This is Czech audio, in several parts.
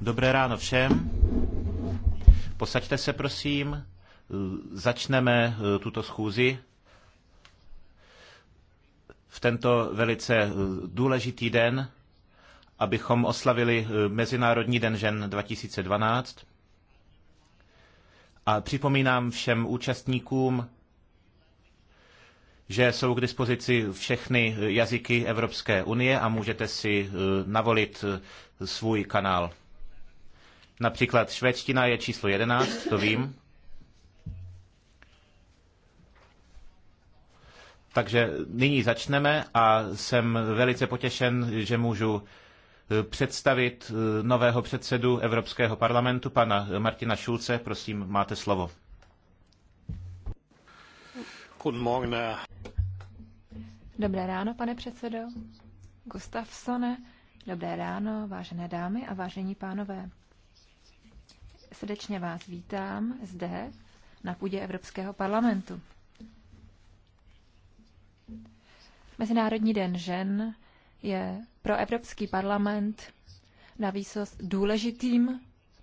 Dobré ráno všem. Posaďte se prosím. Začneme eh, tuto schůzi v tento velice eh, důležitý den, abychom oslavili eh, Mezinárodní den žen 2012. A připomínám všem účastníkům, že jsou k dispozici všechny jazyky Evropské unie a můžete si eh, navolit eh, svůj kanál. Například švédština je číslo 11, to vím. Takže nyní začneme a jsem velice potěšen, že můžu eh, představit nového předsedu Evropského parlamentu, pana Martina Šulce. Prosím, máte slovo. Dobré ráno, pane předsedo. Sone, dobré ráno, vážené dámy a vážení pánové. Srdečně vás vítám zde na půdě Evropského parlamentu. Mezinárodní den žen je pro Evropský parlament na výsost důležitým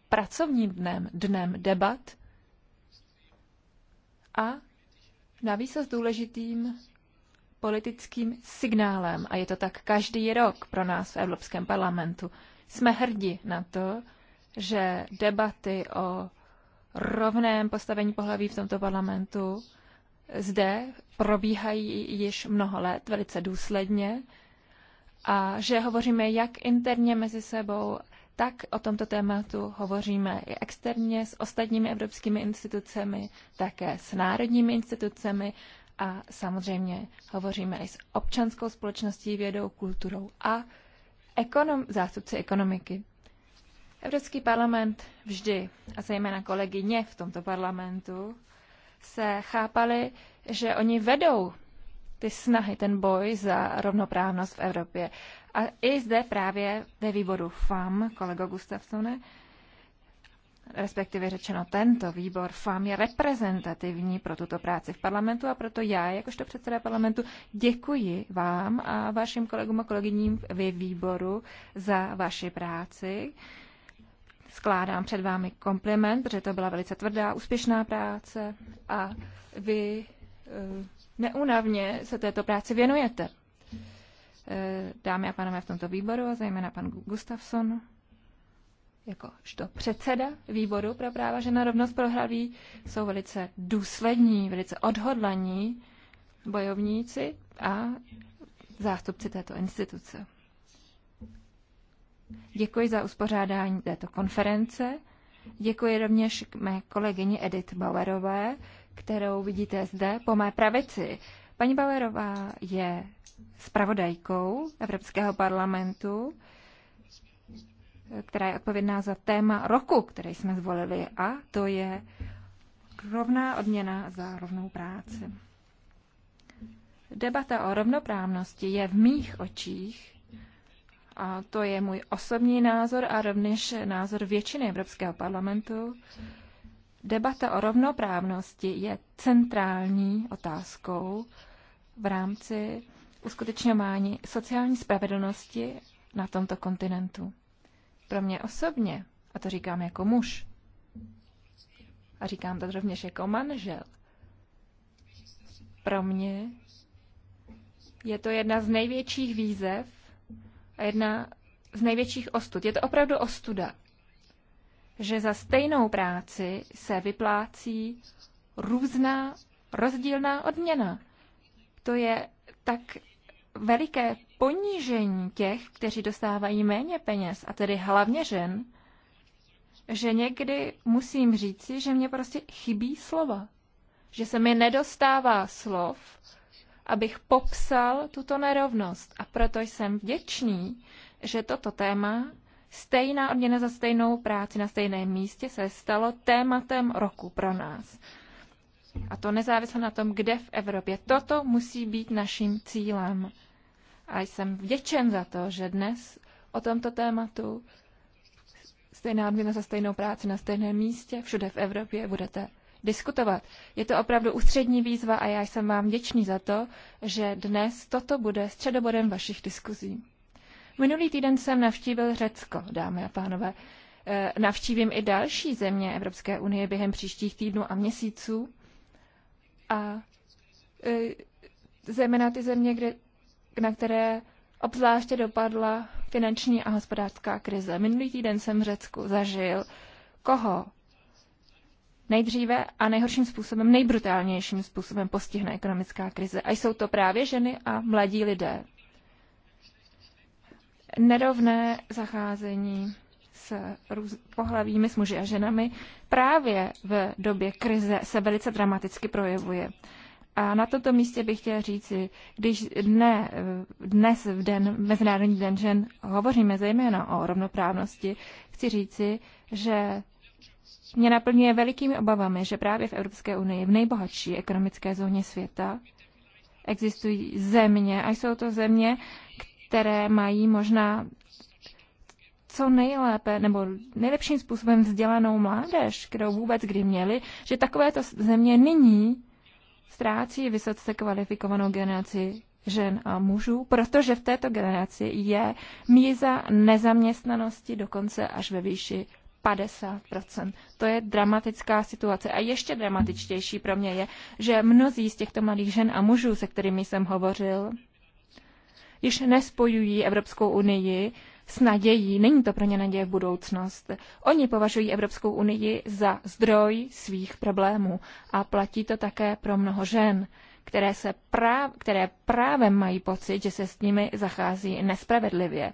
pracovním dnem, dnem debat a navíc s důležitým politickým signálem. A je to tak každý rok pro nás v Evropském parlamentu. Jsme hrdi na to, že debaty o rovném postavení pohlaví v tomto parlamentu zde probíhají již mnoho let velice důsledně a že hovoříme jak interně mezi sebou, tak o tomto tématu hovoříme i externě s ostatními evropskými institucemi, také s národními institucemi a samozřejmě hovoříme i s občanskou společností, vědou, kulturou a ekonom, zástupci ekonomiky. Evropský parlament vždy, a zejména kolegyně v tomto parlamentu, se chápali, že oni vedou ty snahy, ten boj za rovnoprávnost v Evropě. A i zde právě ve výboru FAM, kolego Gustafsone, respektive řečeno tento výbor FAM je reprezentativní pro tuto práci v parlamentu a proto já, jakožto předseda parlamentu, děkuji vám a vašim kolegům a kolegyním ve výboru za vaši práci. Skládám před vámi kompliment, protože to byla velice tvrdá, úspěšná práce a vy eh, neunavně se této práci věnujete. Eh, dámy a pánové v tomto výboru, a zejména pan Gustafsson, jakožto předseda výboru pro práva žena rovnost prohraví, jsou velice důslední, velice odhodlaní bojovníci a zástupci této instituce. Děkuji za uspořádání této konference. Děkuji rovněž mé kolegyni Edith Bauerové, kterou vidíte zde po mé pravici. Paní Bauerová je spravodajkou Evropského parlamentu, která je odpovědná za téma roku, které jsme zvolili, a to je rovná odměna za rovnou práci. Debata o rovnoprávnosti je v mých očích, a to je můj osobní názor a rovněž názor většiny Evropského parlamentu, Debata o rovnoprávnosti je centrální otázkou v rámci uskutečňování sociální spravedlnosti na tomto kontinentu. Pro mě osobně, a to říkám jako muž, a říkám to rovněž jako manžel, pro mě je to jedna z největších výzev a jedna z největších ostud. Je to opravdu ostuda, že za stejnou práci se vyplácí různá rozdílná odměna. To je tak veliké ponížení těch, kteří dostávají méně peněz, a tedy hlavně žen, že někdy musím říci, že mě prostě chybí slova. Že se mi nedostává slov, abych popsal tuto nerovnost. A proto jsem vděčný, že toto téma Stejná odměna za stejnou práci na stejném místě se stalo tématem roku pro nás. A to nezávisle na tom, kde v Evropě. Toto musí být naším cílem. A jsem vděčen za to, že dnes o tomto tématu stejná odměna za stejnou práci na stejném místě všude v Evropě budete diskutovat. Je to opravdu ústřední výzva a já jsem vám vděčný za to, že dnes toto bude středobodem vašich diskuzí. Minulý týden jsem navštívil Řecko, dámy a pánové. E, navštívím i další země Evropské unie během příštích týdnů a měsíců. A e, zejména ty země, kde, na které obzvláště dopadla finanční a hospodářská krize. Minulý týden jsem v Řecku zažil, koho nejdříve a nejhorším způsobem, nejbrutálnějším způsobem postihne ekonomická krize. A jsou to právě ženy a mladí lidé nerovné zacházení s růz- pohlavími, s muži a ženami právě v době krize se velice dramaticky projevuje. A na toto místě bych chtěla říci, když dne, dnes v den, Mezinárodní den žen hovoříme zejména o rovnoprávnosti, chci říci, že mě naplňuje velikými obavami, že právě v Evropské unii, v nejbohatší ekonomické zóně světa, existují země, a jsou to země, které které mají možná co nejlépe nebo nejlepším způsobem vzdělanou mládež, kterou vůbec kdy měli, že takovéto země nyní ztrácí vysoce kvalifikovanou generaci žen a mužů, protože v této generaci je míza nezaměstnanosti dokonce až ve výši 50%. To je dramatická situace. A ještě dramatičtější pro mě je, že mnozí z těchto mladých žen a mužů, se kterými jsem hovořil, již nespojují Evropskou unii s nadějí, není to pro ně naděje v budoucnost. Oni považují Evropskou unii za zdroj svých problémů a platí to také pro mnoho žen, které, se práv, které právem mají pocit, že se s nimi zachází nespravedlivě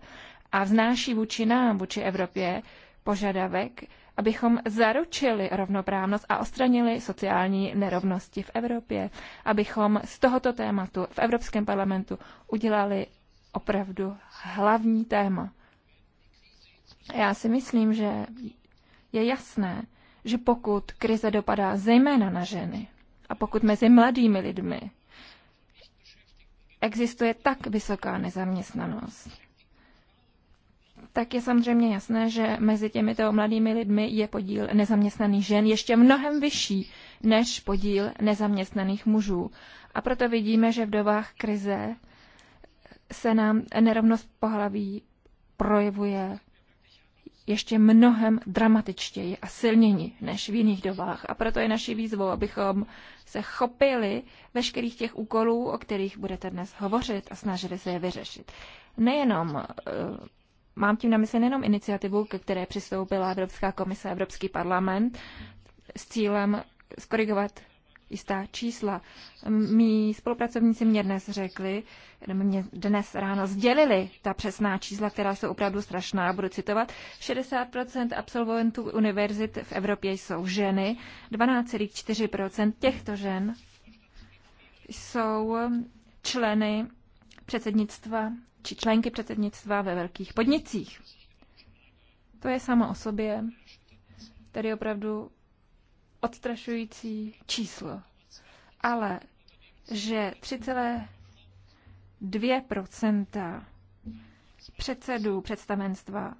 a vznáší vůči nám, vůči Evropě, požadavek, abychom zaručili rovnoprávnost a odstranili sociální nerovnosti v Evropě, abychom z tohoto tématu v Evropském parlamentu udělali opravdu hlavní téma. Já si myslím, že je jasné, že pokud krize dopadá zejména na ženy a pokud mezi mladými lidmi existuje tak vysoká nezaměstnanost, tak je samozřejmě jasné, že mezi těmito mladými lidmi je podíl nezaměstnaných žen ještě mnohem vyšší než podíl nezaměstnaných mužů. A proto vidíme, že v dobách krize se nám nerovnost pohlaví projevuje ještě mnohem dramatičtěji a silněji než v jiných dobách. A proto je naší výzvou, abychom se chopili veškerých těch úkolů, o kterých budete dnes hovořit a snažili se je vyřešit. Nejenom eh, Mám tím na mysli nejenom iniciativu, ke které přistoupila Evropská komise a Evropský parlament s cílem skorigovat jistá čísla. Mí spolupracovníci mě dnes řekli, mě dnes ráno sdělili ta přesná čísla, která jsou opravdu strašná, budu citovat. 60% absolventů univerzit v Evropě jsou ženy, 12,4% těchto žen jsou členy předsednictva či členky předsednictva ve velkých podnicích. To je samo o sobě tedy opravdu odstrašující číslo. Ale že 3,2 předsedů představenstva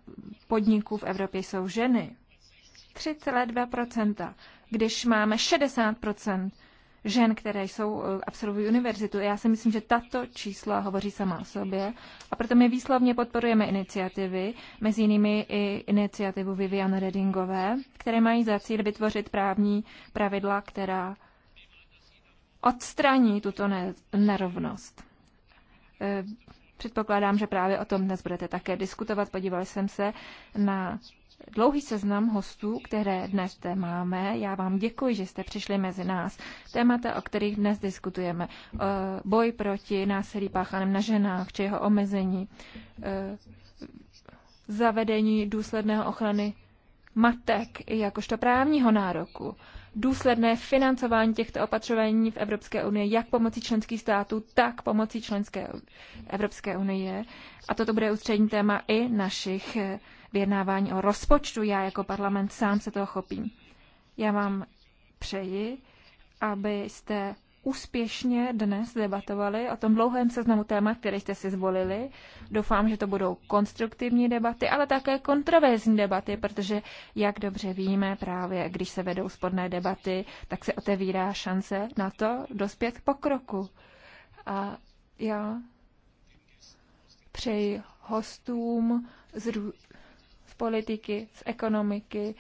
podniků v Evropě jsou ženy, 3,2 když máme 60 žen, které jsou, eh, absolvují univerzitu. Já si myslím, že tato čísla hovoří sama o sobě a proto my výslovně podporujeme iniciativy, mezi jinými i iniciativu Vivian Redingové, které mají za cíl vytvořit právní pravidla, která odstraní tuto nerovnost. Eh, předpokládám, že právě o tom dnes budete také diskutovat. Podíval jsem se na dlouhý seznam hostů, které dnes zde máme. Já vám děkuji, že jste přišli mezi nás. Témata, o kterých dnes diskutujeme. Eh, boj proti násilí páchaném na ženách, či jeho omezení, eh, zavedení důsledného ochrany matek jakožto právního nároku, důsledné financování těchto opatřování v Evropské unii, jak pomocí členských států, tak pomocí členské Evropské unie. A toto bude ústřední téma i našich eh, vyjednávání o rozpočtu. Já jako parlament sám se toho chopím. Já vám přeji, abyste úspěšně dnes debatovali o tom dlouhém seznamu témat, které jste si zvolili. Doufám, že to budou konstruktivní debaty, ale také kontroverzní debaty, protože, jak dobře víme, právě když se vedou sporné debaty, tak se otevírá šance na to dospět k pokroku. A já přeji hostům z politiky, z ekonomiky,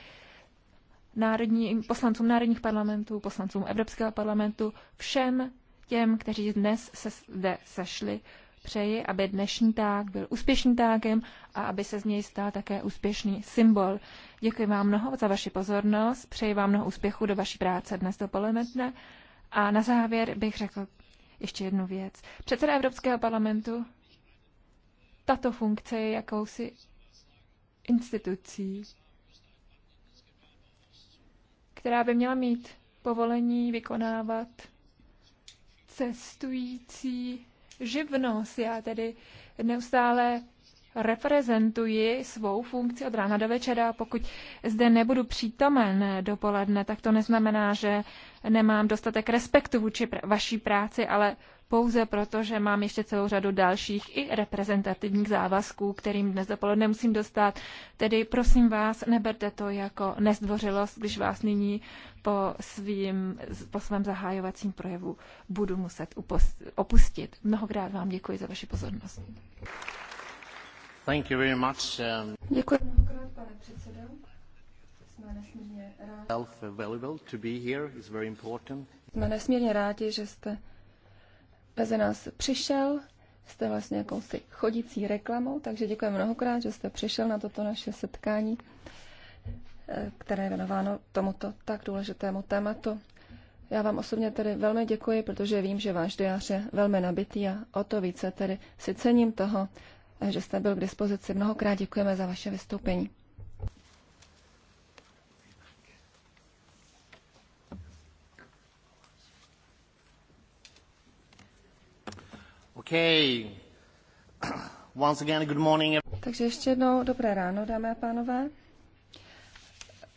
národní, poslancům národních parlamentů, poslancům Evropského parlamentu, všem těm, kteří dnes se zde sešli, přeji, aby dnešní tak byl úspěšným tákem a aby se z něj stal také úspěšný symbol. Děkuji vám mnoho za vaši pozornost, přeji vám mnoho úspěchu do vaší práce dnes dopoledne a na závěr bych řekl ještě jednu věc. Předseda Evropského parlamentu, tato funkce je jakousi institucí, která by měla mít povolení vykonávat cestující živnost. Já tedy neustále reprezentuji svou funkci od rána do večera. Pokud zde nebudu přítomen dopoledne, tak to neznamená, že nemám dostatek respektu vůči vaší práci, ale pouze proto, že mám ještě celou řadu dalších i reprezentativních závazků, kterým dnes dopoledne musím dostat. Tedy prosím vás, neberte to jako nezdvořilost, když vás nyní po, svým, po svém zahájovacím projevu budu muset opustit. Mnohokrát vám děkuji za vaši pozornost. Jsme nesmírně rádi. že jste mezi nás přišel. Jste vlastně jakousi chodící reklamou, takže děkujeme mnohokrát, že jste přišel na toto naše setkání, eh, které je věnováno tomuto tak důležitému tématu. Já vám osobně tedy velmi děkuji, protože vím, že váš diář je velmi nabitý a o to více tedy si cením toho, že jste byl k dispozici. Mnohokrát děkujeme za vaše vystoupení. Okay. Once again, good morning. Takže ještě jednou dobré ráno, dámy a pánové.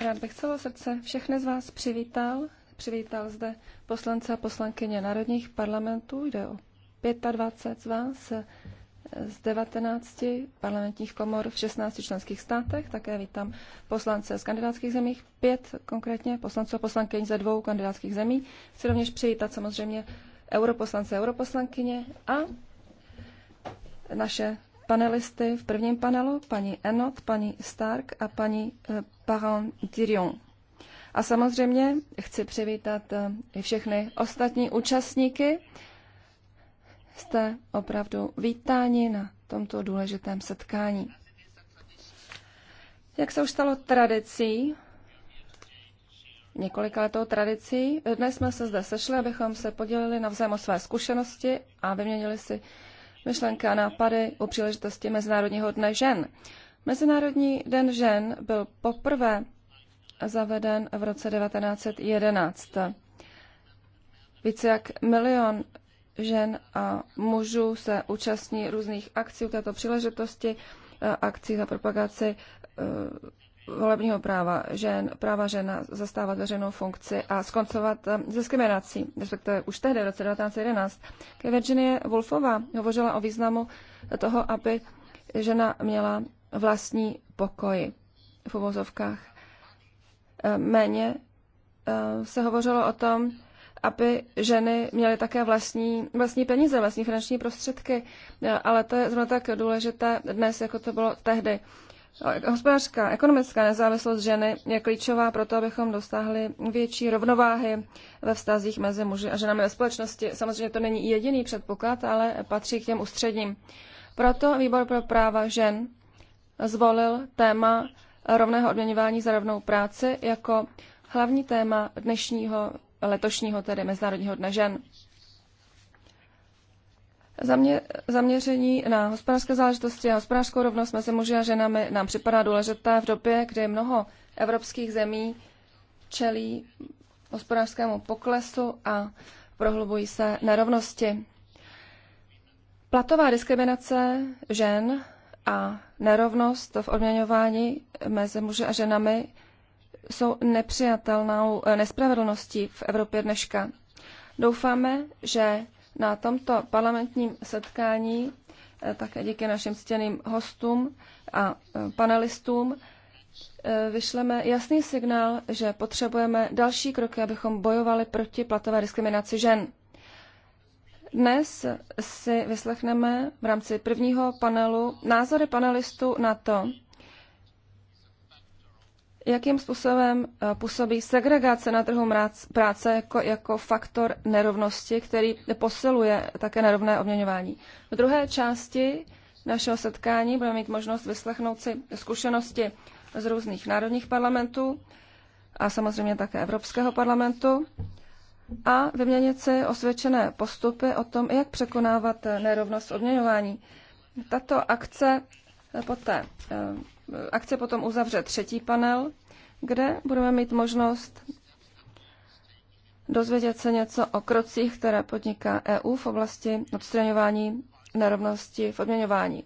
Rád bych celo srdce všechny z vás přivítal. Přivítal zde poslance a poslankyně národních parlamentů. Jde o 25 z vás z 19 parlamentních komor v 16 členských státech. Také vítám poslance z kandidátských zemí, pět konkrétně poslanců a poslankyň ze dvou kandidátských zemí. Chci rovněž přivítat samozřejmě europoslance a europoslankyně a naše panelisty v prvním panelu, paní Enot, paní Stark a paní Paron eh, Dirion. A samozřejmě chci přivítat eh, i všechny ostatní účastníky jste opravdu vítáni na tomto důležitém setkání. Jak se už stalo tradicí, několika letou tradicí, dnes jsme se zde sešli, abychom se podělili navzájem o své zkušenosti a vyměnili si myšlenky a nápady u příležitosti Mezinárodního dne žen. Mezinárodní den žen byl poprvé zaveden v roce 1911. Více jak milion žen a mužů se účastní různých akcí u této příležitosti, eh, akcí za propagaci eh, volebního práva žen, práva žena zastávat veřejnou funkci a skoncovat eh, s diskriminací, respektive už tehdy v roce 1911. Virginie Wolfová hovořila o významu toho, aby žena měla vlastní pokoji v uvozovkách. Méně se hovořilo o tom, aby ženy měly také vlastní, vlastní peníze, vlastní finanční prostředky, ale to je zrovna tak důležité dnes, jako to bylo tehdy. Hospodářská, ekonomická nezávislost ženy je klíčová pro to, abychom dosáhli větší rovnováhy ve vztazích mezi muži a ženami ve společnosti. Samozřejmě to není jediný předpoklad, ale patří k těm ústředním. Proto Výbor pro práva žen zvolil téma rovného odměňování za rovnou práci jako hlavní téma dnešního letošního, tedy Mezinárodního dne žen. Zamě, zaměření na hospodářské záležitosti a hospodářskou rovnost mezi muži a ženami nám připadá důležité v době, kdy mnoho evropských zemí čelí hospodářskému poklesu a prohlubují se nerovnosti. Platová diskriminace žen a nerovnost v odměňování mezi muži a ženami jsou nepřijatelnou eh, nespravedlností v Evropě dneška. Doufáme, že na tomto parlamentním setkání eh, také díky našim ctěným hostům a eh, panelistům vyšleme jasný signál, že potřebujeme další kroky, abychom bojovali proti platové diskriminaci žen. Dnes si vyslechneme v rámci prvního panelu názory panelistů na to, jakým způsobem eh, působí segregace na trhu práce jako, jako faktor nerovnosti, který posiluje také nerovné odměňování. V druhé části našeho setkání budeme mít možnost vyslechnout si zkušenosti z různých národních parlamentů a samozřejmě také Evropského parlamentu a vyměnit si osvědčené postupy o tom, jak překonávat nerovnost odměňování. Tato akce poté eh, akce potom uzavře třetí panel, kde budeme mít možnost dozvědět se něco o krocích, které podniká EU v oblasti odstraňování nerovnosti v odměňování.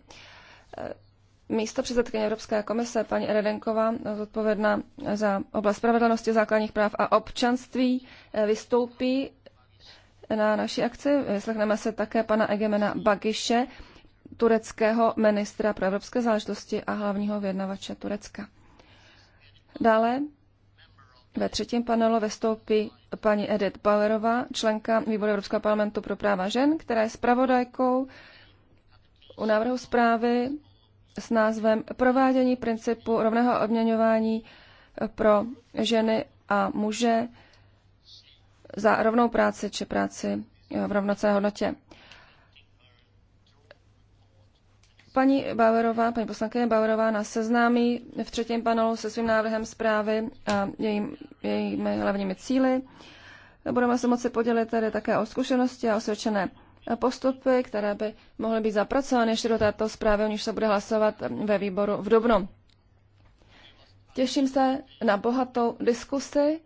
Místo předsedkyně Evropské komise, paní Eredenková, zodpovědná za oblast spravedlnosti základních práv a občanství, vystoupí na naší akci. Vyslechneme se také pana Egemena Bagiše, tureckého ministra pro evropské záležitosti a hlavního vědnavače Turecka. Dále ve třetím panelu vystoupí paní Edith Bauerová, členka výboru Evropského parlamentu pro práva žen, která je zpravodajkou u návrhu zprávy s názvem Provádění principu rovného odměňování pro ženy a muže za rovnou práci či práci v rovnocé hodnotě. Paní Bauerová, paní poslankyně Bauerová nás seznámí v třetím panelu se svým návrhem zprávy a jejím, jejími hlavními cíly. Budeme se moci podělit tedy také o zkušenosti a osvědčené postupy, které by mohly být zapracovány ještě do této zprávy, o níž se bude hlasovat ve výboru v Dubnu. Těším se na bohatou diskusi,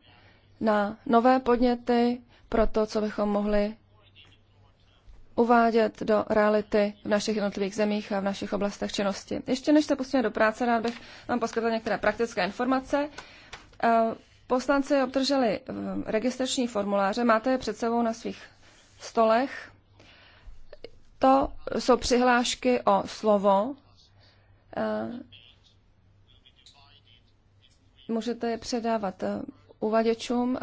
na nové podněty pro to, co bychom mohli uvádět do reality v našich jednotlivých zemích a v našich oblastech činnosti. Ještě než se pustíme do práce, rád bych vám poskytl některé praktické informace. Eh, poslanci obdrželi eh, registrační formuláře, máte je před sebou na svých stolech. To jsou přihlášky o slovo. Eh, můžete je předávat uvaděčům.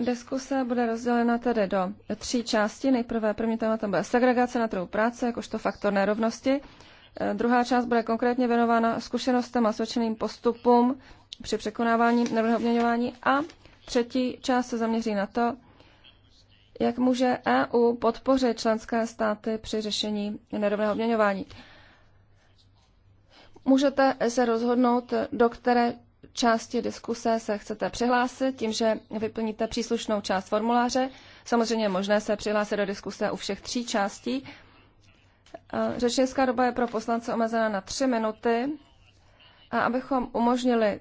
Diskuse bude rozdělena tedy do tří částí. Nejprve první téma tam bude segregace na trhu práce, jakožto faktor nerovnosti. Eh, druhá část bude konkrétně věnována zkušenostem a svědčeným postupům při překonávání nerovnoměňování. A třetí část se zaměří na to, jak může EU podpořit členské státy při řešení nerovného obměňování. Můžete se rozhodnout, do které části diskuse se chcete přihlásit tím, že vyplníte příslušnou část formuláře. Samozřejmě je možné se přihlásit do diskuse u všech tří částí. Řečnická doba je pro poslance omezena na tři minuty a abychom umožnili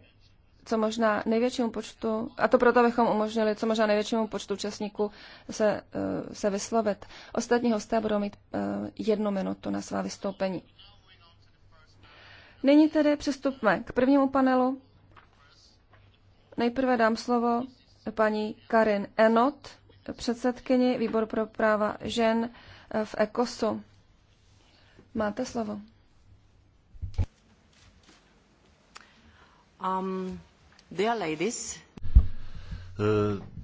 co možná největšímu počtu, a to proto, abychom umožnili co možná největšímu počtu účastníků se, eh, se vyslovit. Ostatní hosté budou mít eh, jednu minutu na svá vystoupení. Nyní tedy přistupme k prvnímu panelu. Nejprve dám slovo paní Karin Enot, předsedkyni Výboru pro práva žen eh, v ECOSu. Máte slovo. Um, dear ladies. Eh,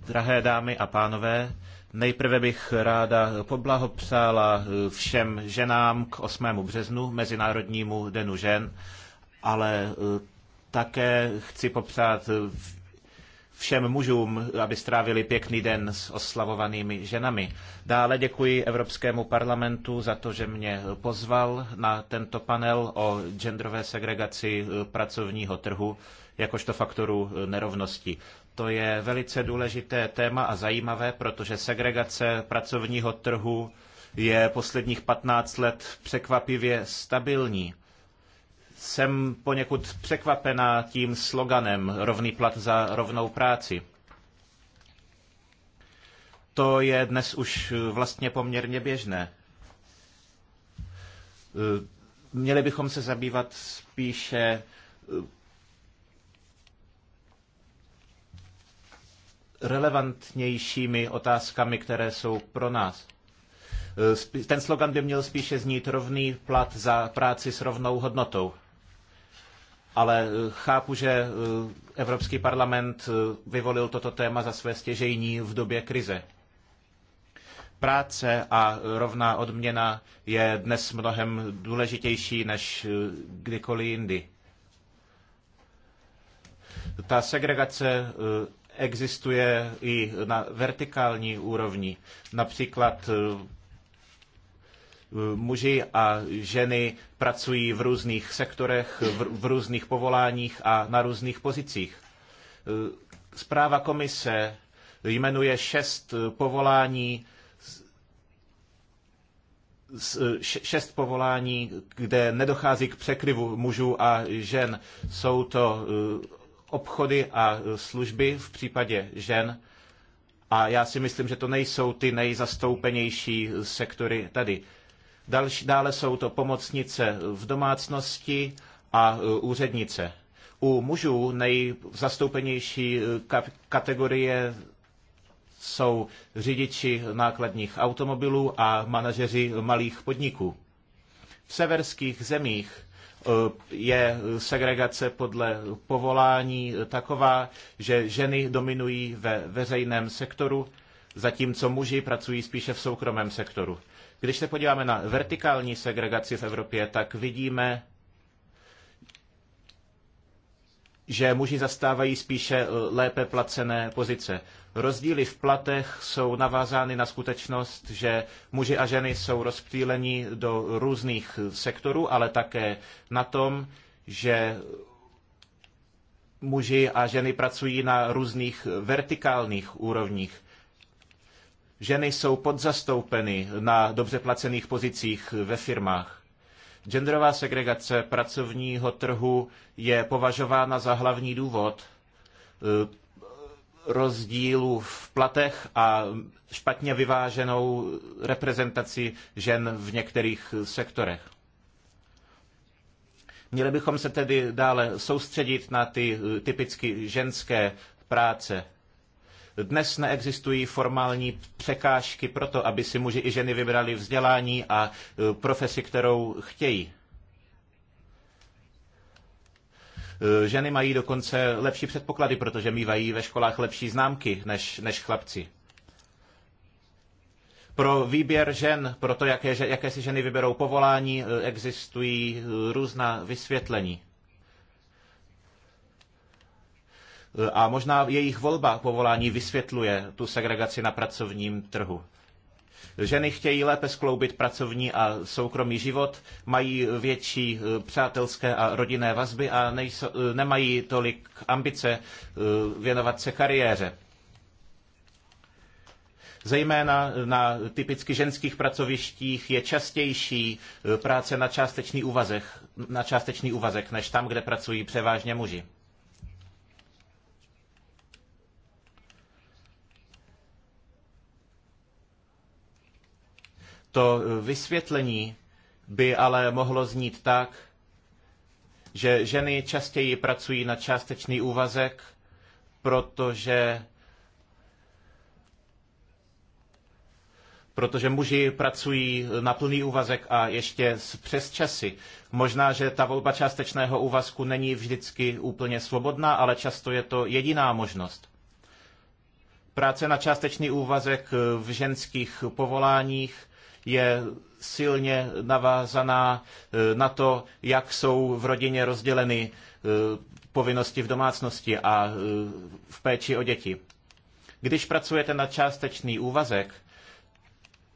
drahé dámy a pánové, Nejprve bych ráda poblahopřála eh, všem ženám k 8. březnu, Mezinárodnímu denu žen, ale také chci popřát všem mužům, aby strávili pěkný den s oslavovanými ženami. Dále děkuji Evropskému parlamentu za to, že mě pozval na tento panel o genderové segregaci pracovního trhu jakožto faktoru nerovnosti. To je velice důležité téma a zajímavé, protože segregace pracovního trhu je posledních 15 let překvapivě stabilní jsem poněkud překvapená tím sloganem rovný plat za rovnou práci. To je dnes už eh, vlastně poměrně běžné. Eh, měli bychom se zabývat spíše eh, relevantnějšími otázkami, které jsou pro nás. Ten slogan by měl spíše znít rovný plat za práci s rovnou hodnotou ale eh, chápu, že eh, Evropský parlament eh, vyvolil toto téma za své stěžejní v době krize. Práce a rovná odměna je dnes mnohem důležitější než kdykoliv jindy. Ta segregace existuje i na vertikální úrovni. Například muži a ženy pracují v různých sektorech, v, v různých povoláních a na různých pozicích. E, zpráva komise jmenuje šest povolání, šest povolání, kde nedochází k překryvu mužů a žen. Jsou to e, obchody a služby v případě žen. A já si myslím, že to nejsou ty nejzastoupenější sektory tady. Další, dále jsou to pomocnice v domácnosti a e, úřednice. U mužů nejzastoupenější e, kategorie jsou řidiči nákladních automobilů a manažeři malých podniků. V severských zemích e, je segregace podle povolání taková, že ženy dominují ve veřejném sektoru, zatímco muži pracují spíše v soukromém sektoru. Když se podíváme na vertikální segregaci v Evropě, tak vidíme, že muži zastávají spíše eh, lépe placené pozice. Rozdíly v platech jsou navázány na skutečnost, že muži a ženy jsou rozptýleni do různých sektorů, ale také na tom, že muži a ženy pracují na různých vertikálních úrovních. Ženy jsou podzastoupeny na dobře placených pozicích ve firmách. Genderová segregace pracovního trhu je považována za hlavní důvod eh, rozdílu v platech a špatně vyváženou reprezentaci žen v některých sektorech. Měli bychom se tedy dále soustředit na ty eh, typicky ženské práce. Dnes neexistují formální překážky pro to, aby si muži i ženy vybrali vzdělání a e, profesi, kterou chtějí. E, ženy mají dokonce lepší předpoklady, protože mývají ve školách lepší známky než, než chlapci. Pro výběr žen, pro to, jaké, jaké si ženy vyberou povolání, e, existují různá vysvětlení. Eh, a možná jejich volba povolání vysvětluje tu segregaci na pracovním trhu. Ženy chtějí lépe skloubit pracovní a soukromý život, mají větší eh, přátelské a rodinné vazby a nejso, eh, nemají tolik ambice věnovat se kariéře. Zejména na typicky ženských pracovištích je častější práce na částečný úvazek, na částečný úvazek než tam, kde pracují převážně muži. To vysvětlení by ale mohlo znít tak, že ženy častěji pracují na částečný úvazek, protože protože muži pracují na plný úvazek a ještě přes časy. Možná, že ta volba částečného úvazku není vždycky úplně svobodná, ale často je to jediná možnost. Práce na částečný úvazek v ženských povoláních je silně navázaná eh, na to, jak jsou v rodině rozděleny eh, povinnosti v domácnosti a eh, v péči o děti. Když pracujete na částečný úvazek,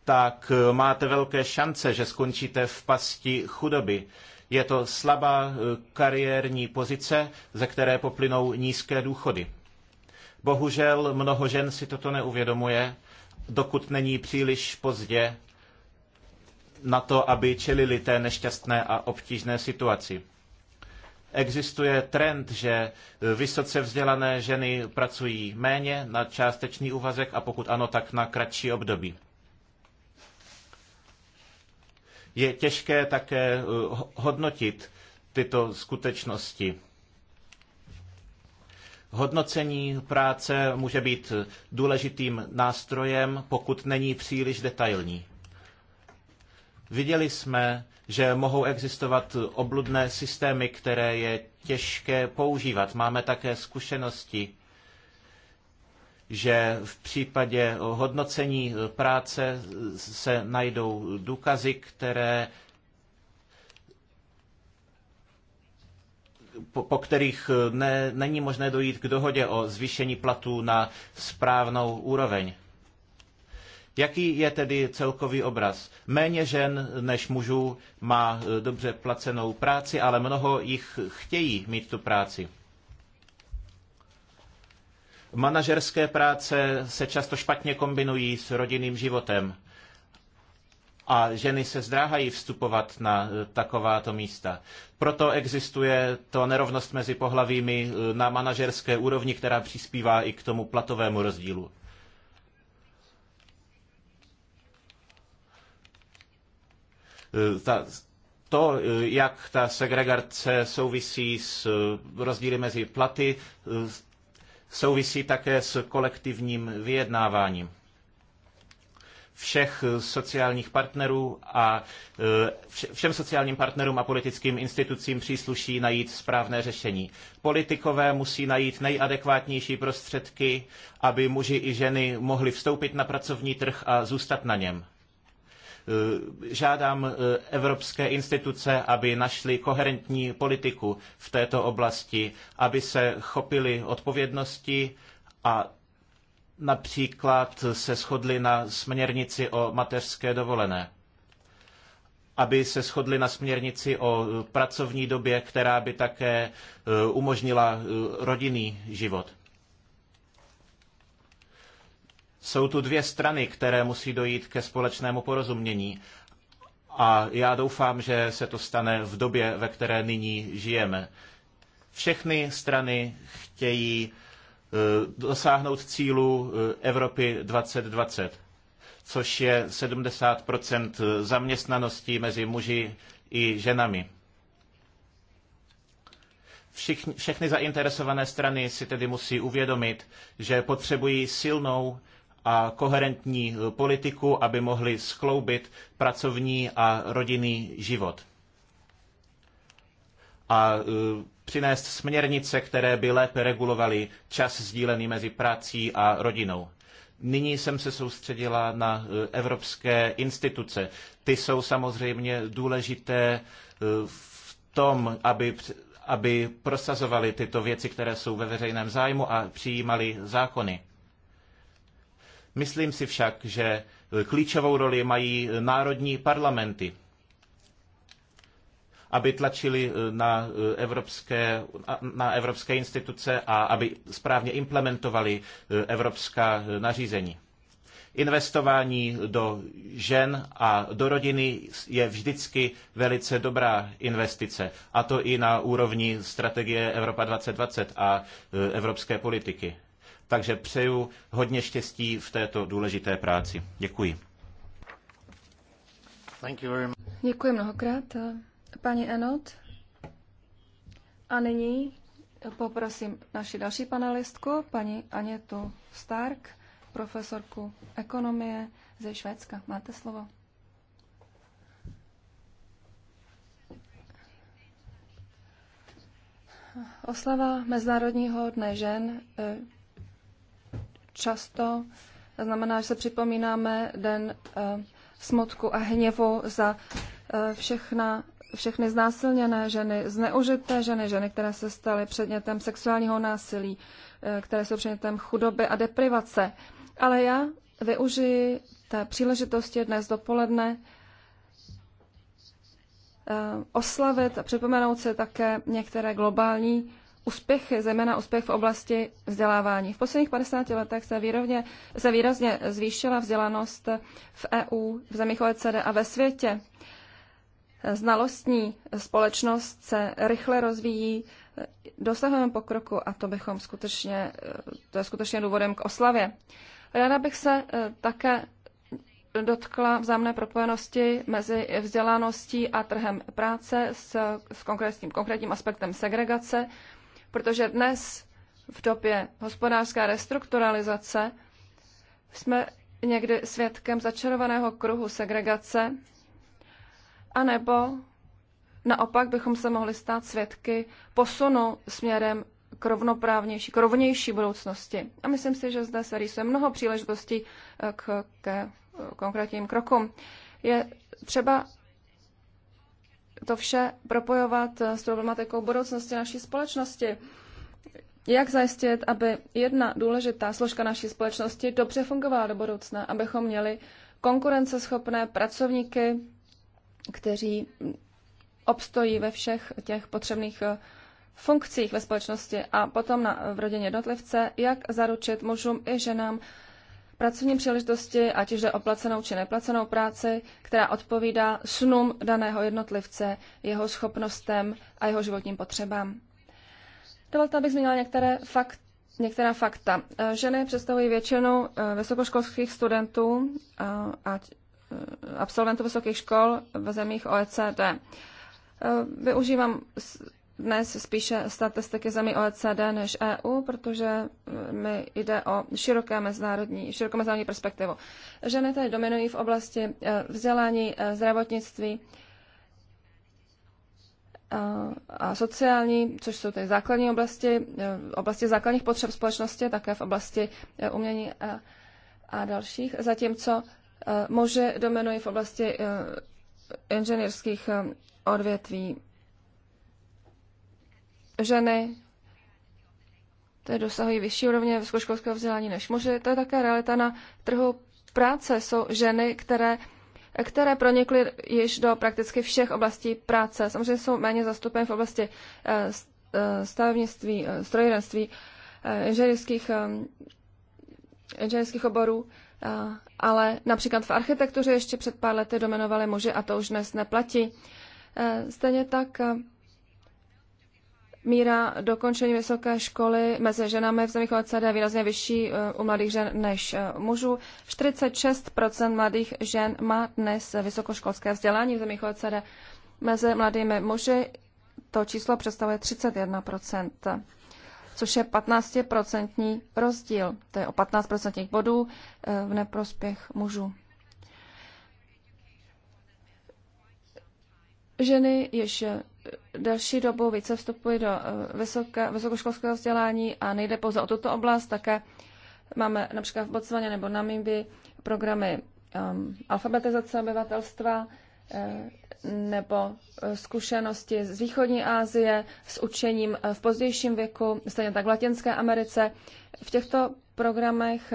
tak máte velké šance, že skončíte v pasti chudoby. Je to slabá kariérní pozice, ze které poplynou nízké důchody. Bohužel mnoho žen si toto neuvědomuje, dokud není příliš pozdě na to, aby čelili té nešťastné a obtížné situaci. Existuje trend, že vysoce vzdělané ženy pracují méně na částečný úvazek a pokud ano, tak na kratší období. Je těžké také eh, hodnotit tyto skutečnosti. Hodnocení práce může být důležitým nástrojem, pokud není příliš detailní. Viděli jsme, že mohou existovat obludné systémy, které je těžké používat. Máme také zkušenosti, že v případě hodnocení práce se najdou důkazy, které po, po kterých ne, není možné dojít k dohodě o zvýšení platů na správnou úroveň. Jaký je tedy celkový obraz? Méně žen než mužů má eh, dobře placenou práci, ale mnoho jich chtějí mít tu práci. Manažerské práce se často špatně kombinují s rodinným životem a ženy se zdráhají vstupovat na eh, takováto místa. Proto existuje to nerovnost mezi pohlavími eh, na manažerské úrovni, která přispívá i k tomu platovému rozdílu. Eh, ta, to, eh, jak ta segregace souvisí s eh, rozdíly mezi platy, souvisí také s kolektivním vyjednáváním všech sociálních partnerů a všem sociálním partnerům a politickým institucím přísluší najít správné řešení. Politikové musí najít nejadekvátnější prostředky, aby muži i ženy mohli vstoupit na pracovní trh a zůstat na něm. Eh, žádám eh, evropské instituce, aby našly koherentní politiku v této oblasti, aby se chopili odpovědnosti a například se shodli na směrnici o mateřské dovolené aby se shodli na směrnici o pracovní době, která by také eh, umožnila rodinný život. Jsou tu dvě strany, které musí dojít ke společnému porozumění. A já doufám, že se to stane v době, ve které nyní žijeme. Všechny strany chtějí eh, dosáhnout cílu eh, Evropy 2020, což je 70 zaměstnanosti mezi muži i ženami. Všichni, všechny zainteresované strany si tedy musí uvědomit, že potřebují silnou a koherentní eh, politiku, aby mohli skloubit pracovní a rodinný život. A eh, přinést směrnice, které by lépe regulovaly čas sdílený mezi prací a rodinou. Nyní jsem se soustředila na eh, evropské instituce. Ty jsou samozřejmě důležité v tom, aby, aby prosazovali tyto věci, které jsou ve veřejném zájmu a přijímali zákony. Myslím si však, že klíčovou roli mají národní parlamenty, aby tlačili eh, na eh, evropské, na evropské instituce a aby správně implementovali eh, evropská nařízení. Investování do žen a do rodiny je vždycky velice dobrá investice, a to i na úrovni strategie Evropa 2020 a evropské politiky. Takže přeju hodně štěstí v této důležité práci. Děkuji. Děkuji mnohokrát, paní Enot. A nyní poprosím naši další panelistku, paní Anětu Stark, profesorku ekonomie ze Švédska. Máte slovo. Oslava Mezinárodního dne žen eh, často. Znamená, že se připomínáme den eh, smutku a hněvu za eh, všechna, všechny znásilněné ženy, zneužité ženy, ženy, které se staly předmětem sexuálního násilí, eh, které jsou předmětem chudoby a deprivace. Ale já využiji té příležitosti dnes dopoledne oslavit a připomenout si také některé globální Úspěch zejména úspěch v oblasti vzdělávání. V posledních 50 letech se, výrovně, se výrazně zvýšila vzdělanost v EU, v zemích OECD a ve světě. Znalostní společnost se rychle rozvíjí, dosahujeme pokroku a to bychom skutečně, to je skutečně důvodem k oslavě. Ráda bych se eh, také dotkla vzájemné propojenosti mezi vzdělaností a trhem práce s, s konkrétním, konkrétním aspektem segregace protože dnes v době hospodářské restrukturalizace jsme někdy svědkem začarovaného kruhu segregace, anebo naopak bychom se mohli stát svědky posunu směrem k rovnoprávnější, k rovnější budoucnosti. A myslím si, že zde se rýsuje mnoho příležitostí k, k konkrétním krokům. Je třeba to vše propojovat s problematikou budoucnosti naší společnosti. Jak zajistit, aby jedna důležitá složka naší společnosti dobře fungovala do budoucna, abychom měli konkurenceschopné pracovníky, kteří obstojí ve všech těch potřebných eh, funkcích ve společnosti a potom na, v rodině jednotlivce, jak zaručit mužům i ženám pracovní příležitosti, ať už jde o placenou či neplacenou práci, která odpovídá snům daného jednotlivce, jeho schopnostem a jeho životním potřebám. Dovolte, abych zmínila některé fakt, některá fakta. E, ženy představují většinu e, vysokoškolských studentů e, a absolventů vysokých škol v zemích OECD. Využívám dnes spíše statistiky zemí OECD než EU, protože eh, mi jde o široké mezinárodní, širokou mezinárodní perspektivu. Ženy tady dominují v oblasti eh, vzdělání, eh, zdravotnictví a sociální, což jsou ty základní oblasti, oblasti základních potřeb společnosti, také v oblasti umění a, a dalších, zatímco muži dominují v oblasti inženýrských odvětví ženy které dosahují vyšší úrovně vysokoškolského vzdělání než muži. To je také realita na trhu práce. Jsou ženy, které, které pronikly již do prakticky všech oblastí práce. Samozřejmě jsou méně zastupeny v oblasti eh, eh, stavebnictví, eh, strojírenství, inženýrských, inženýrských oborů, ale například v architektuře ještě před pár lety dominovali muži a to už dnes neplatí. Stejně tak Míra dokončení vysoké školy mezi ženami v zemích OECD je výrazně vyšší eh, u mladých žen než eh, mužů. 46 mladých žen má dnes vysokoškolské vzdělání v zemích OECD. Mezi mladými muži to číslo představuje 31 což je 15% rozdíl. To je o 15% bodů eh, v neprospěch mužů. Ženy již další dobu více vstupují do eh, vysoké, vysokoškolského vzdělání a nejde pouze o tuto oblast, také máme například v Botswaně nebo Namíbi programy um, alfabetizace obyvatelstva eh, nebo eh, zkušenosti z východní Asie s učením v pozdějším věku, stejně tak v Latinské Americe. V těchto programech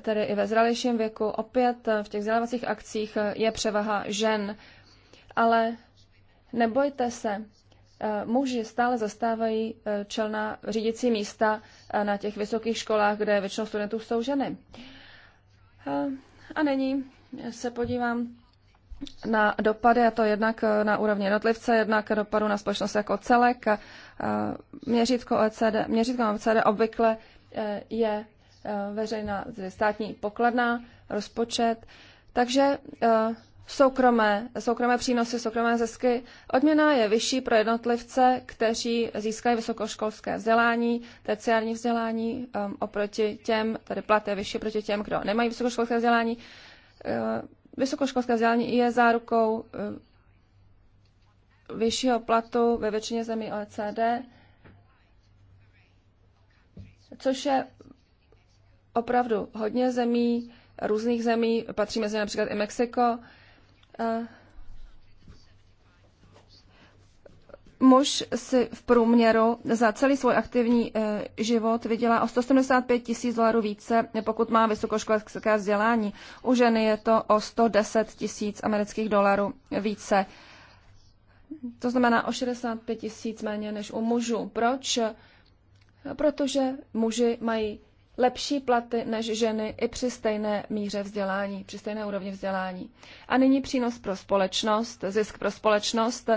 tedy i ve zralějším věku, opět v těch vzdělávacích akcích je převaha žen, ale Nebojte se, eh, muži stále zastávají eh, čelná řídící místa eh, na těch vysokých školách, kde většinou studentů jsou ženy. A nyní se podívám na dopady, a to jednak na úrovni jednotlivce, jednak dopadu na společnost jako celek. Měřítko OECD, měřítko OECD obvykle je veřejná státní pokladna, rozpočet. Takže soukromé, soukromé přínosy, soukromé zisky. Odměna je vyšší pro jednotlivce, kteří získají vysokoškolské vzdělání, terciární vzdělání um, oproti těm, tady plat je vyšší proti těm, kdo nemají vysokoškolské vzdělání. Uh, vysokoškolské vzdělání je zárukou uh, vyššího platu ve většině zemí OECD, což je opravdu hodně zemí, různých zemí, patří mezi například i Mexiko, Eh, muž si v průměru za celý svůj aktivní eh, život vydělá o 175 tisíc dolarů více, pokud má vysokoškolské vzdělání. U ženy je to o 110 tisíc amerických dolarů více. To znamená o 65 tisíc méně než u mužů. Proč? Protože muži mají lepší platy než ženy i při stejné míře vzdělání, při stejné úrovni vzdělání. A nyní přínos pro společnost, zisk pro společnost,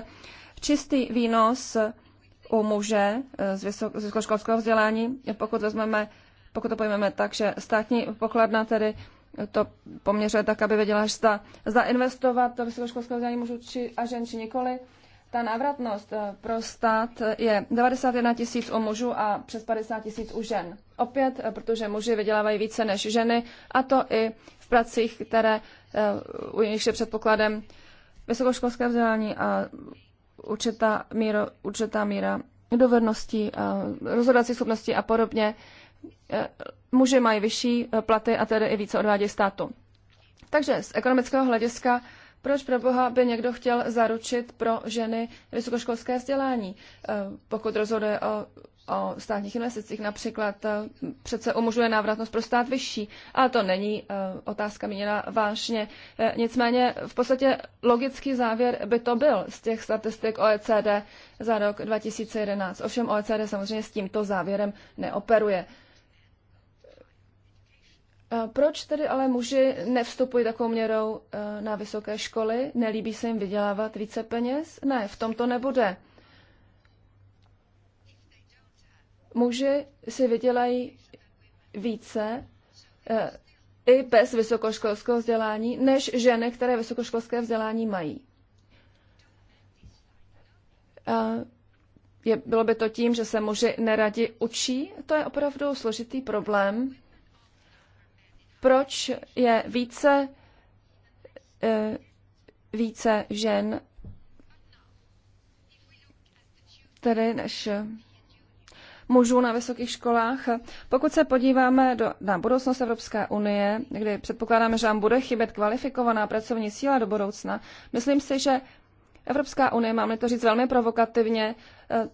čistý výnos u muže eh, z, vysokoškolského vzdělání, pokud, vezmeme, pokud to pojmeme tak, že státní pokladna tedy to poměřuje tak, aby věděla, že zda, zda investovat do vysokoškolského vzdělání mužů či, a žen či nikoli. Ta návratnost eh, pro stát je 91 tisíc u mužů a přes 50 tisíc u žen. Opět, eh, protože muži vydělávají více než ženy, a to i v pracích, které eh, u nich je předpokladem vysokoškolské vzdělání a určitá míra, určitá míra dovedností, rozhodací schopnosti a podobně. Muži mají vyšší platy a tedy i více odvádějí státu. Takže z ekonomického hlediska proč pro boha by někdo chtěl zaručit pro ženy vysokoškolské vzdělání, eh, pokud rozhoduje o, o státních investicích? Například eh, přece umožňuje návratnost pro stát vyšší, ale to není eh, otázka míněna vážně. Nicméně v podstatě logický závěr by to byl z těch statistik OECD za rok 2011. Ovšem OECD samozřejmě s tímto závěrem neoperuje. Eh, proč tedy ale muži nevstupují takovou měrou eh, na vysoké školy? Nelíbí se jim vydělávat více peněz? Ne, v tom to nebude. Muži si vydělají více eh, i bez vysokoškolského vzdělání, než ženy, které vysokoškolské vzdělání mají. A je, bylo by to tím, že se muži neradi učí? To je opravdu složitý problém proč je více, eh, více žen tedy než mužů na vysokých školách. Pokud se podíváme do, na budoucnost Evropské unie, kdy předpokládáme, že nám bude chybět kvalifikovaná pracovní síla do budoucna, myslím si, že Evropská unie, mám to říct velmi provokativně, eh,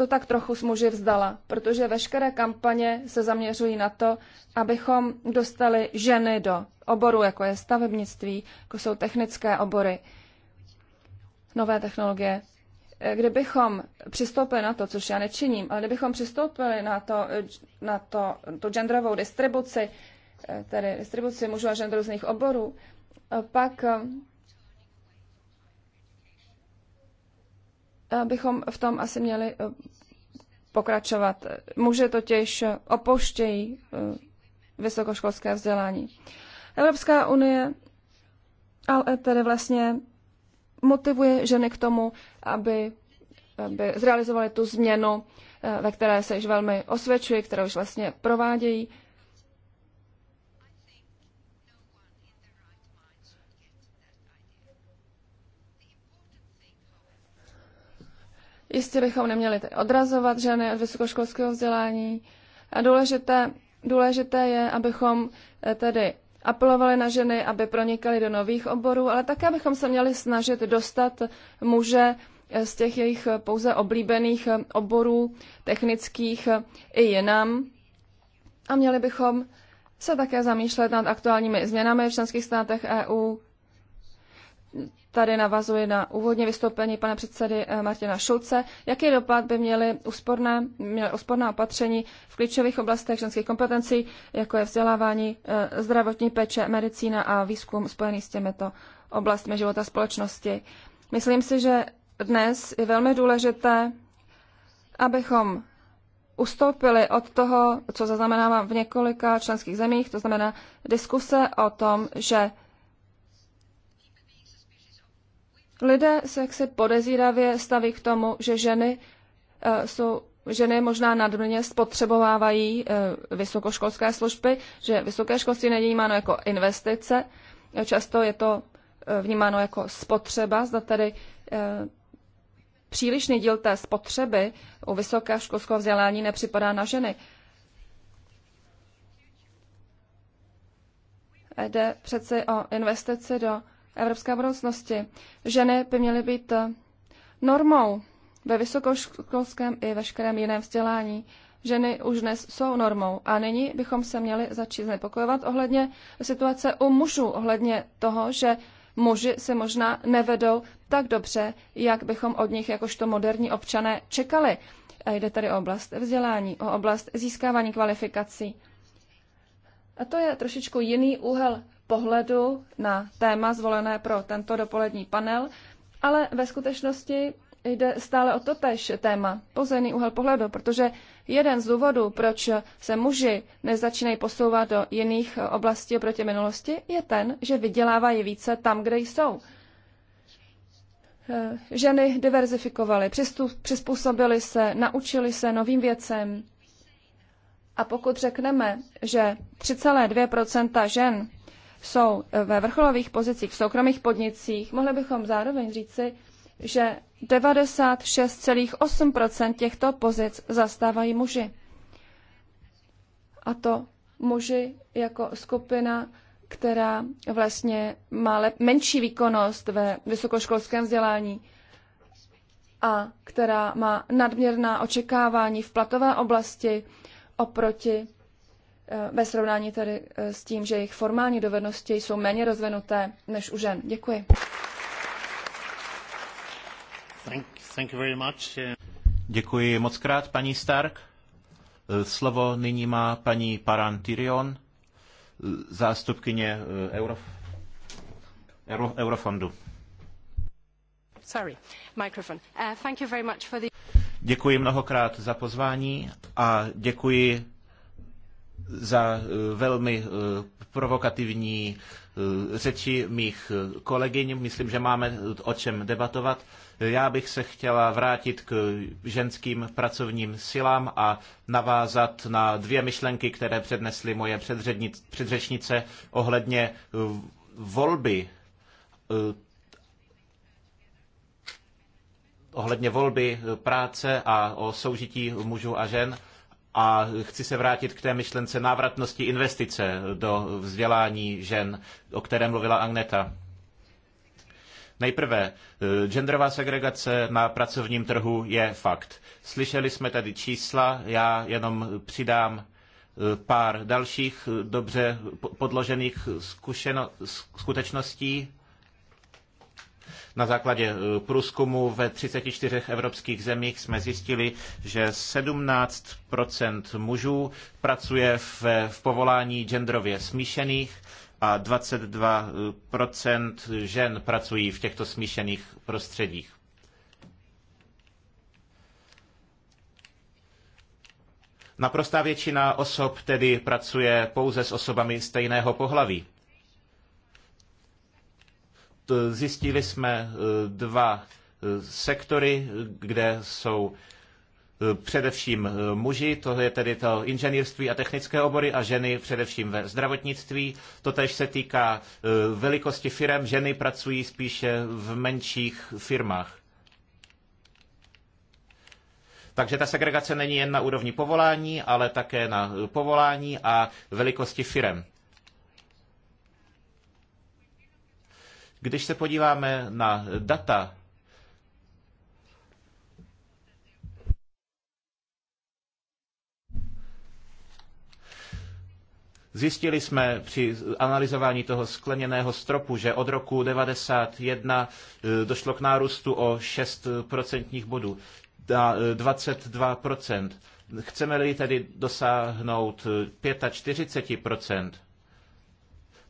to tak trochu s muži vzdala, protože veškeré kampaně se zaměřují na to, abychom dostali ženy do oboru, jako je stavebnictví, jako jsou technické obory, nové technologie. Kdybychom přistoupili na to, což já nečiním, ale kdybychom přistoupili na to, na to, tu genderovou distribuci, eh, tedy distribuci mužů a žen různých oborů, eh, pak eh, bychom v tom asi měli eh, pokračovat. Muže totiž opouštějí eh, vysokoškolské vzdělání. Evropská unie ale tedy vlastně motivuje ženy k tomu, aby, aby zrealizovali tu změnu, eh, ve které se již velmi osvědčují, kterou už vlastně provádějí. Jistě bychom neměli odrazovat ženy od vysokoškolského vzdělání. A důležité, důležité je, abychom eh, tedy apelovali na ženy, aby pronikaly do nových oborů, ale také bychom se měli snažit dostat muže eh, z těch jejich eh, pouze oblíbených oborů technických i jinam. A měli bychom se také zamýšlet nad aktuálními změnami v členských státech EU, Tady navazuji na úvodní vystoupení pana předsedy eh, Martina Šulce. Jaký dopad by měly úsporné, měly úsporné opatření v klíčových oblastech ženských kompetencí, jako je vzdělávání, eh, zdravotní péče, medicína a výzkum spojený s těmito oblastmi života společnosti? Myslím si, že dnes je velmi důležité, abychom ustoupili od toho, co zaznamenávám v několika členských zemích, to znamená diskuse o tom, že Lidé se jaksi podezíravě staví k tomu, že ženy eh, jsou ženy možná nadměrně spotřebovávají eh, vysokoškolské služby, že vysoké školství není vnímáno jako investice, eh, často je to vnímáno jako spotřeba, zda tedy přílišný díl té spotřeby u vysokého školského vzdělání nepřipadá na ženy. Jde přeci o investici do evropské budoucnosti. Ženy by měly být eh, normou ve vysokoškolském i veškerém jiném vzdělání. Ženy už dnes jsou normou a nyní bychom se měli začít znepokojovat ohledně situace u mužů, ohledně toho, že muži se možná nevedou tak dobře, jak bychom od nich jakožto moderní občané čekali. A jde tady o oblast vzdělání, o oblast získávání kvalifikací. A to je trošičku jiný úhel pohledu na téma zvolené pro tento dopolední panel, ale ve skutečnosti jde stále o tež téma, pouze úhel pohledu, protože jeden z důvodů, proč se muži nezačínají posouvat do jiných oblastí oproti minulosti, je ten, že vydělávají více tam, kde jsou. Ženy diverzifikovaly, přizpůsobily se, naučily se novým věcem. A pokud řekneme, že 3,2 žen jsou ve vrcholových pozicích v soukromých podnicích, mohli bychom zároveň říci, že 96,8 těchto pozic zastávají muži. A to muži jako skupina, která vlastně má lep, menší výkonnost ve vysokoškolském vzdělání a která má nadměrná očekávání v platové oblasti oproti Eh, ve srovnání tedy eh, s tím, že jejich formální dovednosti jsou méně rozvinuté než u žen. Děkuji. Thank, thank you very much. Děkuji moc krát, paní Stark. Eh, slovo nyní má paní Paran Tyrion, zástupkyně Euro, Euro, Eurofondu. Sorry, microphone. Uh, thank you very much for the... Děkuji mnohokrát za pozvání a děkuji za eh, velmi eh, provokativní eh, řeči mých kolegyň. Myslím, že máme o čem debatovat. Já bych se chtěla vrátit k ženským pracovním silám a navázat na dvě myšlenky, které přednesly moje předřečnice ohledně volby ohledně volby práce a o soužití mužů a žen a chci se vrátit k té myšlence návratnosti investice do vzdělání žen, o které mluvila Agneta. Nejprve, eh, genderová segregace na pracovním trhu je fakt. Slyšeli jsme tady čísla, já jenom přidám eh, pár dalších eh, dobře podložených zkušeno- skutečností. Na základě eh, průzkumu ve 34 evropských zemích jsme zjistili, že 17 mužů pracuje v, v povolání genderově smíšených a 22 žen pracují v těchto smíšených prostředích. Naprostá většina osob tedy pracuje pouze s osobami stejného pohlaví. E, zjistili jsme e, dva e, sektory, kde jsou především muži, to je tedy to inženýrství a technické obory a ženy především ve zdravotnictví. Totež se týká velikosti firm, ženy pracují spíše v menších firmách. Takže ta segregace není jen na úrovni povolání, ale také na povolání a velikosti firem. Když se podíváme na data, Zjistili jsme při analyzování toho skleněného stropu, že od roku 1991 eh, došlo k nárůstu o 6% bodů, na 22%. Eh, Chceme-li tedy dosáhnout 45%, eh,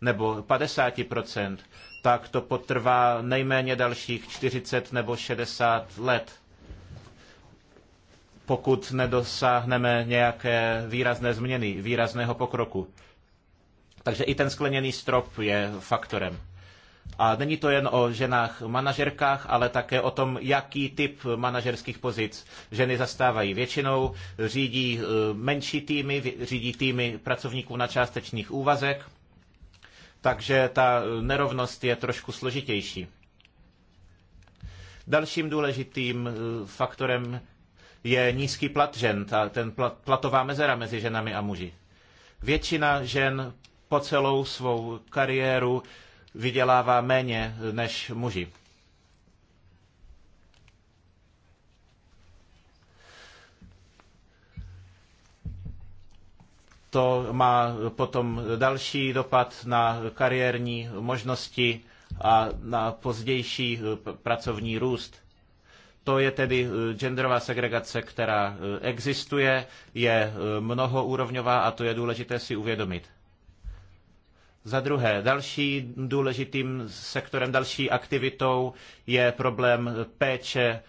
nebo 50%, tak to potrvá nejméně dalších 40 nebo 60 let, pokud nedosáhneme nějaké výrazné změny, výrazného pokroku. Takže i ten skleněný strop je faktorem. A není to jen o ženách manažerkách, ale také o tom, jaký typ manažerských pozic ženy zastávají. Většinou řídí eh, menší týmy, řídí týmy pracovníků na částečných úvazek, takže ta nerovnost je trošku složitější. Dalším důležitým eh, faktorem je nízký plat žen, ta, ten plat, platová mezera mezi ženami a muži. Většina žen po celou svou kariéru vydělává méně eh, než muži. to má potom další dopad na kariérní možnosti a na pozdější eh, pracovní růst. To je tedy eh, genderová segregace, která eh, existuje, je mnohoúrovňová a to je důležité si uvědomit. Za druhé, další důležitým sektorem, další aktivitou je problém péče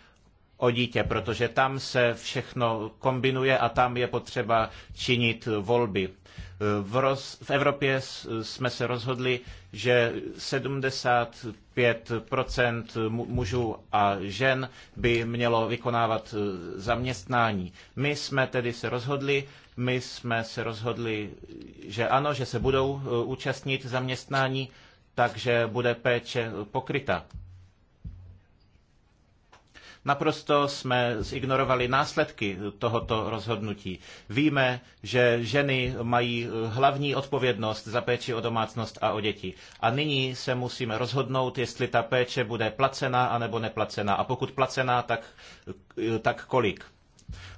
o dítě, protože tam se všechno kombinuje a tam je potřeba činit volby. V, roz, v Evropě jsme se rozhodli, že 75 mužů a žen by mělo vykonávat eh, zaměstnání. My jsme tedy se rozhodli, my jsme se rozhodli, že ano, že se budou eh, účastnit zaměstnání, takže bude péče pokryta. Naprosto jsme zignorovali následky tohoto rozhodnutí. Víme, že ženy mají hlavní odpovědnost za péči o domácnost a o děti. A nyní se musíme rozhodnout, jestli ta péče bude placená anebo neplacená. A pokud placená, tak, tak kolik.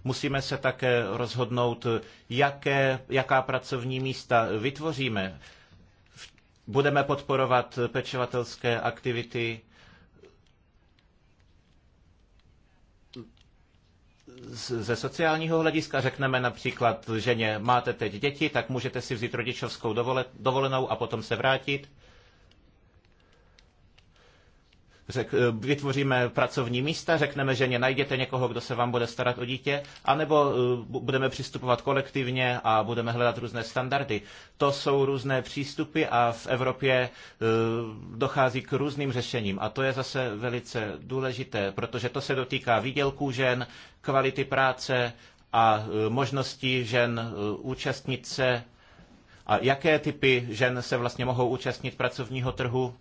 Musíme se také rozhodnout, jaké, jaká pracovní místa vytvoříme. Budeme podporovat pečovatelské aktivity ze sociálního hlediska řekneme například ženě, máte teď děti, tak můžete si vzít rodičovskou dovolenou a potom se vrátit řek, eh, vytvoříme pracovní místa, řekneme ženě, najděte někoho, kdo se vám bude starat o dítě, anebo eh, budeme přistupovat kolektivně a budeme hledat různé standardy. To jsou různé přístupy a v Evropě eh, dochází k různým řešením. A to je zase velice důležité, protože to se dotýká výdělků žen, kvality práce a možností žen účastnit se a jaké typy žen se vlastně mohou účastnit pracovního trhu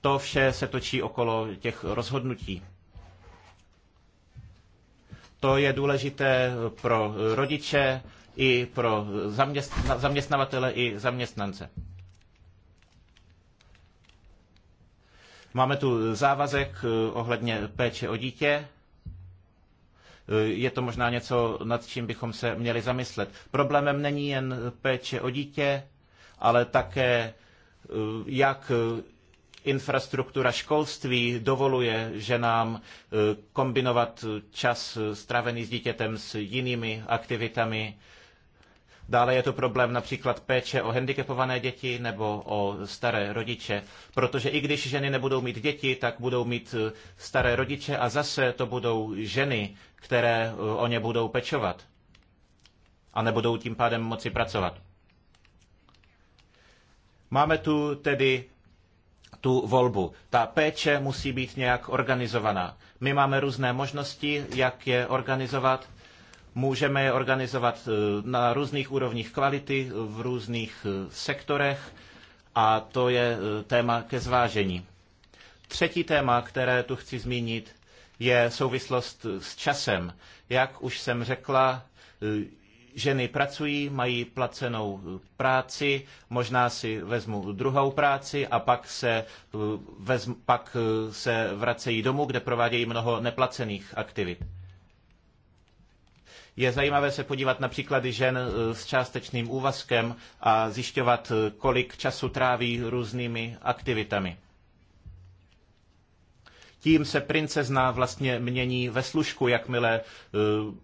to vše se točí okolo těch rozhodnutí. To je důležité pro rodiče i pro zaměstna, zaměstnavatele i zaměstnance. Máme tu závazek eh, ohledně péče o dítě. Eh, je to možná něco, nad čím bychom se měli zamyslet. Problémem není jen péče o dítě, ale také eh, jak infrastruktura školství dovoluje ženám e, kombinovat čas strávený s dítětem s jinými aktivitami. Dále je to problém například péče o handicapované děti nebo o staré rodiče, protože i když ženy nebudou mít děti, tak budou mít e, staré rodiče a zase to budou ženy, které e, o ně budou pečovat a nebudou tím pádem moci pracovat. Máme tu tedy tu volbu. Ta péče musí být nějak organizovaná. My máme různé možnosti, jak je organizovat. Můžeme je organizovat eh, na různých úrovních kvality, v různých eh, sektorech a to je eh, téma ke zvážení. Třetí téma, které tu chci zmínit, je souvislost s časem. Jak už jsem řekla, ženy pracují, mají placenou práci, možná si vezmu druhou práci a pak se, vezm, pak eh, se vracejí domů, kde provádějí mnoho neplacených aktivit. Je zajímavé se podívat na příklady žen eh, s částečným úvazkem a zjišťovat, eh, kolik času tráví různými aktivitami. Tím se princezna vlastně mění ve služku, jakmile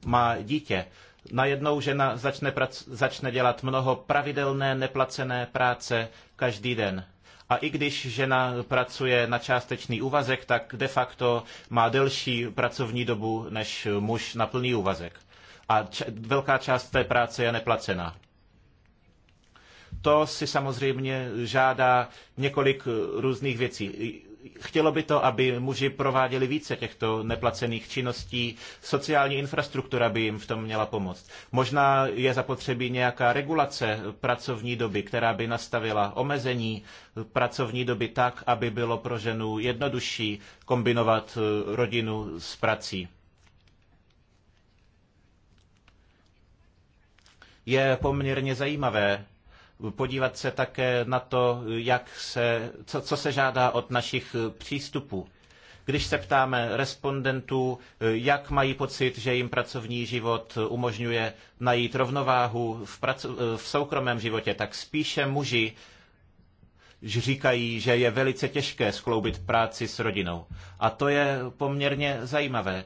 má dítě najednou žena začne, prac, začne dělat mnoho pravidelné neplacené práce každý den. A i když žena pracuje na částečný úvazek, tak de facto má delší pracovní dobu než muž na plný úvazek. A velká část té práce je neplacená. To si samozřejmě žádá několik různých věcí chtělo by to, aby muži prováděli více těchto neplacených činností. Sociální infrastruktura by jim v tom měla pomoct. Možná je zapotřebí nějaká regulace pracovní doby, která by nastavila omezení pracovní doby tak, aby bylo pro ženu jednodušší kombinovat eh, rodinu s prací. Je poměrně zajímavé, podívat se také na to, jak se, co, co se žádá od našich eh, přístupů. Když se ptáme respondentů, eh, jak mají pocit, že jim pracovní život eh, umožňuje najít rovnováhu v, praco- v soukromém životě, tak spíše muži říkají, že je velice těžké skloubit práci s rodinou. A to je poměrně zajímavé,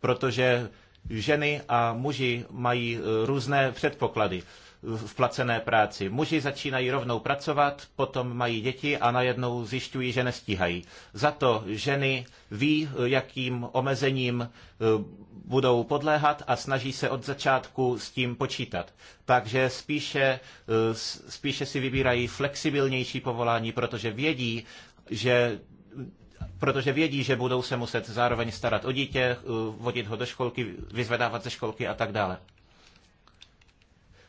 protože ženy a muži mají různé předpoklady v placené práci. Muži začínají rovnou pracovat, potom mají děti a najednou zjišťují, že nestíhají. Za to ženy ví, jakým omezením e, budou podléhat a snaží se od začátku s tím počítat. Takže spíše, e, spíše si vybírají flexibilnější povolání, protože vědí, že protože vědí, že budou se muset zároveň starat o dítě, e, vodit ho do školky, vyzvedávat ze školky a tak dále.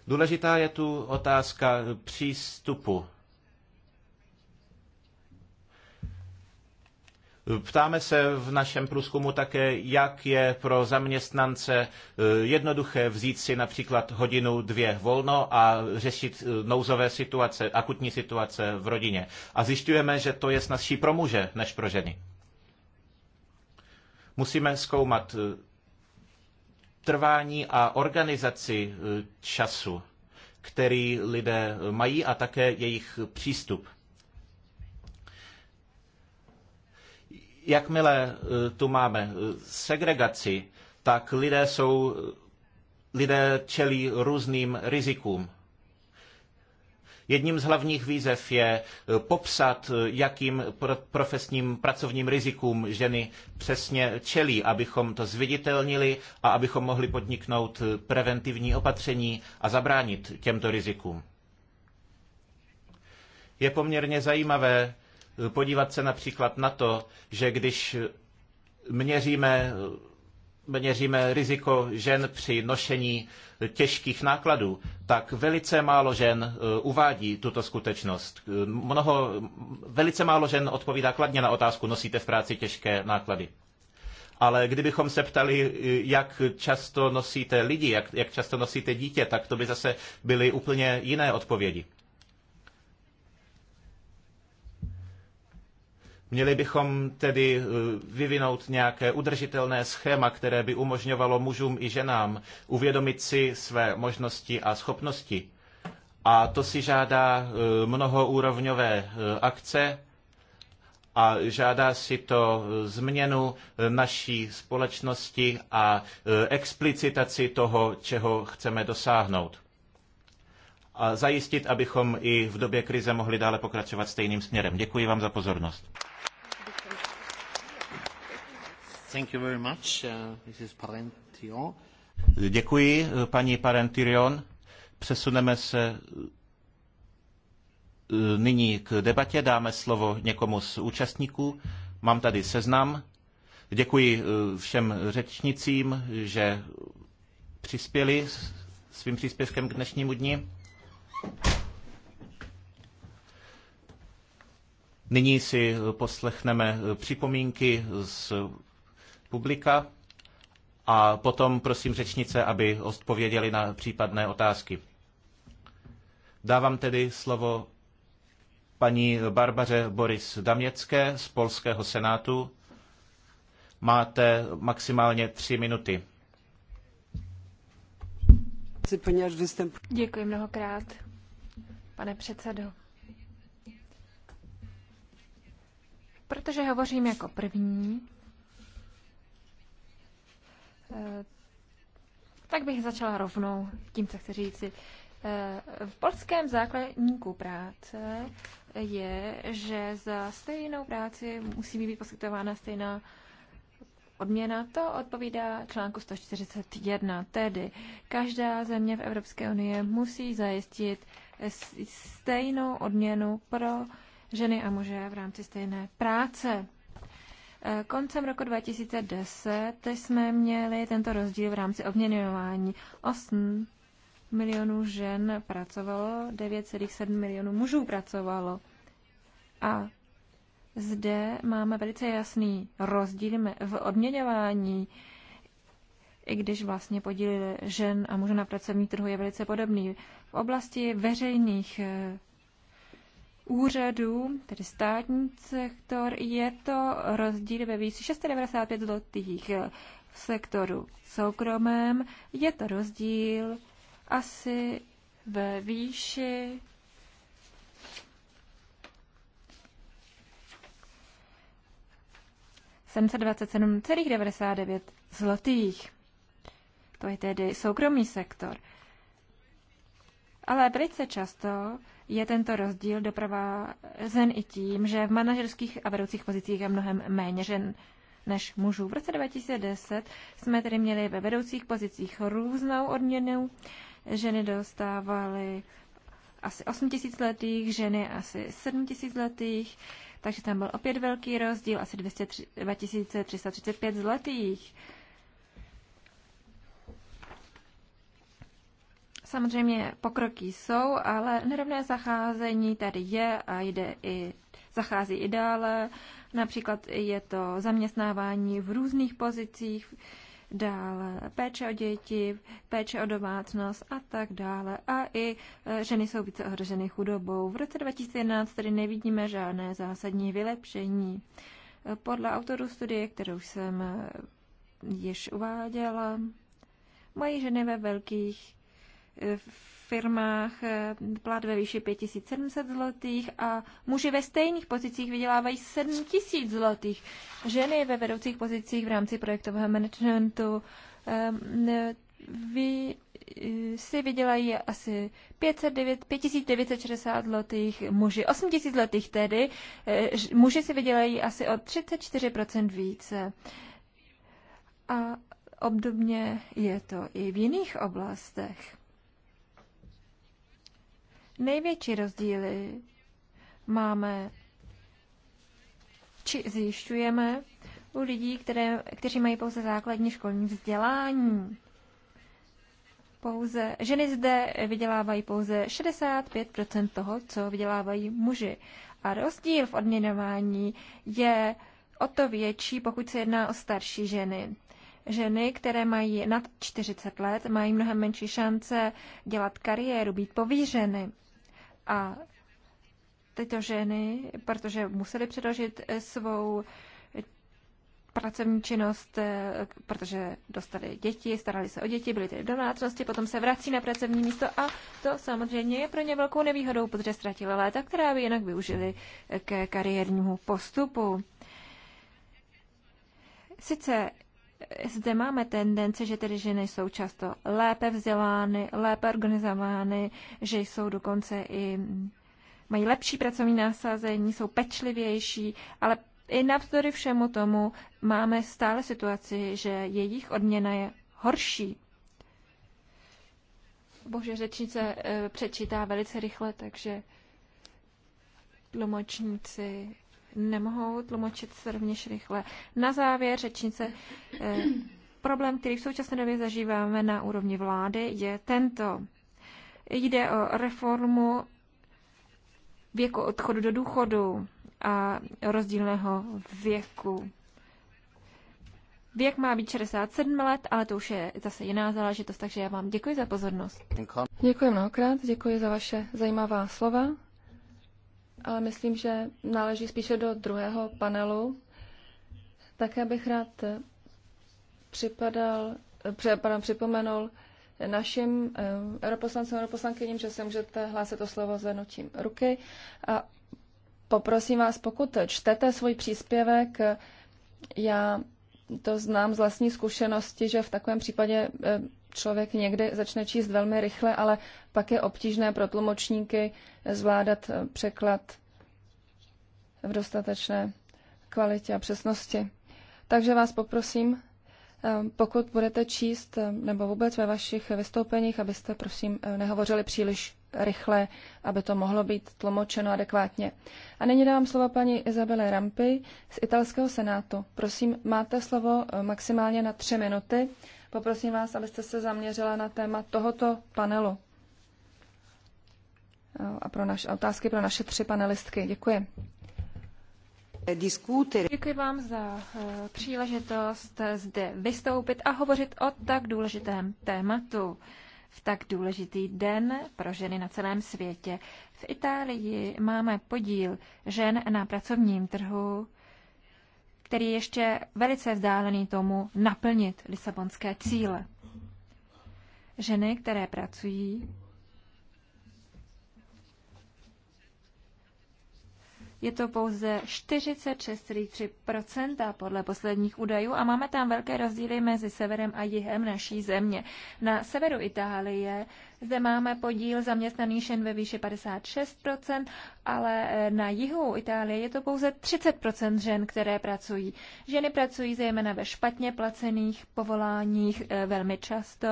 Důležitá je tu otázka přístupu. Ptáme se v našem průzkumu také, jak je pro zaměstnance eh, jednoduché vzít si například hodinu, dvě volno a řešit eh, nouzové situace, akutní situace v rodině. A zjišťujeme, že to je snazší pro muže než pro ženy. Musíme zkoumat eh, trvání a organizaci eh, času, který lidé eh, mají a také jejich přístup. Jakmile eh, tu máme segregaci, tak lidé jsou lidé čelí různým rizikům. Jedním z hlavních výzev je eh, popsat, eh, jakým profesním pracovním rizikům ženy přesně čelí, abychom to zviditelnili a abychom mohli podniknout eh, preventivní opatření a zabránit těmto rizikům. Je poměrně zajímavé podívat se například na to, že když měříme měříme riziko žen při nošení těžkých nákladů, tak velice málo žen e, uvádí tuto skutečnost. E, mnoho, velice málo žen odpovídá kladně na otázku, nosíte v práci těžké náklady. Ale kdybychom se ptali, e, jak často nosíte lidi, jak, jak často nosíte dítě, tak to by zase byly úplně jiné odpovědi. Měli bychom tedy eh, vyvinout nějaké udržitelné schéma, které by umožňovalo mužům i ženám uvědomit si své možnosti a schopnosti. A to si žádá eh, mnohoúrovňové eh, akce a žádá si to změnu naší společnosti a explicitaci toho, čeho chceme dosáhnout. A zajistit, abychom i v době krize mohli dále pokračovat stejným směrem. Děkuji vám za pozornost. Uh, Děkuji, uh, paní Parentirion. Přesuneme se uh, nyní k debatě. Dáme slovo někomu z účastníků. Mám tady seznam. Děkuji všem řečnicím, že přispěli svým příspěvkem k dnešnímu dni. Nyní si poslechneme připomínky z publika a potom prosím řečnice, aby odpověděli na případné otázky. Dávám tedy slovo paní Barbaře Boris Daměcké z Polského senátu. Máte maximálně tři minuty. Děkuji mnohokrát, pane předsedo. Protože hovořím jako první, Eh, tak bych začala rovnou tím, co chci říci. Eh, v polském základníku práce je, že za stejnou práci musí být poskytována stejná odměna. To odpovídá článku 141, tedy každá země v Evropské unii musí zajistit stejnou odměnu pro ženy a muže v rámci stejné práce. Koncem roku 2010 jsme měli tento rozdíl v rámci obměňování. 8 milionů žen pracovalo, 9,7 milionů mužů pracovalo. A zde máme velice jasný rozdíl v odměňování, i když vlastně podíl žen a mužů na pracovní trhu je velice podobný. V oblasti veřejných eh, úřadů, tedy státní sektor, je to rozdíl ve výši 695 zlotých v sektoru soukromém. Je to rozdíl asi ve výši 727,99 zlotých. To je tedy soukromý sektor. Ale velice často je tento rozdíl doprovázen i tím, že v manažerských a vedoucích pozicích je mnohem méně žen než mužů. V roce 2010 jsme tedy měli ve vedoucích pozicích různou odměnu. Ženy dostávaly asi 8 tisíc letých, ženy asi 7 tisíc letých, takže tam byl opět velký rozdíl, asi 2335 zlatých. Samozřejmě pokroky jsou, ale nerovné zacházení tady je a jde i zachází i dále. Například je to zaměstnávání v různých pozicích, dále péče o děti, péče o domácnost a tak dále. A i e, ženy jsou více ohroženy chudobou. V roce 2011 tedy nevidíme žádné zásadní vylepšení. E, podle autorů studie, kterou jsem e, již uváděla, mají ženy ve velkých firmách eh, plat ve výši 5700 zlotých a muži ve stejných pozicích vydělávají 7000 zlotých. Ženy ve vedoucích pozicích v rámci projektového managementu ehm, vy eh, si vydělají asi 5960 zlotých, muži 8000 zlotých tedy, eh, muži si vydělají asi o 34% více. A obdobně je to i v jiných oblastech. Největší rozdíly máme či zjišťujeme u lidí, které, kteří mají pouze základní školní vzdělání. Pouze, ženy zde vydělávají pouze 65 toho, co vydělávají muži. A rozdíl v odměňování je o to větší, pokud se jedná o starší ženy. Ženy, které mají nad 40 let, mají mnohem menší šance dělat kariéru, být povířeny. A tyto ženy, protože museli předložit eh, svou eh, pracovní činnost, eh, protože dostali děti, starali se o děti, byli tedy v domácnosti, potom se vrací na pracovní místo a to samozřejmě je pro ně velkou nevýhodou, protože ztratili léta, která by jinak využili ke kariérnímu postupu. Sice zde máme tendence, že tedy ženy jsou často lépe vzdělány, lépe organizovány, že jsou dokonce i mají lepší pracovní násazení, jsou pečlivější, ale i navzdory všemu tomu máme stále situaci, že jejich odměna je horší. Bože, řečnice eh, přečítá velice rychle, takže tlumočníci nemohou tlumočit se rovněž rychle. Na závěr řečnice, eh, problém, který v současné době zažíváme na úrovni vlády, je tento. Jde o reformu věku odchodu do důchodu a rozdílného věku. Věk má být 67 let, ale to už je zase jiná záležitost, takže já vám děkuji za pozornost. Děkuji mnohokrát, děkuji za vaše zajímavá slova ale myslím, že náleží spíše do druhého panelu. Také bych rád připadal, pardon, připomenul našim eh, europoslancům a europoslankyním, že se můžete hlásit o slovo zvednutím ruky. A poprosím vás, pokud čtete svůj příspěvek, já to znám z vlastní zkušenosti, že v takovém případě eh, člověk někdy začne číst velmi rychle, ale pak je obtížné pro tlumočníky zvládat eh, překlad v dostatečné kvalitě a přesnosti. Takže vás poprosím, eh, pokud budete číst eh, nebo vůbec ve vašich vystoupeních, abyste prosím nehovořili příliš rychle, aby to mohlo být tlumočeno adekvátně. A nyní dávám slovo paní Izabele Rampi z italského senátu. Prosím, máte slovo maximálně na tři minuty Poprosím vás, abyste se zaměřila na téma tohoto panelu a pro naše otázky pro naše tři panelistky. Děkuji. Děkuji vám za eh, příležitost zde vystoupit a hovořit o tak důležitém tématu v tak důležitý den pro ženy na celém světě. V Itálii máme podíl žen na pracovním trhu který je ještě velice vzdálený tomu naplnit lisabonské cíle. Ženy, které pracují, je to pouze 46,3% podle posledních údajů a máme tam velké rozdíly mezi severem a jihem naší země. Na severu Itálie zde máme podíl zaměstnaných žen ve výši 56%, ale eh, na jihu Itálie je to pouze 30% žen, které pracují. Ženy pracují zejména ve špatně placených povoláních eh, velmi často.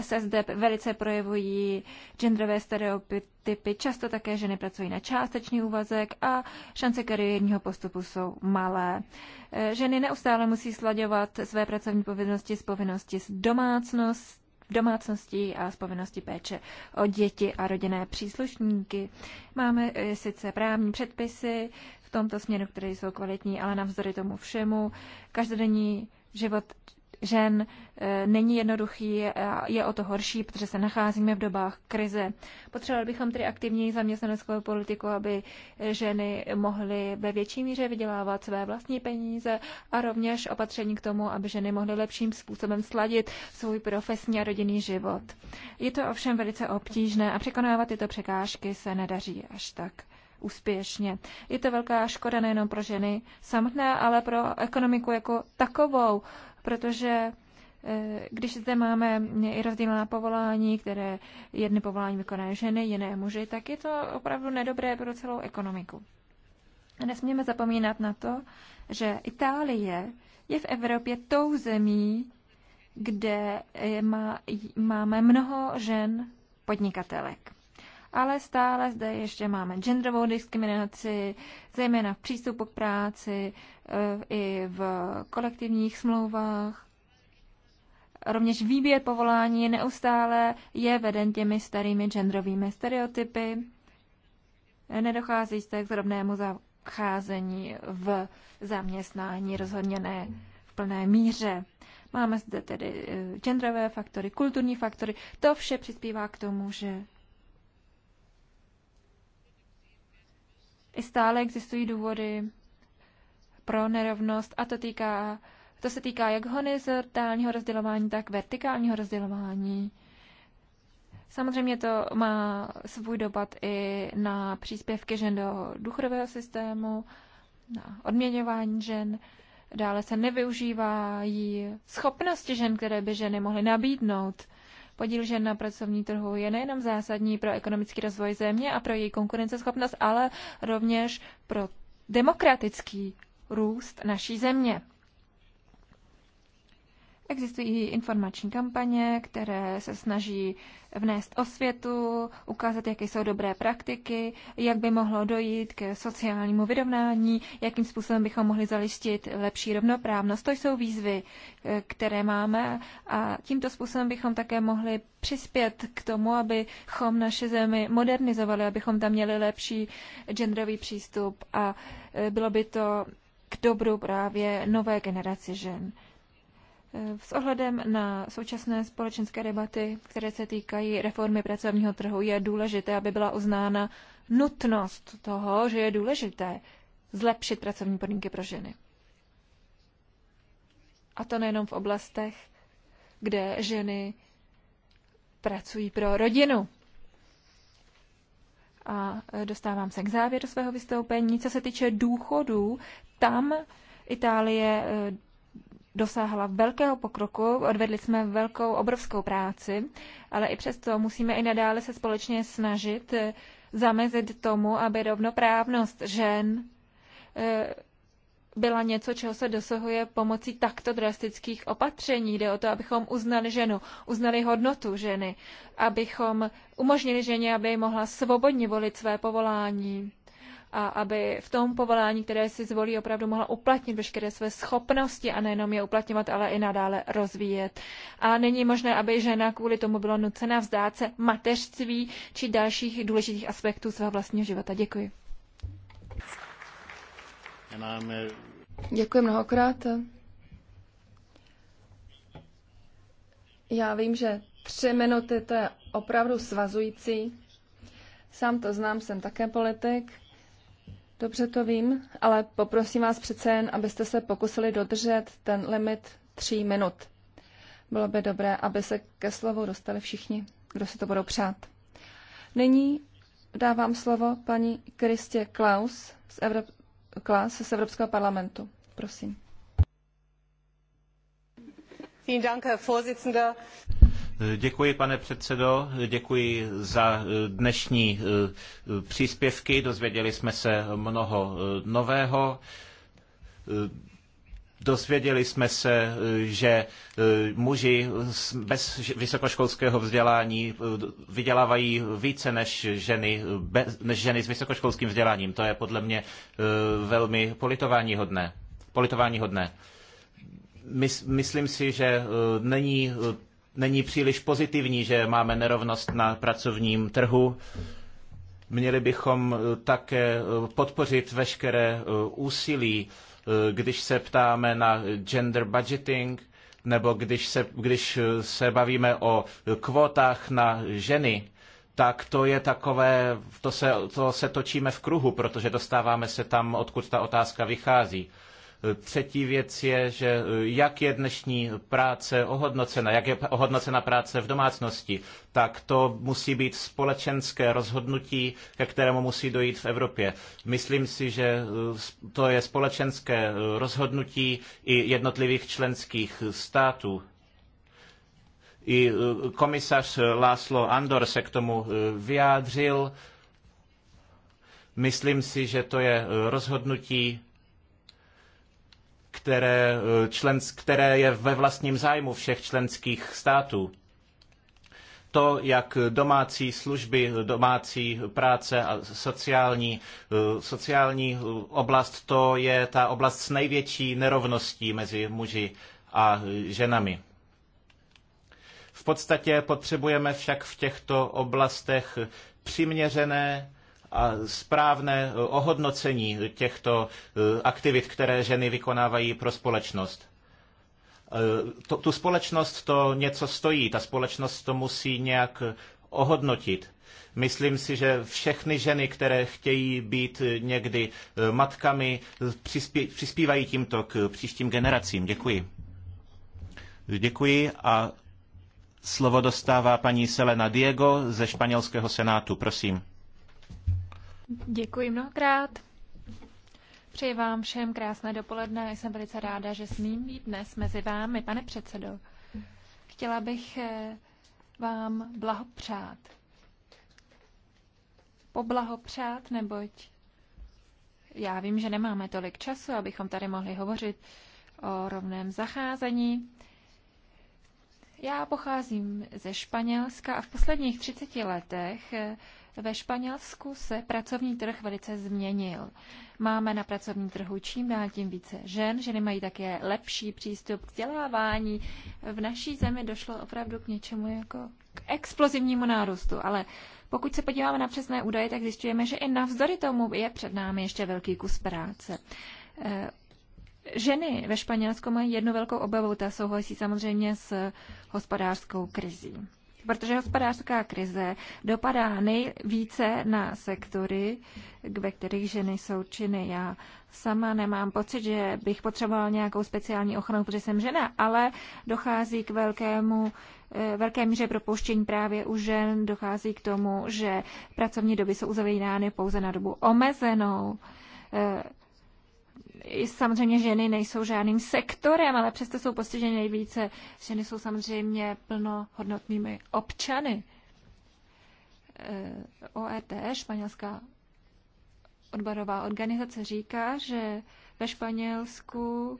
Se zde velice projevují genderové stereotypy. Často také ženy pracují na částečný úvazek a šance kariérního postupu jsou malé. Eh, ženy neustále musí sladěvat své pracovní povinnosti s povinnosti s domácnost, domácnosti a z povinnosti péče o děti a rodinné příslušníky. Máme eh, sice právní předpisy v tomto směru, které jsou kvalitní, ale navzdory tomu všemu každodenní život žen eh, není jednoduchý a eh, je o to horší, protože se nacházíme v dobách krize. Potřebovali bychom tedy aktivní zaměstnaneckou politiku, aby eh, ženy mohly ve větší míře vydělávat své vlastní peníze a rovněž opatření k tomu, aby ženy mohly lepším způsobem sladit svůj profesní a rodinný život. Je to ovšem velice obtížné a překonávat tyto překážky se nedaří až tak úspěšně. Je to velká škoda nejenom pro ženy samotné, ale pro ekonomiku jako takovou protože eh, když zde máme i rozdílná povolání, které jedny povolání vykonají ženy, jiné muži, tak je to opravdu nedobré pro celou ekonomiku. Nesmíme zapomínat na to, že Itálie je v Evropě tou zemí, kde má, máme mnoho žen podnikatelek ale stále zde ještě máme genderovou diskriminaci, zejména v přístupu k práci, e, i v kolektivních smlouvách. Rovněž výběr povolání neustále je veden těmi starými genderovými stereotypy. Nedochází se k zrovnému zacházení v zaměstnání, rozhodně v plné míře. Máme zde tedy e, genderové faktory, kulturní faktory. To vše přispívá k tomu, že I stále existují důvody pro nerovnost a to, týká, to se týká jak horizontálního rozdělování, tak vertikálního rozdělování. Samozřejmě to má svůj dopad i na příspěvky žen do důchodového systému, na odměňování žen. Dále se nevyužívají schopnosti žen, které by ženy mohly nabídnout. Podíl žen na pracovní trhu je nejenom zásadní pro ekonomický rozvoj země a pro její konkurenceschopnost, ale rovněž pro demokratický růst naší země. Existují informační kampaně, které se snaží vnést osvětu, ukázat, jaké jsou dobré praktiky, jak by mohlo dojít k sociálnímu vyrovnání, jakým způsobem bychom mohli zajistit lepší rovnoprávnost. To jsou výzvy, které máme a tímto způsobem bychom také mohli přispět k tomu, abychom naše zemi modernizovali, abychom tam měli lepší genderový přístup a bylo by to k dobru právě nové generaci žen. S ohledem na současné společenské debaty, které se týkají reformy pracovního trhu, je důležité, aby byla uznána nutnost toho, že je důležité zlepšit pracovní podmínky pro ženy. A to nejenom v oblastech, kde ženy pracují pro rodinu. A dostávám se k závěru svého vystoupení. Co se týče důchodů, tam Itálie eh, dosáhla velkého pokroku, odvedli jsme velkou, obrovskou práci, ale i přesto musíme i nadále se společně snažit eh, zamezit tomu, aby rovnoprávnost žen eh, byla něco, čeho se dosahuje pomocí takto drastických opatření. Jde o to, abychom uznali ženu, uznali hodnotu ženy, abychom umožnili ženě, aby mohla svobodně volit své povolání a aby v tom povolání, které si zvolí, opravdu mohla uplatnit veškeré své schopnosti a nejenom je uplatňovat, ale i nadále rozvíjet. A není možné, aby žena kvůli tomu byla nucena vzdát se mateřství či dalších důležitých aspektů svého vlastního života. Děkuji. Děkuji mnohokrát. Já vím, že tři minuty to je opravdu svazující. Sám to znám, jsem také politik. Dobře to vím, ale poprosím vás přece jen, abyste se pokusili dodržet ten limit tří minut. Bylo by dobré, aby se ke slovu dostali všichni, kdo si to budou přát. Nyní dávám slovo paní Kristě Klaus z, Evrop- Klaus z Evropského parlamentu. Prosím. Vielen Dank, Herr Vorsitzender. Děkuji, pane předsedo, děkuji za eh, dnešní eh, příspěvky. Dozvěděli jsme se mnoho eh, nového. Dozvěděli jsme se, že muži bez vysokoškolského vzdělání vydělávají více než ženy, bez, než ženy s vysokoškolským vzděláním. To je podle mě velmi politováníhodné. politováníhodné. Myslím si, že není není příliš pozitivní, že máme nerovnost na pracovním trhu. Měli bychom eh, také eh, podpořit veškeré eh, úsilí, když se ptáme na gender budgeting, nebo když se, když se bavíme o kvótách na ženy, tak to je takové, to se, to se točíme v kruhu, protože dostáváme se tam, odkud ta otázka vychází. Třetí věc je, že eh, jak je dnešní práce ohodnocena, jak je ohodnocena práce v domácnosti, tak to musí být společenské rozhodnutí, ke kterému musí dojít v Evropě. Myslím si, že eh, to je společenské eh, rozhodnutí i jednotlivých členských států. I komisař Láslo Andor se k tomu vyjádřil. Myslím si, že to je rozhodnutí, které, eh, člens, které je ve vlastním zájmu všech členských států. To, jak domácí služby, domácí práce a sociální, eh, sociální eh, oblast, to je ta oblast s největší nerovností mezi muži a ženami. V podstatě potřebujeme však v těchto oblastech přiměřené a správné eh, ohodnocení těchto eh, aktivit, které ženy vykonávají pro společnost. Eh, to, tu společnost to něco stojí, ta společnost to musí nějak ohodnotit. Myslím si, že všechny ženy, které chtějí být někdy matkami, přispívají tímto k příštím generacím. Děkuji. Děkuji a slovo dostává paní Selena Diego ze španělského senátu. Prosím. Děkuji mnohokrát. Přeji vám všem krásné dopoledne. Jsem velice ráda, že smím být dnes mezi vámi, pane předsedo. Chtěla bych eh, vám blahopřát. Poblahopřát, neboť já vím, že nemáme tolik času, abychom tady mohli hovořit o rovném zacházení. Já pocházím ze Španělska a v posledních 30 letech eh, ve Španělsku se pracovní trh velice změnil. Máme na pracovním trhu čím dál tím více žen, ženy mají také lepší přístup k vzdělávání. V naší zemi došlo opravdu k něčemu jako k explozivnímu nárůstu, ale pokud se podíváme na přesné údaje, tak zjišťujeme, že i navzdory tomu je před námi ještě velký kus práce. Eh, ženy ve Španělsku mají jednu velkou obavu, ta souhlasí samozřejmě s hospodářskou krizí protože hospodářská krize dopadá nejvíce na sektory, ve kterých ženy jsou činy. Já sama nemám pocit, že bych potřebovala nějakou speciální ochranu, protože jsem žena, ale dochází k velkému eh, velké míře propouštění právě u žen, dochází k tomu, že pracovní doby jsou uzavírány pouze na dobu omezenou eh, samozřejmě ženy nejsou žádným sektorem, ale přesto jsou postiženy nejvíce. Ženy jsou samozřejmě plnohodnotnými občany. Eh, OET, španělská odborová organizace, říká, že ve Španělsku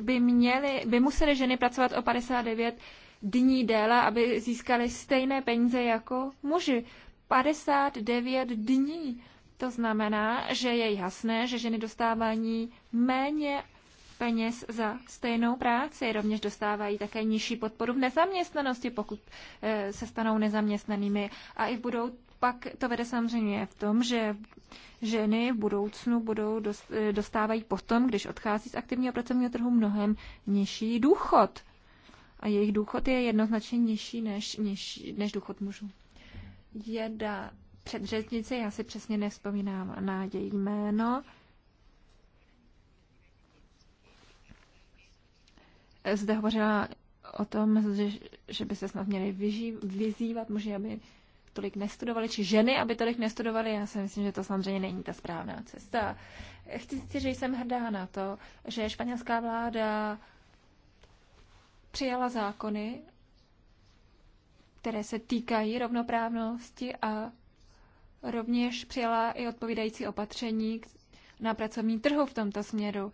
by, měly, by musely ženy pracovat o 59 dní déle, aby získaly stejné peníze jako muži. 59 dní. To znamená, že je jasné, že ženy dostávají méně peněz za stejnou práci. Rovněž dostávají také nižší podporu v nezaměstnanosti, pokud eh, se stanou nezaměstnanými. A i budou pak to vede samozřejmě v tom, že ženy v budoucnu budou eh, dostávají potom, když odchází z aktivního pracovního trhu, mnohem nižší důchod. A jejich důchod je jednoznačně nižší než, než, než důchod mužů. Jeda, předřečnici, já si přesně nespomínám na její jméno. Zde hovořila o tom, že, že by se snad měli vyží, vyzývat muži, aby tolik nestudovali, či ženy, aby tolik nestudovali. Já si myslím, že to samozřejmě není ta správná cesta. Chci říct, že jsem hrdá na to, že španělská vláda přijala zákony, které se týkají rovnoprávnosti a rovněž přijala i odpovídající opatření na pracovní trhu v tomto směru.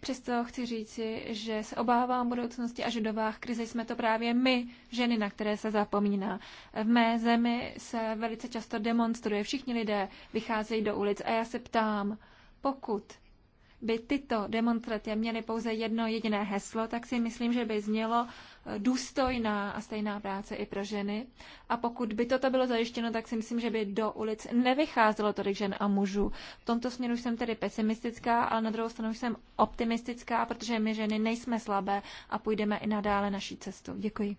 Přesto chci říci, že se obávám budoucnosti a že do krize jsme to právě my, ženy, na které se zapomíná. V mé zemi se velice často demonstruje, všichni lidé vycházejí do ulic a já se ptám, pokud by tyto demonstrace měly pouze jedno jediné heslo, tak si myslím, že by znělo eh, důstojná a stejná práce i pro ženy. A pokud by toto bylo zajištěno, tak si myslím, že by do ulic nevycházelo tolik žen a mužů. V tomto směru jsem tedy pesimistická, ale na druhou stranu jsem optimistická, protože my ženy nejsme slabé a půjdeme i nadále naší cestou. Děkuji.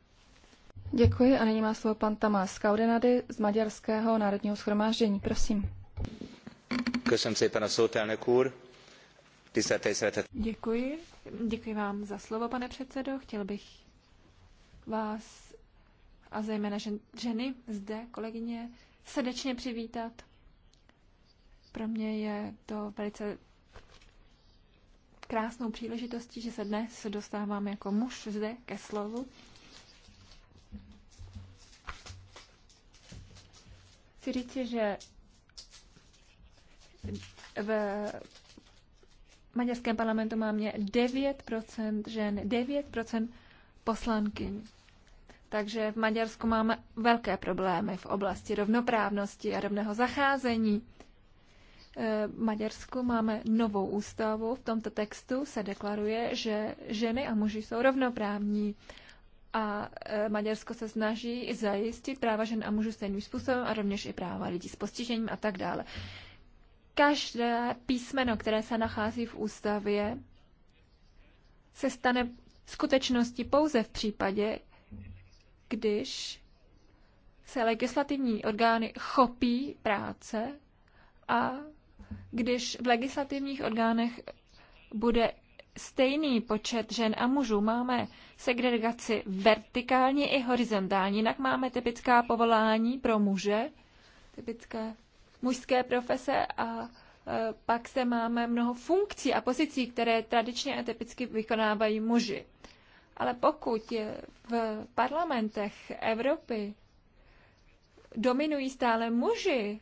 Děkuji a nyní má slovo pan Tamás Kaudenady z Maďarského národního schromáždění. Prosím. Köszönöm szépen a szót, elnök úr Děkuji. Děkuji vám za slovo, pane předsedo. Chtěl bych vás a zejména ženy zde, kolegyně, srdečně přivítat. Pro mě je to velice krásnou příležitostí, že se dnes dostávám jako muž zde ke slovu. Chci říci, že v maďarském parlamentu má mě 9% žen, 9% poslankyň. Takže v Maďarsku máme velké problémy v oblasti rovnoprávnosti a rovného zacházení. E, v Maďarsku máme novou ústavu. V tomto textu se deklaruje, že ženy a muži jsou rovnoprávní a e, Maďarsko se snaží zajistit práva žen a mužů stejným způsobem a rovněž i práva lidí s postižením a tak dále každé písmeno, které se nachází v ústavě, se stane skutečností pouze v případě, když se legislativní orgány chopí práce a když v legislativních orgánech bude stejný počet žen a mužů. Máme segregaci vertikální i horizontální, jinak máme typická povolání pro muže, typické mužské profese a e, pak se máme mnoho funkcí a pozicí, které tradičně a typicky vykonávají muži. Ale pokud v parlamentech Evropy dominují stále muži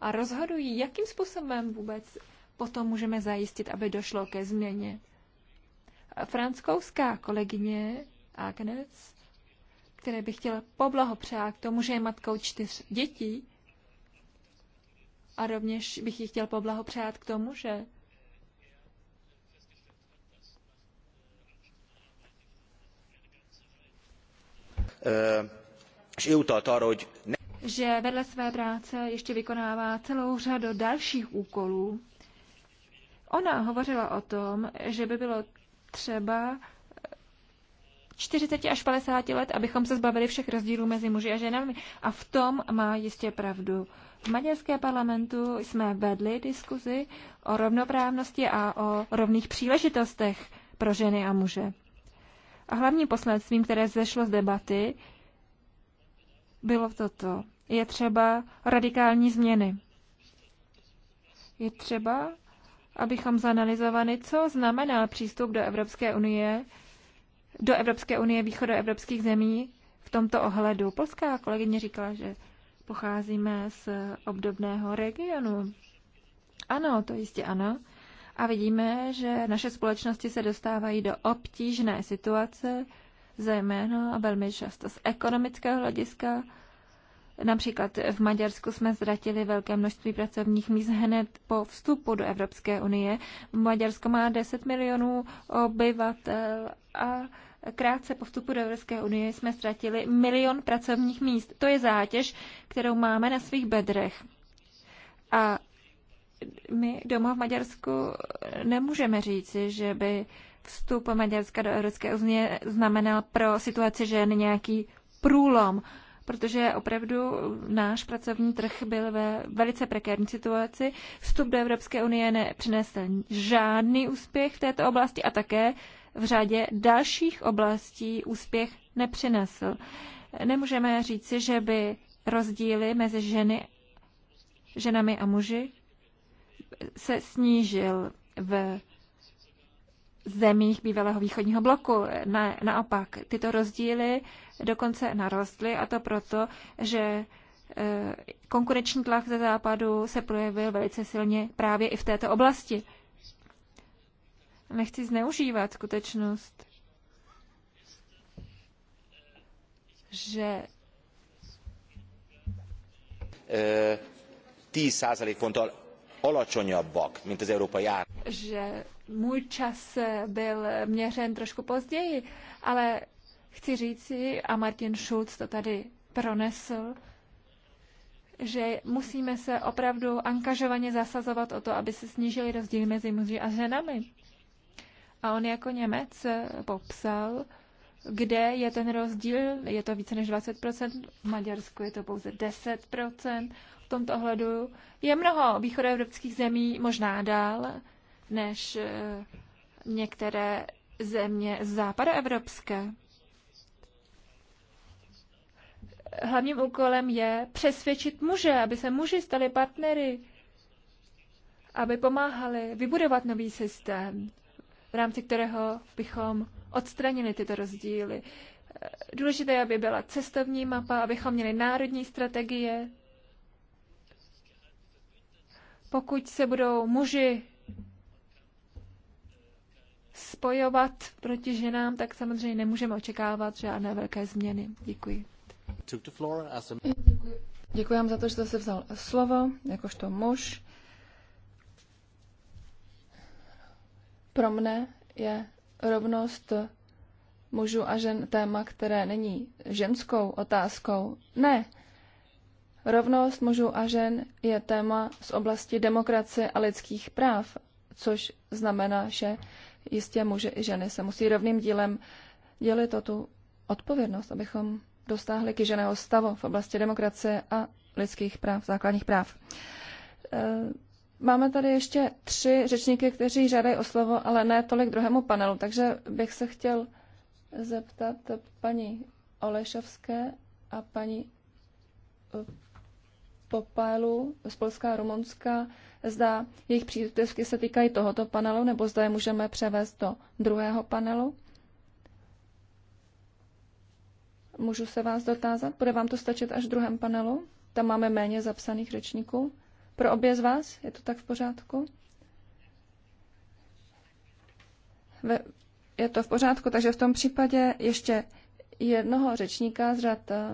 a rozhodují, jakým způsobem vůbec potom můžeme zajistit, aby došlo ke změně. Francouzská kolegyně Agnes, které bych chtěla poblahopřát k tomu, že je matkou čtyř dětí, a rovněž bych ji chtěl poblahopřát k tomu, že eh, že vedle své práce ještě vykonává celou řadu dalších úkolů. Ona hovořila o tom, že by bylo třeba 40 až 50 let, abychom se zbavili všech rozdílů mezi muži a ženami. A v tom má jistě pravdu. V maďarské parlamentu jsme vedli diskuzi o rovnoprávnosti a o rovných příležitostech pro ženy a muže. A hlavním posledstvím, které zešlo z debaty, bylo toto. Je třeba radikální změny. Je třeba, abychom zanalizovali, co znamená přístup do Evropské unie, do Evropské unie východoevropských zemí v tomto ohledu. Polská kolegyně říkala, že pocházíme z obdobného regionu. Ano, to jistě ano. A vidíme, že naše společnosti se dostávají do obtížné situace, zejména a velmi často z ekonomického hlediska. Například v Maďarsku jsme ztratili velké množství pracovních míst hned po vstupu do Evropské unie. Maďarsko má 10 milionů obyvatel a krátce po vstupu do Evropské unie jsme ztratili milion pracovních míst. To je zátěž, kterou máme na svých bedrech. A my doma v Maďarsku nemůžeme říci, že by vstup Maďarska do Evropské unie znamenal pro situaci žen nějaký průlom, protože opravdu náš pracovní trh byl ve velice prekérní situaci. Vstup do Evropské unie nepřinesl žádný úspěch v této oblasti a také v řadě dalších oblastí úspěch nepřinesl. Nemůžeme říci, že by rozdíly mezi ženy, ženami a muži se snížil v zemích bývalého východního bloku. Ne, naopak, tyto rozdíly dokonce narostly a to proto, že e, konkurenční tlak ze západu se projevil velice silně právě i v této oblasti. Nechci zneužívat skutečnost, že 10%-kal alacsonyabbak, mint az európai ár. Že můj čas byl měřen trošku později, ale chci říci, a Martin Schulz to tady pronesl, že musíme se opravdu angažovaně zasazovat o to, aby se snížily rozdíly mezi muži a ženami. A on jako Němec eh, popsal, kde je ten rozdíl, je to více než 20%, v Maďarsku je to pouze 10%. V tomto ohledu je mnoho východoevropských zemí možná dál než eh, některé země západoevropské. Hlavním úkolem je přesvědčit muže, aby se muži stali partnery, aby pomáhali vybudovat nový systém v rámci kterého bychom odstranili tyto rozdíly. Důležité, aby byla cestovní mapa, abychom měli národní strategie. Pokud se budou muži spojovat proti ženám, tak samozřejmě nemůžeme očekávat žádné velké změny. Děkuji. Děkuji vám za to, že jste se vzal slovo, jakožto muž. Pro mne je rovnost mužů a žen téma, které není ženskou otázkou. Ne. Rovnost mužů a žen je téma z oblasti demokracie a lidských práv, což znamená, že jistě muže i ženy se musí rovným dílem dělit o tu odpovědnost, abychom dostáhli ženého stavu v oblasti demokracie a lidských práv, základních práv. Eh, Máme tady ještě tři řečníky, kteří žádají o slovo, ale ne tolik druhému panelu, takže bych se chtěl zeptat paní Olešovské a paní eh, Popálu z Polska a Rumunska, zda jejich příspěvky se týkají tohoto panelu, nebo zda je můžeme převést do druhého panelu. Můžu se vás dotázat? Bude vám to stačit až v druhém panelu? Tam máme méně zapsaných řečníků. Pro obě z vás je to tak v pořádku? Ve, je to v pořádku, takže v tom případě ještě jednoho řečníka z řad eh,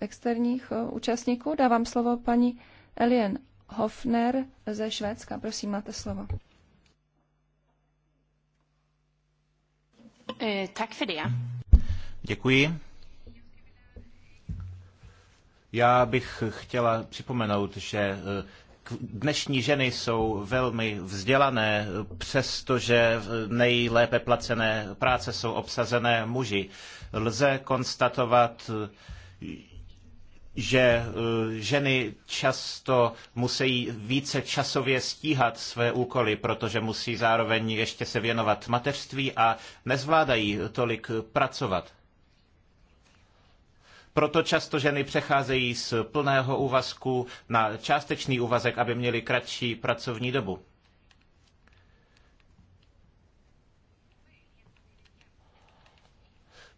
externích eh, účastníků. Dávám slovo paní Elien Hofner ze Švédska. Prosím, máte slovo. Eh, tak Děkuji. Já bych chtěla připomenout, že dnešní ženy jsou velmi vzdělané, přestože nejlépe placené práce jsou obsazené muži. Lze konstatovat, že eh, ženy často musí více časově stíhat své úkoly, protože musí zároveň ještě se věnovat mateřství a nezvládají tolik pracovat. Proto často ženy přecházejí z plného úvazku na částečný úvazek, aby měly kratší pracovní dobu.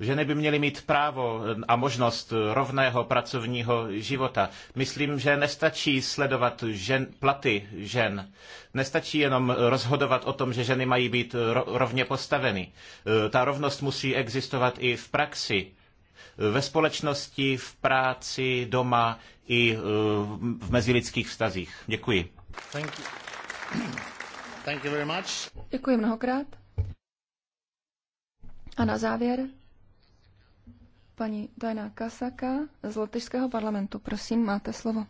Ženy by měly mít právo a možnost rovného pracovního života. Myslím, že nestačí sledovat žen, platy žen. Nestačí jenom rozhodovat o tom, že ženy mají být rovně postaveny. E, ta rovnost musí existovat i v praxi. Ve společnosti, v práci, doma i eh, v mezilidských vztazích. Děkuji. Thank you. Thank you very much. Děkuji mnohokrát. A na závěr paní Dana Kasaka z Lotyšského parlamentu. Prosím, máte slovo.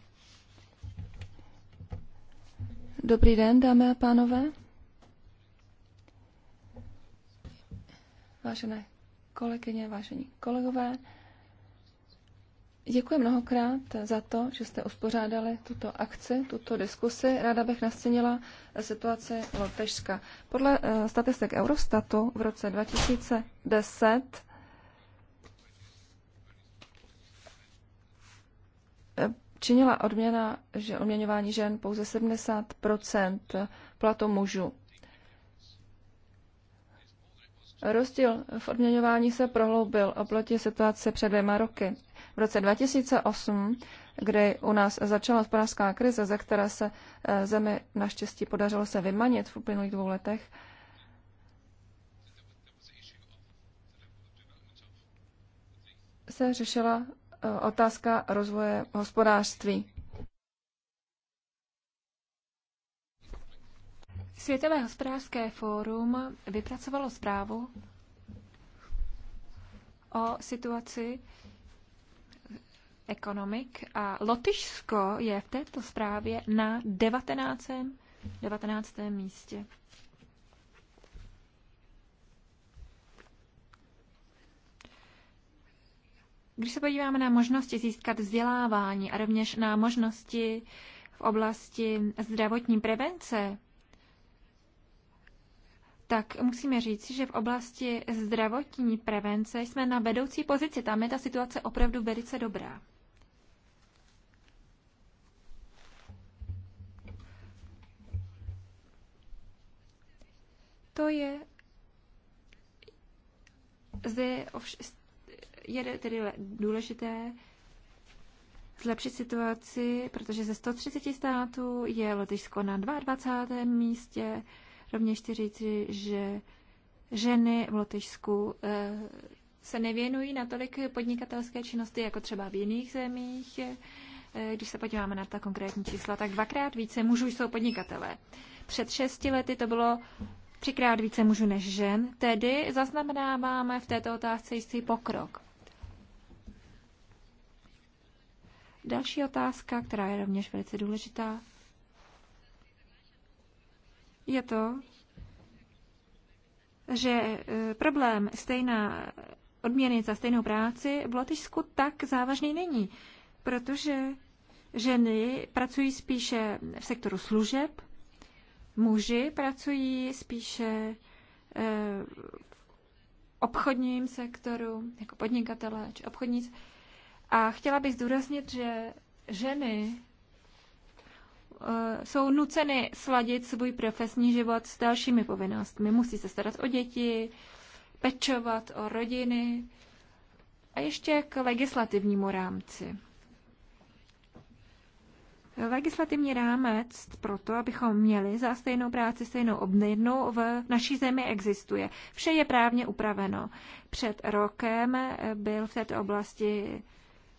Dobrý den, dámy a pánové. Vážené kolegyně, vážení kolegové, děkuji mnohokrát za to, že jste uspořádali tuto akci, tuto diskusi. Ráda bych nastěnila situaci Lotežska. Podle eh, statistik Eurostatu v roce 2010 eh, činila odměna, že odměňování žen pouze 70 platu mužů. Rozdíl v odměňování se prohloubil oproti situaci před dvěma roky. V roce 2008, kdy u nás začala hospodářská krize, ze které se eh, zemi naštěstí podařilo se vymanit v uplynulých dvou letech, se řešila eh, otázka rozvoje hospodářství. Světové hospodářské fórum vypracovalo zprávu o situaci ekonomik a Lotyšsko je v této zprávě na 19. 19. místě. Když se podíváme na možnosti získat vzdělávání a rovněž na možnosti v oblasti zdravotní prevence, tak musíme říct, že v oblasti zdravotní prevence jsme na vedoucí pozici. Tam je ta situace opravdu velice dobrá. To je zde je tedy důležité zlepšit situaci, protože ze 130 států je Lotyšsko na 22. místě, Rovněž chci říct, že ženy v Lotyšsku eh, se nevěnují natolik podnikatelské činnosti jako třeba v jiných zemích. Eh, když se podíváme na ta konkrétní čísla, tak dvakrát více mužů jsou podnikatelé. Před šesti lety to bylo třikrát více mužů než žen, tedy zaznamenáváme v této otázce jistý pokrok. Další otázka, která je rovněž velice důležitá, je to, že e, problém stejná odměny za stejnou práci v Lotyšsku tak závažný není, protože ženy pracují spíše v sektoru služeb, muži pracují spíše e, v obchodním sektoru, jako podnikatelé či obchodníci. A chtěla bych zdůraznit, že ženy Eh, jsou nuceny sladit svůj profesní život s dalšími povinnostmi. Musí se starat o děti, pečovat o rodiny a ještě k legislativnímu rámci. Legislativní rámec to, abychom měli za stejnou práci stejnou obměnu, v naší zemi existuje. Vše je právně upraveno. Před rokem byl v této oblasti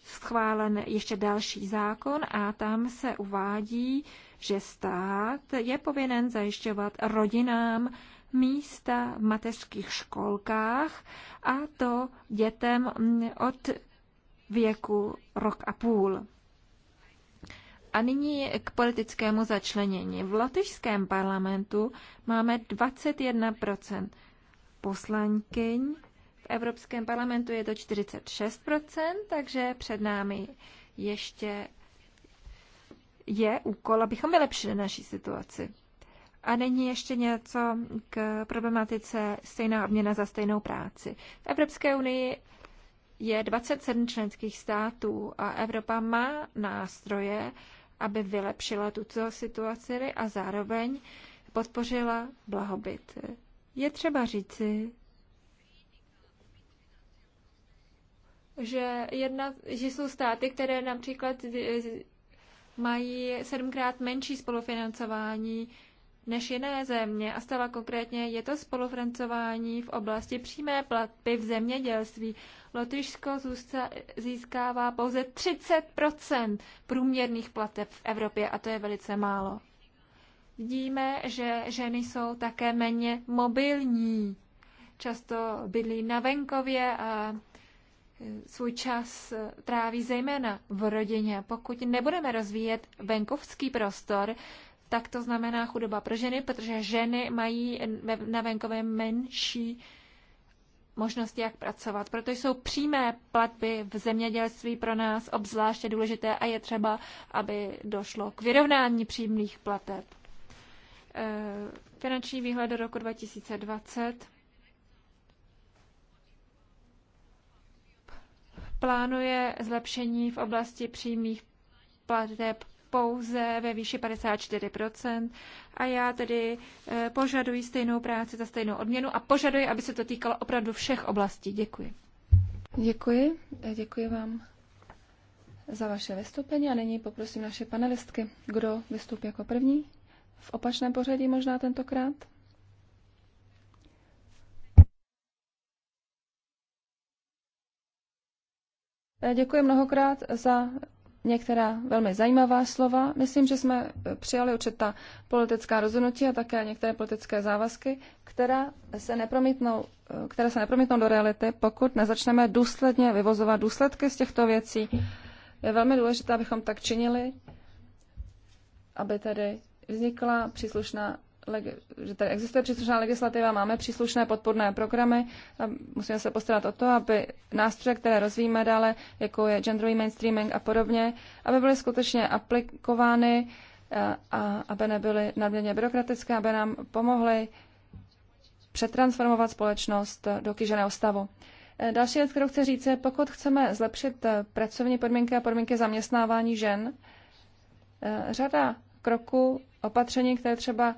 schválen ještě další zákon a tam se uvádí, že stát je povinen zajišťovat rodinám místa v mateřských školkách a to dětem od věku rok a půl. A nyní k politickému začlenění. V lotyšském parlamentu máme 21 poslankyň v Evropském parlamentu je to 46%, takže před námi ještě je úkol, abychom vylepšili naší situaci. A není ještě něco k problematice stejná obměna za stejnou práci. V Evropské unii je 27 členských států a Evropa má nástroje, aby vylepšila tuto situaci a zároveň podpořila blahobyt. Je třeba říci, že, jedna, že jsou státy, které například mají sedmkrát menší spolufinancování než jiné země a stala konkrétně je to spolufinancování v oblasti přímé platby v zemědělství. Lotyšsko získává pouze 30 průměrných plateb v Evropě a to je velice málo. Vidíme, že ženy jsou také méně mobilní. Často bydlí na venkově a svůj čas eh, tráví zejména v rodině. Pokud nebudeme rozvíjet venkovský prostor, tak to znamená chudoba pro ženy, protože ženy mají na venkově menší možnosti, jak pracovat. Proto jsou přímé platby v zemědělství pro nás obzvláště důležité a je třeba, aby došlo k vyrovnání přímých plateb. Eh, finanční výhled do roku 2020 plánuje zlepšení v oblasti přímých plateb pouze ve výši 54% a já tedy eh, požaduji stejnou práci za stejnou odměnu a požaduji, aby se to týkalo opravdu všech oblastí. Děkuji. Děkuji, děkuji vám za vaše vystoupení a nyní poprosím naše panelistky, kdo vystoupí jako první. V opačném pořadí možná tentokrát. Děkuji mnohokrát za některá velmi zajímavá slova. Myslím, že jsme přijali určitá politická rozhodnutí a také některé politické závazky, která se nepromítnou, které se nepromítnou do reality, pokud nezačneme důsledně vyvozovat důsledky z těchto věcí. Je velmi důležité, abychom tak činili, aby tedy vznikla příslušná že tady existuje příslušná legislativa, máme příslušné podporné programy a musíme se postarat o to, aby nástroje, které rozvíjíme dále, jako je genderový mainstreaming a podobně, aby byly skutečně aplikovány eh, a aby nebyly nadměrně byrokratické, aby nám pomohly přetransformovat společnost do kýženého stavu. Eh, další věc, kterou chci říct, je, pokud chceme zlepšit eh, pracovní podmínky a podmínky zaměstnávání žen, řada kroků, opatření, které třeba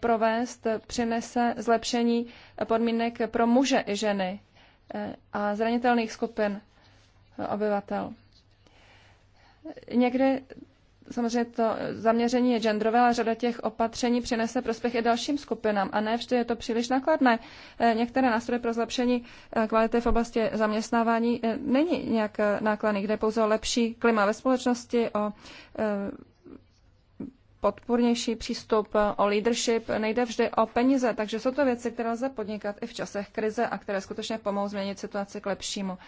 provést, přinese zlepšení podmínek pro muže i ženy eh, a zranitelných skupin eh, obyvatel. Někdy samozřejmě to zaměření je genderové, ale řada těch opatření přinese prospěch i dalším skupinám a ne vždy je to příliš nákladné. Eh, některé nástroje pro zlepšení kvality v oblasti zaměstnávání není nějak nákladný, kde pouze o lepší klima ve společnosti, o podpůrnější přístup o leadership. Nejde vždy o peníze, takže jsou to věci, které lze podnikat i v časech krize a které skutečně pomohou změnit situaci k lepšímu.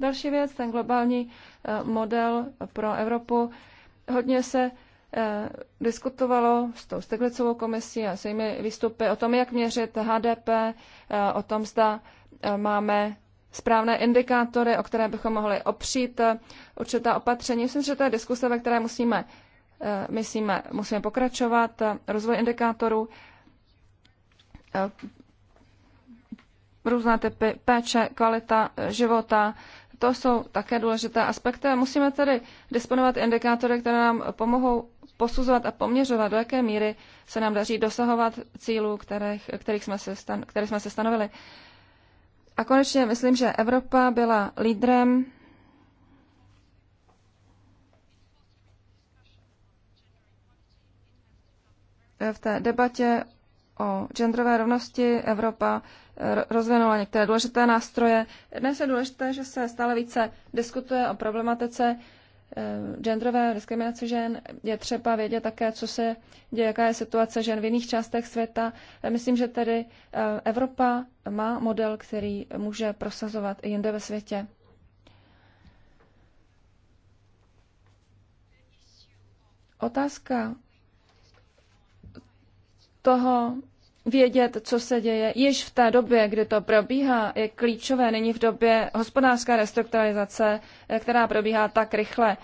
Další věc, ten globální eh, model pro Evropu. Hodně se eh, diskutovalo s tou Steglicovou komisí a s jejími výstupy o tom, jak měřit HDP, eh, o tom, zda máme správné indikátory, o které bychom mohli opřít určitá opatření. Myslím, že to je diskuse, ve které musíme Eh, myslíme, musíme pokračovat, rozvoj indikátorů, eh, různé typy péče, kvalita eh, života, to jsou také důležité aspekty. Musíme tedy disponovat indikátory, které nám pomohou posuzovat a poměřovat, do jaké míry se nám daří dosahovat cílů, kterých, kterých jsme se stan, které jsme se stanovili. A konečně myslím, že Evropa byla lídrem v té debatě o genderové rovnosti Evropa eh, rozvinula některé důležité nástroje. Dnes je důležité, že se stále více diskutuje o problematice eh, genderové diskriminace žen. Je třeba vědět také, co se děje, jaká je situace žen v jiných částech světa. Myslím, že tedy eh, Evropa má model, který může prosazovat i jinde ve světě. Otázka toho vědět, co se děje již v té době, kdy to probíhá, je klíčové. nyní v době hospodářské restrukturalizace, eh, která probíhá tak rychle.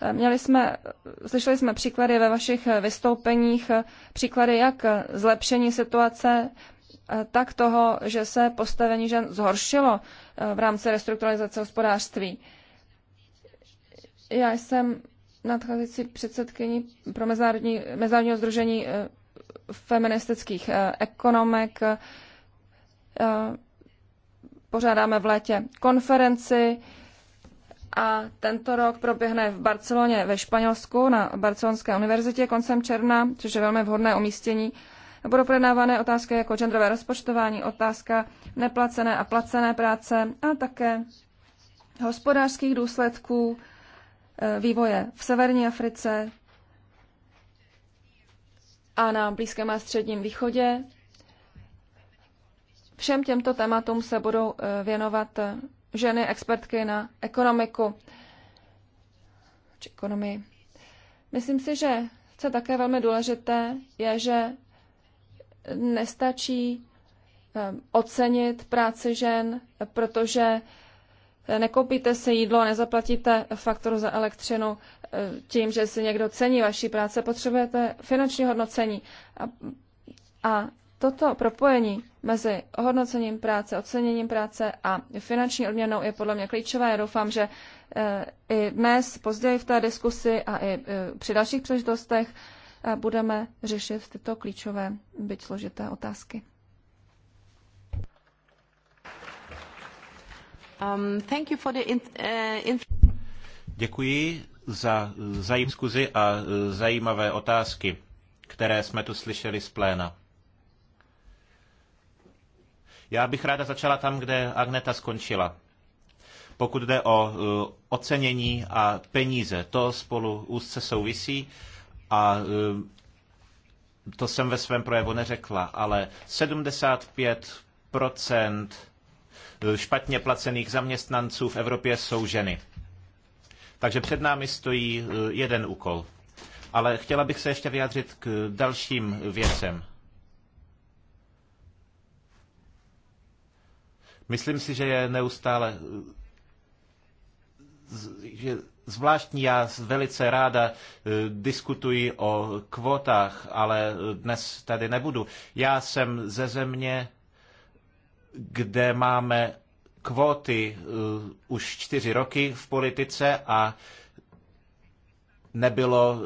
Eh, měli jsme, slyšeli jsme příklady ve vašich eh, vystoupeních, příklady jak zlepšení situace, tak toho, že se postavení žen zhoršilo v rámci restrukturalizace hospodářství. Já jsem nadcházející předsedkyní pro mezinárodní, mezinárodního združení feministických eh, ekonomek. Eh, pořádáme v létě konferenci a tento rok proběhne v Barceloně ve Španělsku na Barcelonské univerzitě koncem června, což je velmi vhodné umístění. Budou projednávané otázky jako genderové rozpočtování, otázka neplacené a placené práce a také hospodářských důsledků eh, vývoje v severní Africe, a na Blízkém a Středním východě. Všem těmto tématům se budou eh, věnovat eh, ženy expertky na ekonomiku či ekonomii. Myslím si, že co také velmi důležité je, že nestačí eh, ocenit práci žen, protože nekoupíte si jídlo, nezaplatíte fakturu za elektřinu eh, tím, že si někdo cení vaší práce, potřebujete finanční hodnocení. A, a toto propojení mezi hodnocením práce, oceněním práce a finanční odměnou je podle mě klíčové. Já doufám, že eh, i dnes, později v té diskusi a i eh, při dalších příležitostech budeme řešit tyto klíčové, byť složité otázky. Um, uh, Děkuji za zajímavou diskuzi a uh, zajímavé otázky, které jsme tu slyšeli z pléna. Já bych ráda začala tam, kde Agneta skončila. Pokud jde o uh, ocenění a peníze, to spolu úzce souvisí a to jsem ve svém projevu neřekla, ale 75 Eh, špatně placených zaměstnanců v Evropě jsou ženy. Takže před námi stojí eh, jeden úkol. Ale chtěla bych se ještě vyjádřit k dalším věcem. Myslím si, že je neustále eh, že zvláštní, já velice ráda diskutuji o kvotách, ale dnes tady nebudu. Já jsem ze země, kde máme kvóty eh, už čtyři roky v politice a nebylo eh,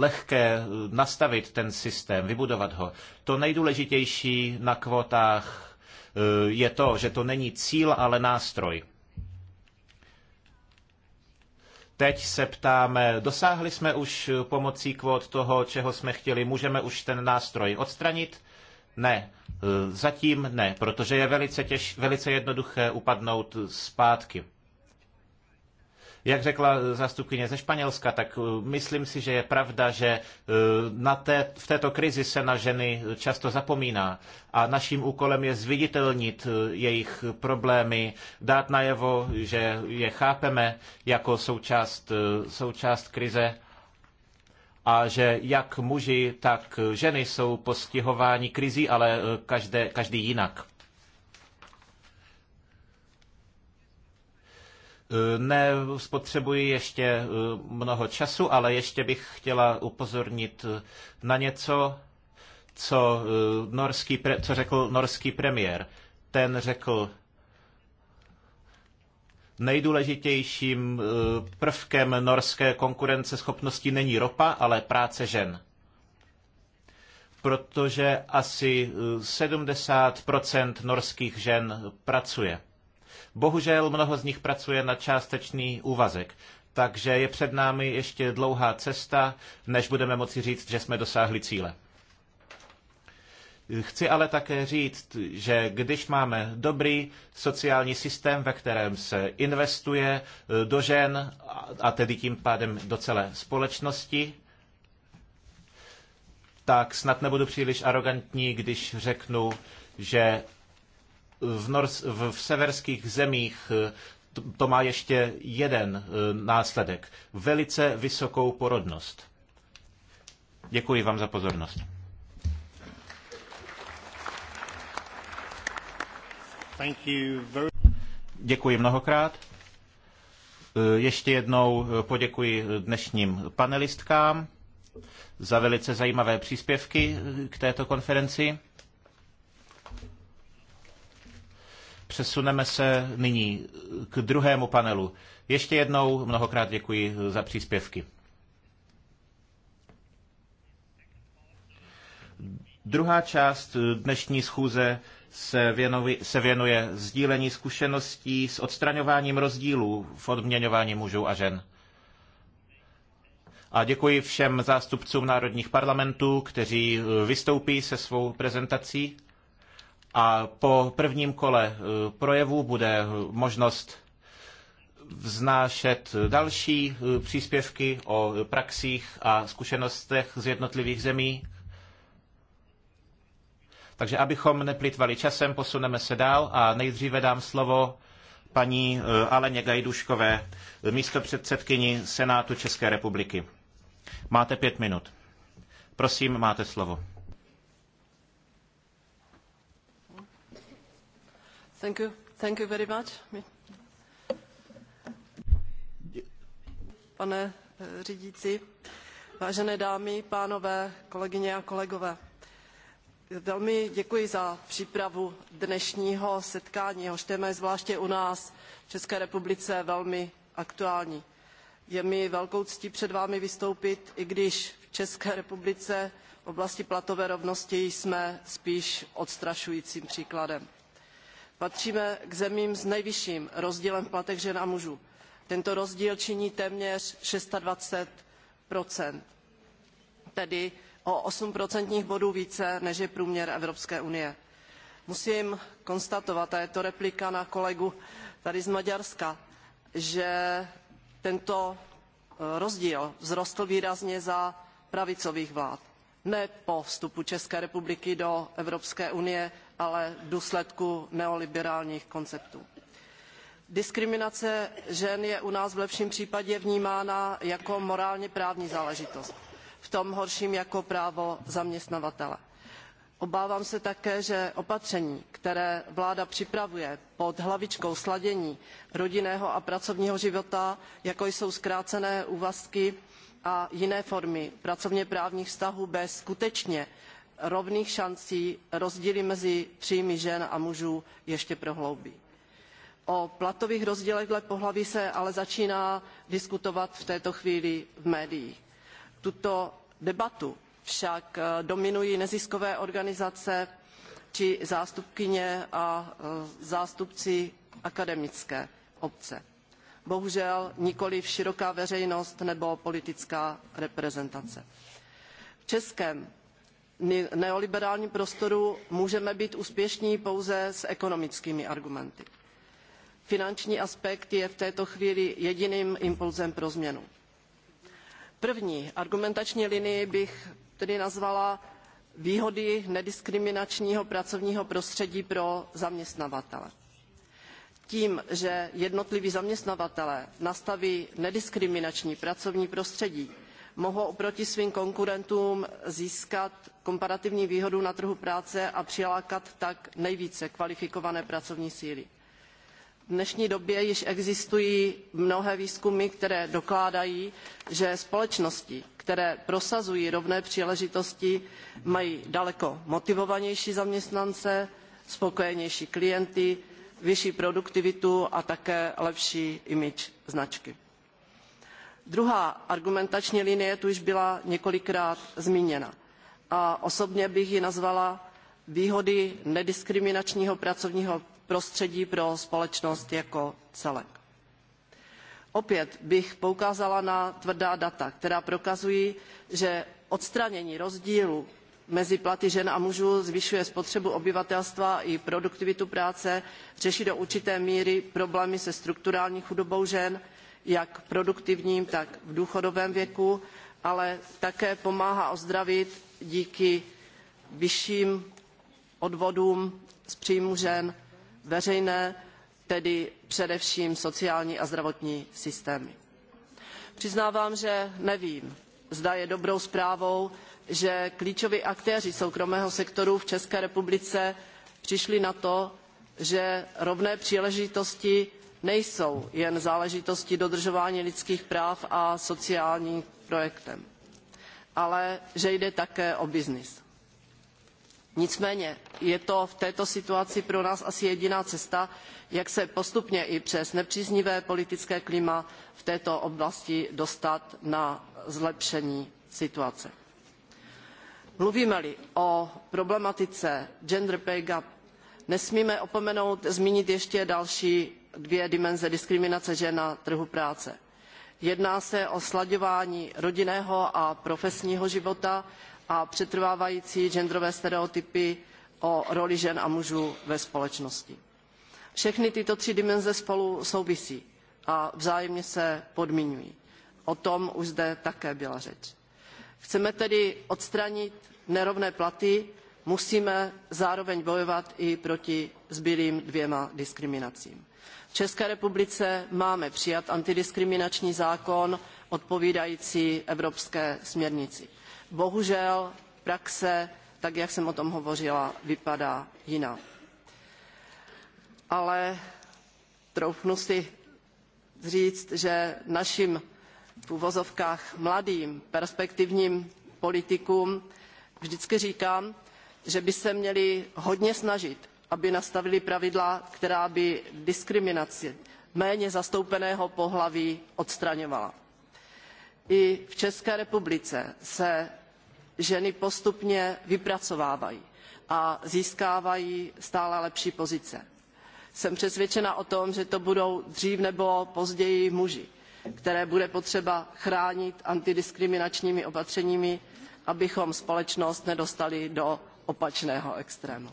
lehké eh, nastavit ten systém, vybudovat ho. To nejdůležitější na kvotách je to, že to není cíl, ale nástroj. Teď se ptáme, dosáhli jsme už pomocí kvót toho, čeho jsme chtěli, můžeme už ten nástroj odstranit? Ne, e, zatím ne, protože je velice, těž, velice jednoduché upadnout zpátky. Jak řekla zastupkyně ze Španělska, tak e, myslím si, že je pravda, že e, na té, v této krizi se na ženy často zapomíná a naším úkolem je zviditelnit jejich problémy, dát najevo, že je chápeme jako součást, součást krize a že jak muži, tak ženy jsou postihováni krizí, ale eh, každé, každý jinak. Eh, Nespotřebuji ještě eh, mnoho času, ale ještě bych chtěla upozornit na něco, co, norský, co řekl norský premiér. Ten řekl, nejdůležitějším eh, prvkem norské konkurenceschopnosti není ropa, ale práce žen. Protože asi 70 eh, norských žen pracuje. Bohužel mnoho z nich pracuje na částečný úvazek, takže je před námi ještě dlouhá cesta, než budeme moci říct, že jsme dosáhli cíle. Chci ale také říct, že když máme dobrý sociální systém, ve kterém se investuje eh, do žen a tedy tím pádem do celé společnosti, tak snad nebudu příliš arrogantní, když řeknu, že v, nors, v, v severských zemích eh, to, to má ještě jeden eh, následek. Velice vysokou porodnost. Děkuji vám za pozornost. Děkuji mnohokrát. E, ještě jednou e, poděkuji dnešním panelistkám za velice zajímavé příspěvky e, k této konferenci. Přesuneme se nyní k druhému panelu. Ještě jednou mnohokrát děkuji za příspěvky. Druhá část dnešní schůze se, se věnuje sdílení zkušeností s odstraňováním rozdílů v odměňování mužů a žen. A děkuji všem zástupcům národních parlamentů, kteří eh, vystoupí se svou prezentací. A po prvním kole eh, projevu bude eh, možnost vznášet další příspěvky o praxích a zkušenostech z jednotlivých zemí takže abychom neplitvali časem, posuneme se dál a nejdříve dám slovo paní eh, Aleně Gajduškové, místo předsedkyni Senátu České republiky. Máte pět minut. Prosím, máte slovo. Thank you. Thank you very much. Pane eh, řídící, vážené dámy, pánové, kolegyně a kolegové Velmi děkuji za přípravu dnešního setkání, jehož téma je zvláště u nás v České republice velmi aktuální. Je mi velkou ctí před vámi vystoupit, i když v České republice v oblasti platové rovnosti jsme spíš odstrašujícím příkladem. Patříme k zemím s nejvyšším rozdílem v platech žen a mužů. Tento rozdíl činí téměř 26 tedy o 8 procentních bodů více, než je průměr Evropské unie. Musím konstatovat, a je to replika na kolegu tady z Maďarska, že tento eh, rozdíl vzrostl výrazně za pravicových vlád. Ne po vstupu České republiky do Evropské unie, ale v důsledku neoliberálních konceptů. Diskriminace žen je u nás v lepším případě vnímána jako morálně právní záležitost v tom horším jako právo zaměstnavatele. obávám se také že opatření které vláda připravuje pod hlavičkou sladění rodinného a pracovního života jako jsou zkrácené úvazky a jiné formy pracovněprávních vztahů bez skutečně rovných šancí rozdíly mezi příjmy žen a mužů ještě prohloubí. o platových rozdílech dle pohlaví se ale začíná diskutovat v této chvíli v médiích tuto debatu však eh, dominují neziskové organizace či zástupkyně a eh, zástupci akademické obce. Bohužel nikoliv široká veřejnost nebo politická reprezentace. V českém neoliberálním prostoru můžeme být úspěšní pouze s ekonomickými argumenty. Finanční aspekt je v této chvíli jediným impulzem pro změnu První argumentační linii bych tedy nazvala výhody nediskriminačního pracovního prostředí pro zaměstnavatele. Tím, že jednotliví zaměstnavatelé nastaví nediskriminační pracovní prostředí, mohou oproti svým konkurentům získat komparativní výhodu na trhu práce a přilákat tak nejvíce kvalifikované pracovní síly. V dnešní době již existují mnohé výzkumy, které dokládají, že společnosti, které prosazují rovné příležitosti, mají daleko motivovanější zaměstnance, spokojenější klienty, vyšší produktivitu a také lepší image značky. Druhá argumentační linie tu již byla několikrát zmíněna a osobně bych ji nazvala výhody nediskriminačního pracovního prostředí pro společnost jako celek. Opět bych poukázala na tvrdá data, která prokazují, že odstranění rozdílu mezi platy žen a mužů zvyšuje spotřebu obyvatelstva i produktivitu práce, řeší do určité míry problémy se strukturální chudobou žen, jak v produktivním, tak v důchodovém věku, ale také pomáhá ozdravit díky vyšším odvodům z příjmu žen veřejné, tedy především sociální a zdravotní systémy. Přiznávám, že nevím, zda je dobrou zprávou, že klíčoví aktéři soukromého sektoru v České republice přišli na to, že rovné příležitosti nejsou jen záležitostí dodržování lidských práv a sociálním projektem, ale že jde také o biznis. Nicméně je to v této situaci pro nás asi jediná cesta, jak se postupně i přes nepříznivé politické klima v této oblasti dostat na zlepšení situace. Mluvíme-li o problematice gender pay gap, nesmíme opomenout zmínit ještě další dvě dimenze diskriminace žen na trhu práce. Jedná se o slaďování rodinného a profesního života a přetrvávající genderové stereotypy o roli žen a mužů ve společnosti. Všechny tyto tři dimenze spolu souvisí a vzájemně se podmiňují. O tom už zde také byla řeč. Chceme tedy odstranit nerovné platy, musíme zároveň bojovat i proti zbylým dvěma diskriminacím. V České republice máme přijat antidiskriminační zákon odpovídající evropské směrnici bohužel praxe, tak jak jsem o tom hovořila, vypadá jinak. Ale troufnu si říct, že našim v uvozovkách mladým perspektivním politikům vždycky říkám, že by se měli hodně snažit, aby nastavili pravidla, která by diskriminaci méně zastoupeného pohlaví odstraňovala. I v České republice se ženy postupně vypracovávají a získávají stále lepší pozice. Jsem přesvědčena o tom, že to budou dřív nebo později muži, které bude potřeba chránit antidiskriminačními opatřeními, abychom společnost nedostali do opačného extrému.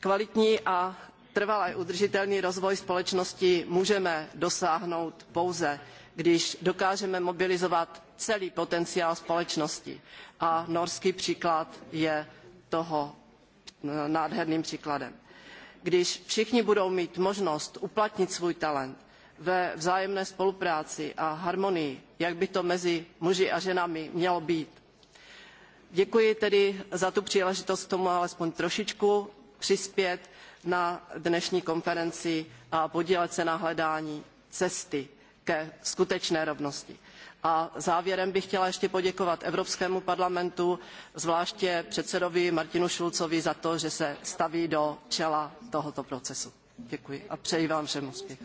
Kvalitní a trvale udržitelný rozvoj společnosti můžeme dosáhnout pouze když dokážeme mobilizovat celý potenciál společnosti. A norský příklad je toho eh, nádherným příkladem. Když všichni budou mít možnost uplatnit svůj talent ve vzájemné spolupráci a harmonii, jak by to mezi muži a ženami mělo být. Děkuji tedy za tu příležitost k tomu alespoň trošičku přispět na dnešní konferenci a podílet se na hledání cesty ke skutečné rovnosti. A závěrem bych chtěla ještě poděkovat Evropskému parlamentu, zvláště předsedovi Martinu Šulcovi za to, že se staví do čela tohoto procesu. Děkuji a přeji vám všem úspěch.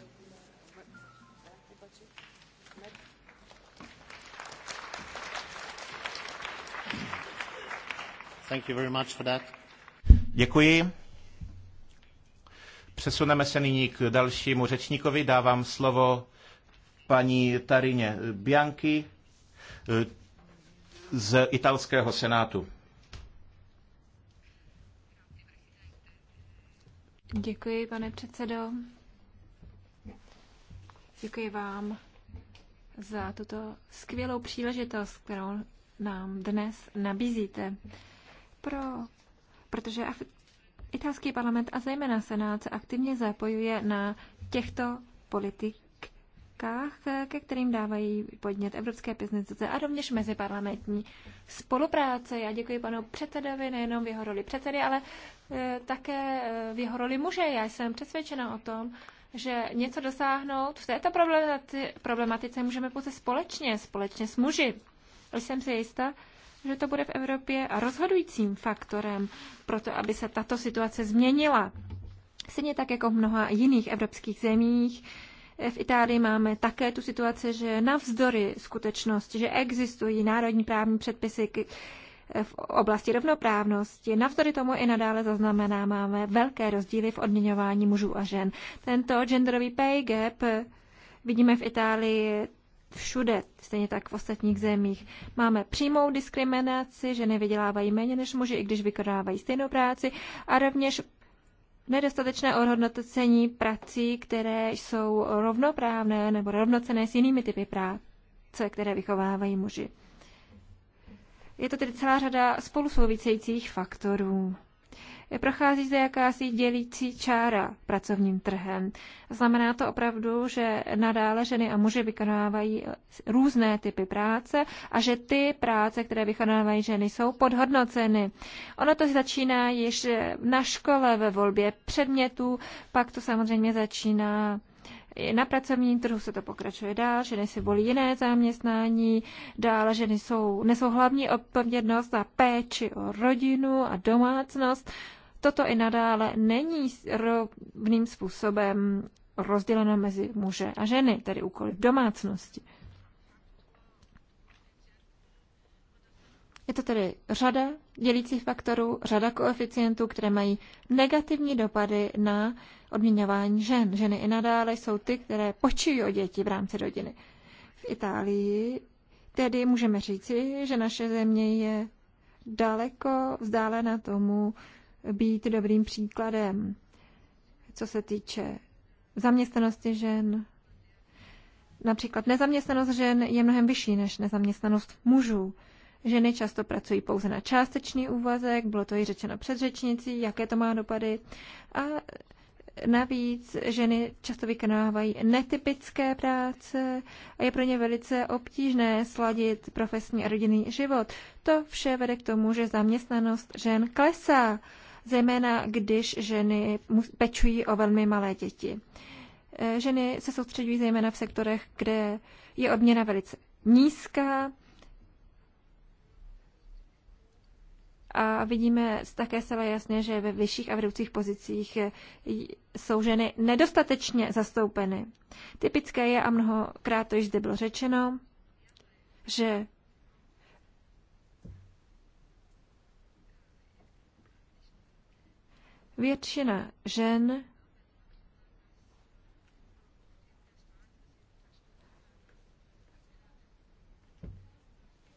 Děkuji. Přesuneme se nyní k dalšímu řečníkovi. Dávám slovo paní Tarině Bianchi eh, z italského senátu. Děkuji, pane předsedo. Děkuji vám za tuto skvělou příležitost, kterou nám dnes nabízíte. Pro, protože italský parlament a zejména senát se aktivně zapojuje na těchto politik, otázkách, eh, ke kterým dávají podnět Evropské instituce a rovněž meziparlamentní spolupráce. Já děkuji panu předsedovi nejenom v jeho roli předsedy, ale eh, také eh, v jeho roli muže. Já jsem přesvědčena o tom, že něco dosáhnout v této problematice můžeme pouze společně, společně s muži. Jsem si jistá, že to bude v Evropě rozhodujícím faktorem pro to, aby se tato situace změnila. Stejně tak jako v mnoha jiných evropských zemích v Itálii máme také tu situaci, že navzdory skutečnosti, že existují národní právní předpisy v oblasti rovnoprávnosti, navzdory tomu i nadále zaznamenáváme velké rozdíly v odměňování mužů a žen. Tento genderový pay gap vidíme v Itálii všude, stejně tak v ostatních zemích. Máme přímou diskriminaci, ženy vydělávají méně než muži, i když vykonávají stejnou práci a rovněž nedostatečné odhodnocení prací, které jsou rovnoprávné nebo rovnocené s jinými typy práce, které vychovávají muži. Je to tedy celá řada spolusouvisejících faktorů. Prochází zde jakási dělící čára pracovním trhem. Znamená to opravdu, že nadále ženy a muži vykonávají různé typy práce a že ty práce, které vykonávají ženy, jsou podhodnoceny. Ono to začíná již na škole ve volbě předmětů, pak to samozřejmě začíná na pracovním trhu se to pokračuje dál, ženy si volí jiné zaměstnání, dál ženy jsou, nesou hlavní odpovědnost za péči o rodinu a domácnost toto i nadále není rovným způsobem rozděleno mezi muže a ženy, tedy úkoly v domácnosti. Je to tedy řada dělících faktorů, řada koeficientů, které mají negativní dopady na odměňování žen. Ženy i nadále jsou ty, které počují o děti v rámci rodiny. V Itálii tedy můžeme říci, že naše země je daleko vzdálena tomu, být dobrým příkladem, co se týče zaměstnanosti žen. Například nezaměstnanost žen je mnohem vyšší než nezaměstnanost mužů. Ženy často pracují pouze na částečný úvazek, bylo to i řečeno před řečnicí, jaké to má dopady. A navíc ženy často vykonávají netypické práce a je pro ně velice obtížné sladit profesní a rodinný život. To vše vede k tomu, že zaměstnanost žen klesá zejména když ženy pečují o velmi malé děti. Eh, ženy se soustředují zejména v sektorech, kde je odměna velice nízká, A vidíme také celé jasně, že ve vyšších a vedoucích pozicích eh, jsou ženy nedostatečně zastoupeny. Typické je, a mnohokrát to již zde bylo řečeno, že Většina žen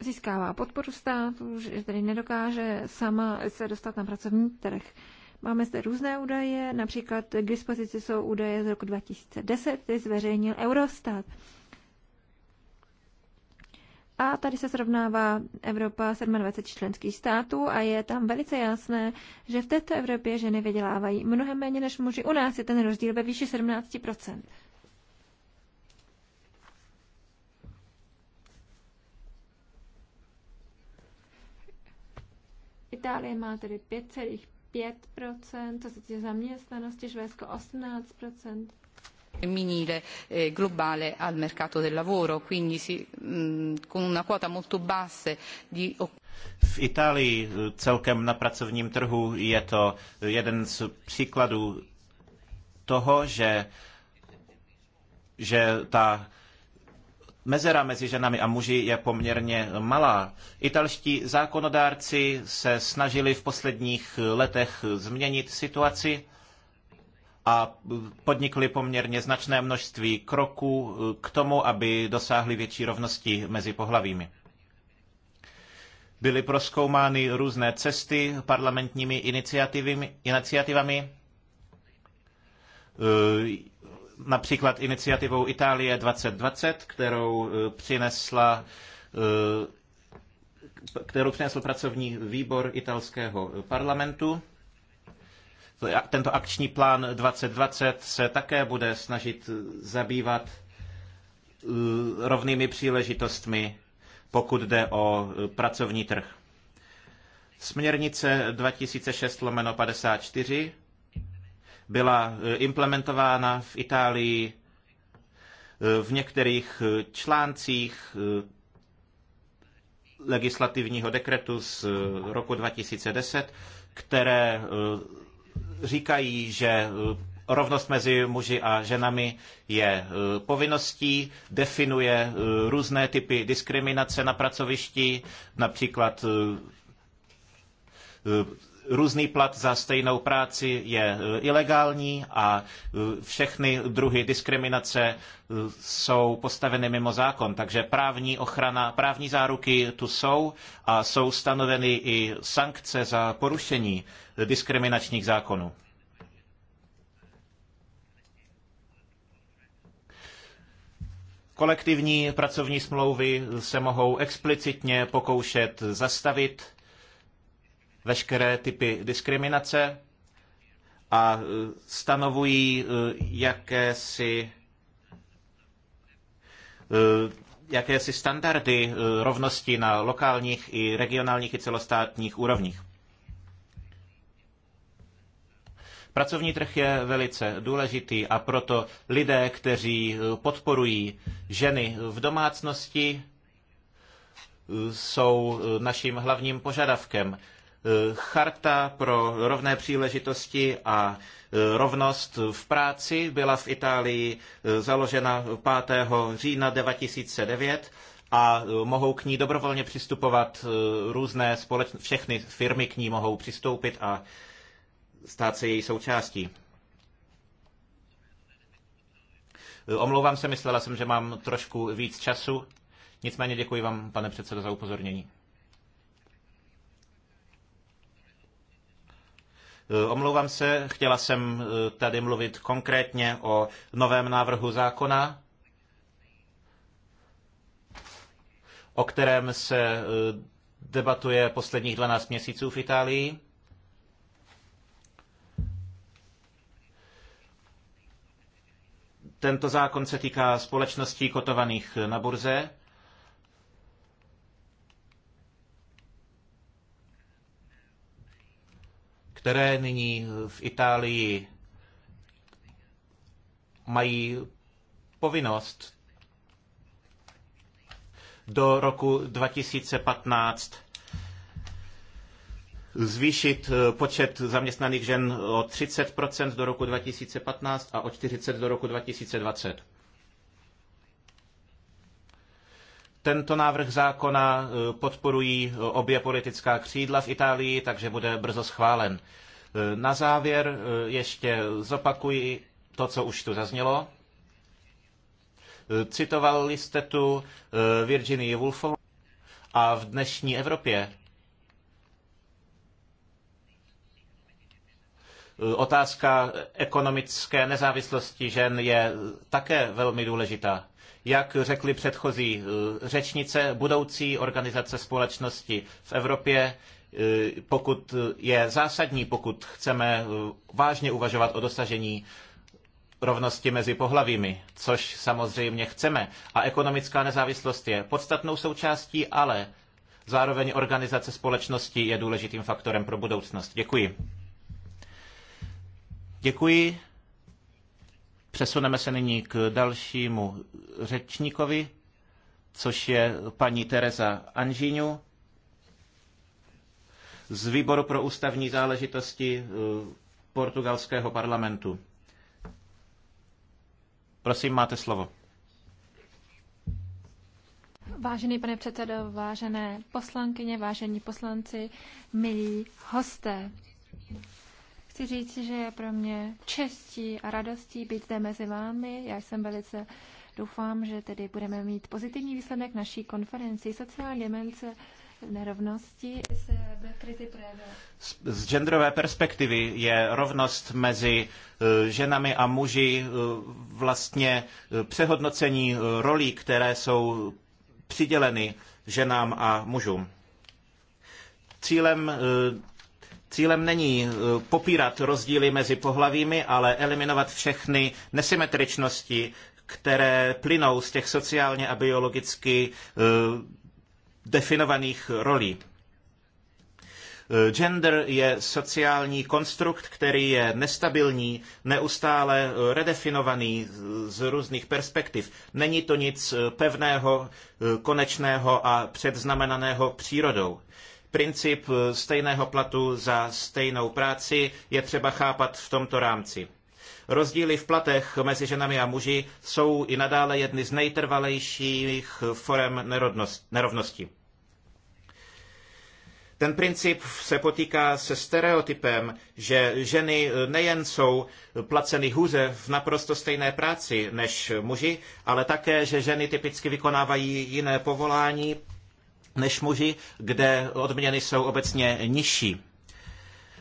získává podporu státu, že tedy nedokáže sama se dostat na pracovní trh. Máme zde různé údaje, například k dispozici jsou údaje z roku 2010, které zveřejnil Eurostat. A tady se srovnává Evropa 27 členských států a je tam velice jasné, že v této Evropě ženy vydělávají mnohem méně než muži. U nás je ten rozdíl ve výši 17 Itálie má tedy 5,5%, co se týče zaměstnanosti, Švédsko 18% femminile eh, globale al mercato del lavoro, quindi si, mh, con una quota molto bassa di v Itálii eh, celkem na pracovním trhu je to jeden z příkladů toho, že, že ta Mezera mezi ženami a muži je poměrně malá. Italští zákonodárci se snažili v posledních letech změnit situaci a podnikli poměrně značné množství kroků eh, k tomu, aby dosáhli větší rovnosti mezi pohlavími. Byly proskoumány různé cesty parlamentními iniciativami, eh, například iniciativou Itálie 2020, kterou eh, přinesla kterou přinesl pracovní výbor italského parlamentu tento akční plán 2020 se také bude snažit zabývat eh, rovnými příležitostmi, pokud jde o eh, pracovní trh. Směrnice 2006 54 byla eh, implementována v Itálii v některých článcích legislativního dekretu z roku 2010, které říkají, že eh, rovnost mezi muži a ženami je eh, povinností, definuje eh, různé typy diskriminace na pracovišti, například různý plat za stejnou práci je e, ilegální a e, všechny druhy diskriminace e, jsou postaveny mimo zákon. Takže právní ochrana, právní záruky tu jsou a jsou stanoveny i sankce za porušení diskriminačních zákonů. Kolektivní pracovní smlouvy se mohou explicitně pokoušet zastavit veškeré typy diskriminace a e, stanovují e, jakési e, jakési standardy rovnosti na lokálních i regionálních i celostátních úrovních. Pracovní trh je velice důležitý a proto lidé, kteří podporují ženy v domácnosti, jsou naším hlavním požadavkem. Eh, charta pro rovné příležitosti a eh, rovnost v práci byla v Itálii eh, založena 5. října 2009 a mohou k ní dobrovolně přistupovat různé společnosti, všechny firmy k ní mohou přistoupit a stát se její součástí. Omlouvám se, myslela jsem, že mám trošku víc času. Nicméně děkuji vám, pane předsedo, za upozornění. Eh, omlouvám se, chtěla jsem eh, tady mluvit konkrétně o novém návrhu zákona, o kterém se eh, debatuje posledních 12 měsíců v Itálii. Tento zákon se týká společností kotovaných na burze které nyní v Itálii mají povinnost do roku 2015 zvýšit eh, počet zaměstnaných žen o 30 do roku 2015 a o 40 do roku 2020. Tento návrh zákona eh, podporují eh, obě politická křídla v Itálii, takže bude brzo schválen. Eh, na závěr ještě zopakuji to, co už tu zaznělo. Citovali jste tu Virginii Woolfovou a v dnešní Evropě otázka ekonomické nezávislosti žen je také velmi důležitá. Jak řekli předchozí eh, řečnice, budoucí organizace společnosti v Evropě eh, pokud je zásadní, pokud chceme eh, vážně uvažovat o dosažení rovnosti mezi pohlavími, což samozřejmě chceme. A ekonomická nezávislost je podstatnou součástí, ale zároveň organizace společnosti je důležitým faktorem pro budoucnost. Děkuji. Děkuji. Přesuneme se nyní k dalšímu řečníkovi, což je paní Teresa Anžíňu z Výboru pro ústavní záležitosti eh, portugalského parlamentu. Prosím, máte slovo. Vážený pane předsedo, vážené poslankyně, vážení poslanci, milí hosté. Chci říct, že je pro mě čestí a radostí být zde mezi vámi. Já jsem velice doufám, že tedy budeme mít pozitivní výsledek naší konferenci sociální demence nerovnosti se Z genderové perspektivy je rovnost mezi e, ženami a muži e, vlastně e, přehodnocení rolí, které jsou přiděleny ženám a mužům. Cílem Cílem není eh, popírat rozdíly mezi pohlavími, ale eliminovat všechny nesymetričnosti, které plynou z těch sociálně a biologicky eh, definovaných rolí. Eh, gender je sociální konstrukt, který je nestabilní, neustále redefinovaný z různých perspektiv. Není to nic pevného, konečného a předznamenaného přírodou. Princip eh, stejného platu za stejnou práci je třeba chápat v tomto rámci. Rozdíly v platech mezi ženami a muži jsou i nadále jedny z nejtrvalejších forem nerovnosti. Ten princip se potýká se stereotypem, že ženy eh, nejen jsou placeny hůře v naprosto stejné práci než muži, ale také, že ženy typicky vykonávají jiné povolání než muži, kde odměny jsou obecně nižší.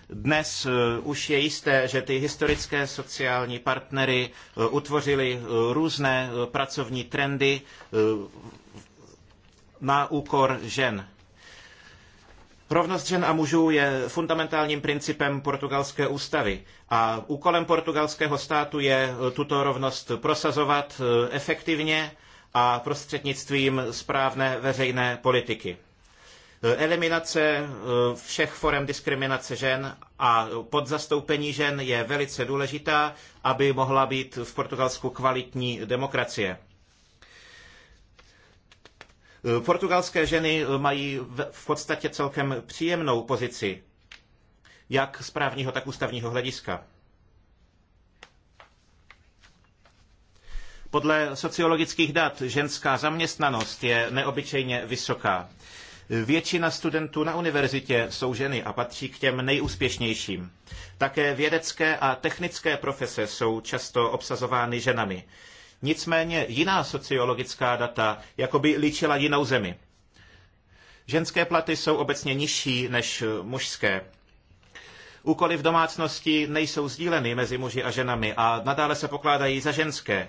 Dnes eh, už je jisté, že ty historické sociální partnery eh, utvořili eh, různé pracovní trendy na úkor žen. Rovnost žen a mužů je fundamentálním principem portugalské ústavy a úkolem portugalského státu je tuto rovnost prosazovat efektivně a prostřednictvím správné veřejné politiky. Eliminace eh, všech forem diskriminace žen a podzastoupení žen je velice důležitá, aby mohla být v Portugalsku kvalitní demokracie. Eh, portugalské ženy mají v podstatě celkem příjemnou pozici, jak z právního, tak ústavního hlediska. Podle sociologických dat ženská zaměstnanost je neobyčejně vysoká. Většina studentů na univerzitě jsou ženy a patří k těm nejúspěšnějším. Také vědecké a technické profese jsou často obsazovány ženami. Nicméně jiná sociologická data jakoby líčila jinou zemi. Ženské platy jsou obecně nižší než mužské. Úkoly v domácnosti nejsou sdíleny mezi muži a ženami a nadále se pokládají za ženské.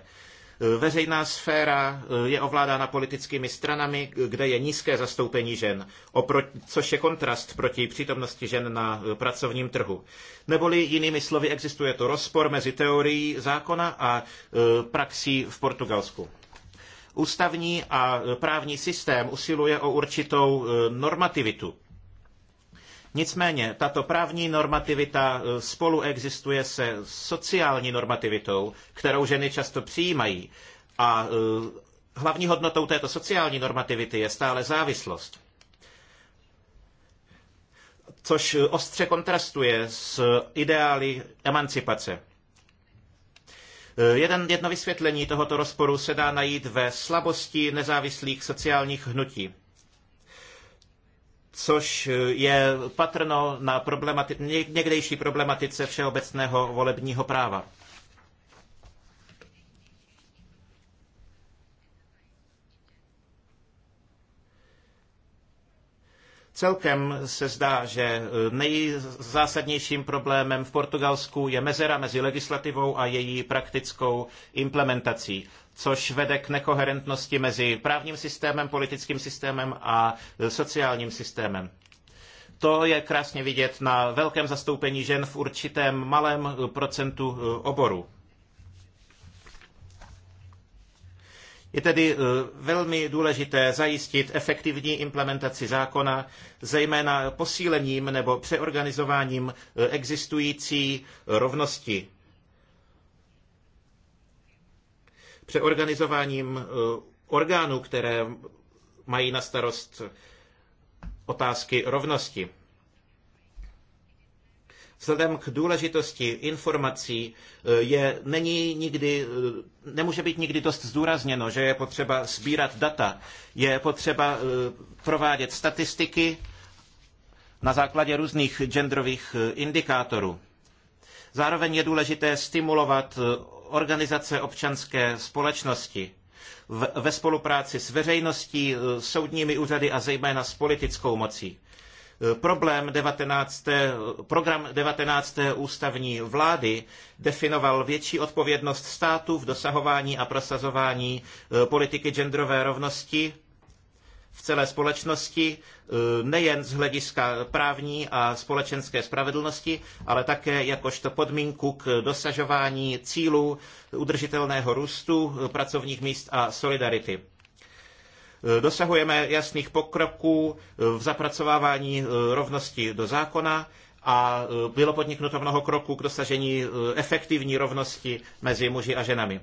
Veřejná sféra eh, je ovládána politickými stranami, kde je nízké zastoupení žen, což je kontrast proti přítomnosti žen na eh, pracovním trhu. Neboli jinými slovy, existuje to rozpor mezi teorií zákona a eh, praxí v Portugalsku. Ústavní a právní systém usiluje o určitou normativitu Nicméně tato právní normativita e, spolu existuje se sociální normativitou, kterou ženy často přijímají. A e, hlavní hodnotou této sociální normativity je stále závislost což e, ostře kontrastuje s ideály emancipace. Jeden, jedno vysvětlení tohoto rozporu se dá najít ve slabosti nezávislých sociálních hnutí což eh, je patrno na problemati- někdejší problematice všeobecného volebního práva. Celkem se zdá, že eh, nejzásadnějším problémem v Portugalsku je mezera mezi legislativou a její praktickou implementací což vede k nekoherentnosti mezi právním systémem, politickým systémem a e, sociálním systémem. To je krásně vidět na velkém zastoupení žen v určitém malém e, procentu e, oboru. Je tedy velmi důležité zajistit efektivní implementaci zákona, zejména posílením nebo přeorganizováním existující rovnosti přeorganizováním eh, orgánů, které mají na starost otázky rovnosti. Vzhledem k důležitosti informací eh, je, není nikdy, eh, nemůže být nikdy dost zdůrazněno, že je potřeba sbírat data, je potřeba provádět statistiky na základě různých genderových indikátorů. Zároveň je důležité stimulovat organizace občanské společnosti ve spolupráci s veřejností, eh, soudními úřady a zejména s politickou mocí. Eh, problém 19. Eh, program 19. ústavní vlády definoval větší odpovědnost států v dosahování a prosazování politiky genderové rovnosti v celé společnosti E, nejen z hlediska právní a společenské spravedlnosti, ale také jakožto podmínku k dosažování cílů udržitelného růstu, pracovních míst a solidarity. E, dosahujeme jasných pokroků v zapracovávání e, rovnosti do zákona, a bylo podniknuto mnoho kroků k dosažení efektivní rovnosti mezi muži a ženami.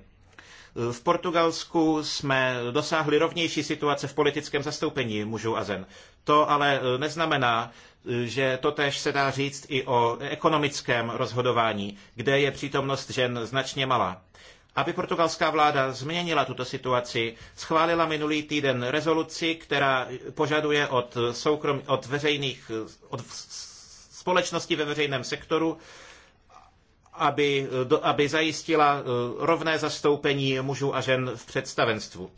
V Portugalsku jsme dosáhli rovnější situace v politickém zastoupení mužů a žen. To ale e, neznamená, e, že to tež se dá říct i o ekonomickém rozhodování, kde je přítomnost žen značně malá. Aby portugalská vláda změnila tuto situaci, schválila minulý týden rezoluci, která požaduje od, soukrom, od, veřejných, e, od společností ve veřejném sektoru, aby, aby zajistila rovné zastoupení mužů a žen v představenstvu.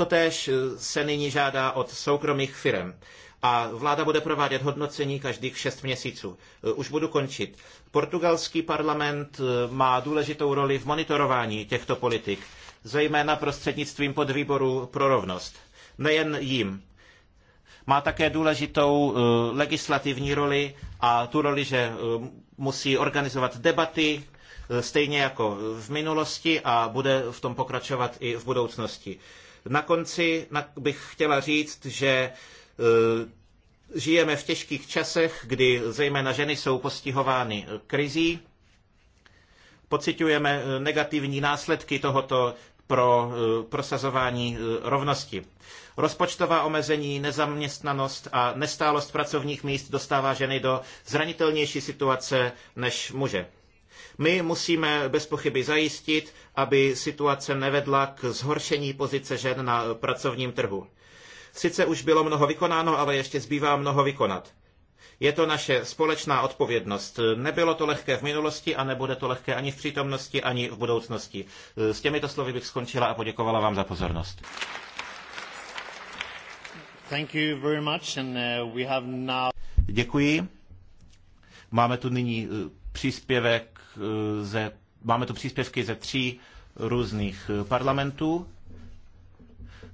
Totéž eh, se nyní žádá od soukromých firm. A vláda bude provádět hodnocení každých šest měsíců. Eh, už budu končit. Portugalský parlament eh, má důležitou roli v monitorování těchto politik, zejména prostřednictvím podvýboru pro rovnost. Nejen jim, má také důležitou legislativní roli a tu roli, že musí organizovat debaty, stejně jako v minulosti a bude v tom pokračovat i v budoucnosti. Na konci bych chtěla říct, že eh, žijeme v těžkých časech, kdy zejména ženy jsou postihovány eh, krizí. Pociťujeme eh, negativní následky tohoto pro prosazování rovnosti. Rozpočtová omezení, nezaměstnanost a nestálost pracovních míst dostává ženy do zranitelnější situace než muže. My musíme bez pochyby zajistit, aby situace nevedla k zhoršení pozice žen na pracovním trhu. Sice už bylo mnoho vykonáno, ale ještě zbývá mnoho vykonat. Je to naše společná odpovědnost. Nebylo to lehké v minulosti a nebude to lehké ani v přítomnosti, ani v budoucnosti. S těmito slovy bych skončila a poděkovala vám za pozornost. Uh, now... Děkuji. Máme tu nyní uh, příspěvek Eh, ze, máme tu příspěvky ze tří různých eh, parlamentů.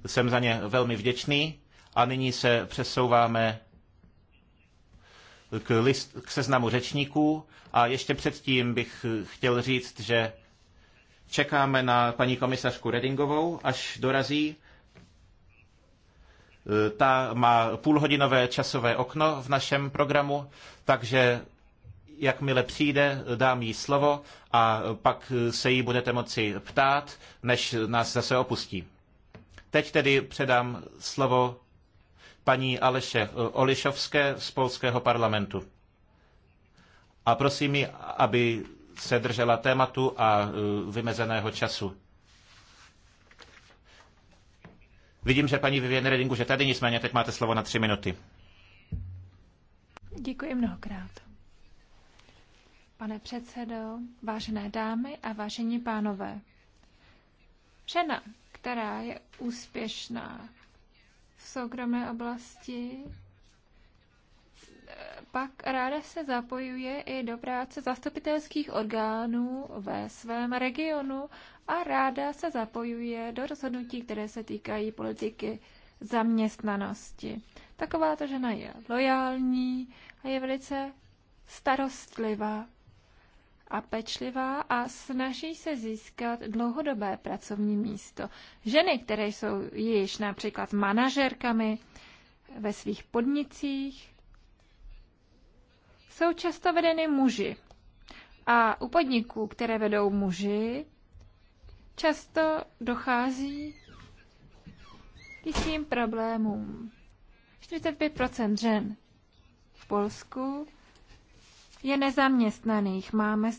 Jsem za ně velmi vděčný a nyní se přesouváme k, list, k seznamu řečníků a ještě předtím bych eh, chtěl říct, že čekáme na paní komisařku Redingovou, až dorazí. Ta má půlhodinové časové okno v našem programu, takže jakmile přijde, dám jí slovo a pak se jí budete moci ptát, než nás zase opustí. Teď tedy předám slovo paní Aleše Olišovské z polského parlamentu. A prosím ji, aby se držela tématu a e, vymezeného času. Vidím, že paní Vivian Redingu, že tady nicméně, teď máte slovo na tři minuty. Děkuji mnohokrát. Pane předsedo, vážené dámy a vážení pánové. Žena, která je úspěšná v soukromé oblasti, pak ráda se zapojuje i do práce zastupitelských orgánů ve svém regionu a ráda se zapojuje do rozhodnutí, které se týkají politiky zaměstnanosti. Takováto žena je lojální a je velice starostlivá a pečlivá a snaží se získat dlouhodobé pracovní místo. Ženy, které jsou již například manažerkami ve svých podnicích, jsou často vedeny muži. A u podniků, které vedou muži, často dochází k jistým problémům. 45 žen v Polsku je nezaměstnaných. Máme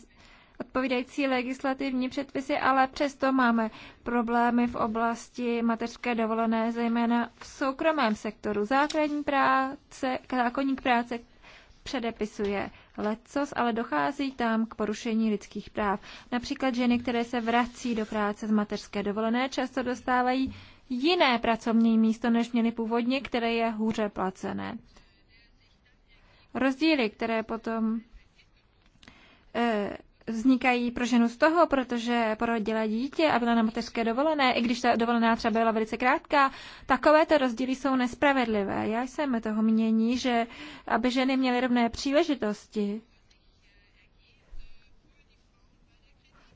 odpovídající legislativní předpisy, ale přesto máme problémy v oblasti mateřské dovolené, zejména v soukromém sektoru. Základní práce, zákonník práce předepisuje lecos, ale dochází tam k porušení lidských práv. Například ženy, které se vrací do práce z mateřské dovolené, často dostávají jiné pracovní místo, než měly původně, které je hůře placené rozdíly, které potom eh, vznikají pro ženu z toho, protože porodila dítě a byla na mateřské dovolené, i když ta dovolená třeba byla velice krátká, takovéto rozdíly jsou nespravedlivé. Já jsem toho mění, že aby ženy měly rovné příležitosti,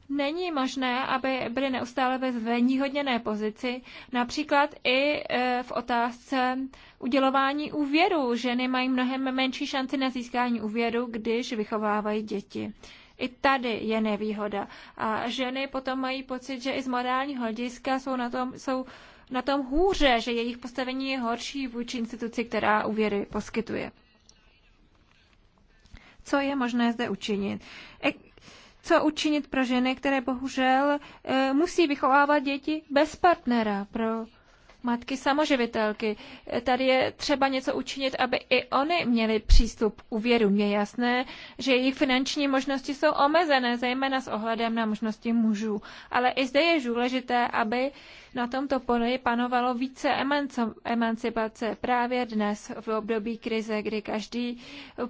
není možné, aby byly neustále ve hodněné pozici, například i eh, v otázce udělování úvěru. Ženy mají mnohem menší šanci na získání úvěru, když vychovávají děti. I tady je nevýhoda. A ženy potom mají pocit, že i z morálního hlediska jsou na tom, jsou na tom hůře, že jejich postavení je horší vůči instituci, která úvěry poskytuje. Co je možné zde učinit? E, co učinit pro ženy, které bohužel e, musí vychovávat děti bez partnera, pro matky samoživitelky. Tady je třeba něco učinit, aby i oni měli přístup k úvěru. Mně jasné, že jejich finanční možnosti jsou omezené, zejména s ohledem na možnosti mužů. Ale i zde je důležité, aby na tomto poli panovalo více emancipace právě dnes v období krize, kdy každý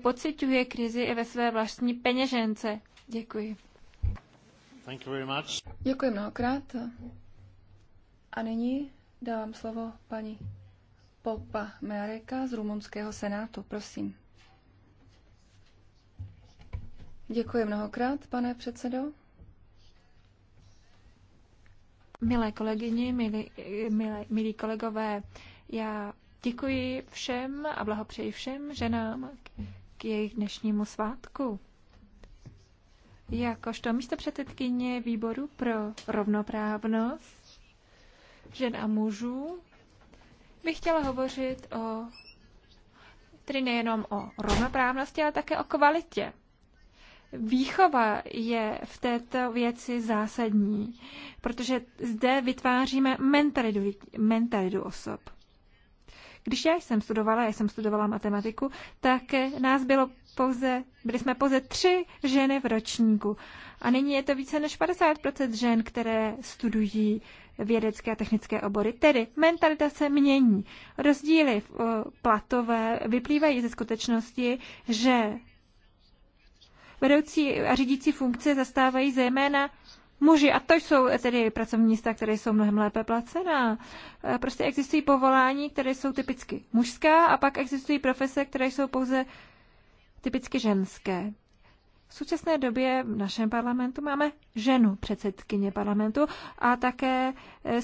pociťuje krizi i ve své vlastní peněžence. Děkuji. Děkuji mnohokrát. A nyní Dávám slovo paní Popa Meareka z rumunského senátu. Prosím. Děkuji mnohokrát, pane předsedo. Milé kolegyni, milí, milí, milí kolegové, já děkuji všem a blahopřeji všem ženám k jejich dnešnímu svátku. Jakožto místo předsedkyně výboru pro rovnoprávnost žen a mužů, bych chtěla hovořit o, tedy nejenom o rovnoprávnosti, ale také o kvalitě. Výchova je v této věci zásadní, protože zde vytváříme mentalitu, mentalitu osob. Když já jsem studovala, já jsem studovala matematiku, tak nás bylo pouze, byli jsme pouze tři ženy v ročníku. A nyní je to více než 50% žen, které studují vědecké a technické obory. Tedy mentalita se mění. Rozdíly v eh, platové vyplývají ze skutečnosti, že vedoucí a řídící funkce zastávají zejména muži. A to jsou tedy pracovní místa, které jsou mnohem lépe placená. Eh, prostě existují povolání, které jsou typicky mužská a pak existují profese, které jsou pouze typicky ženské. V současné době v našem parlamentu máme ženu předsedkyně parlamentu a také eh,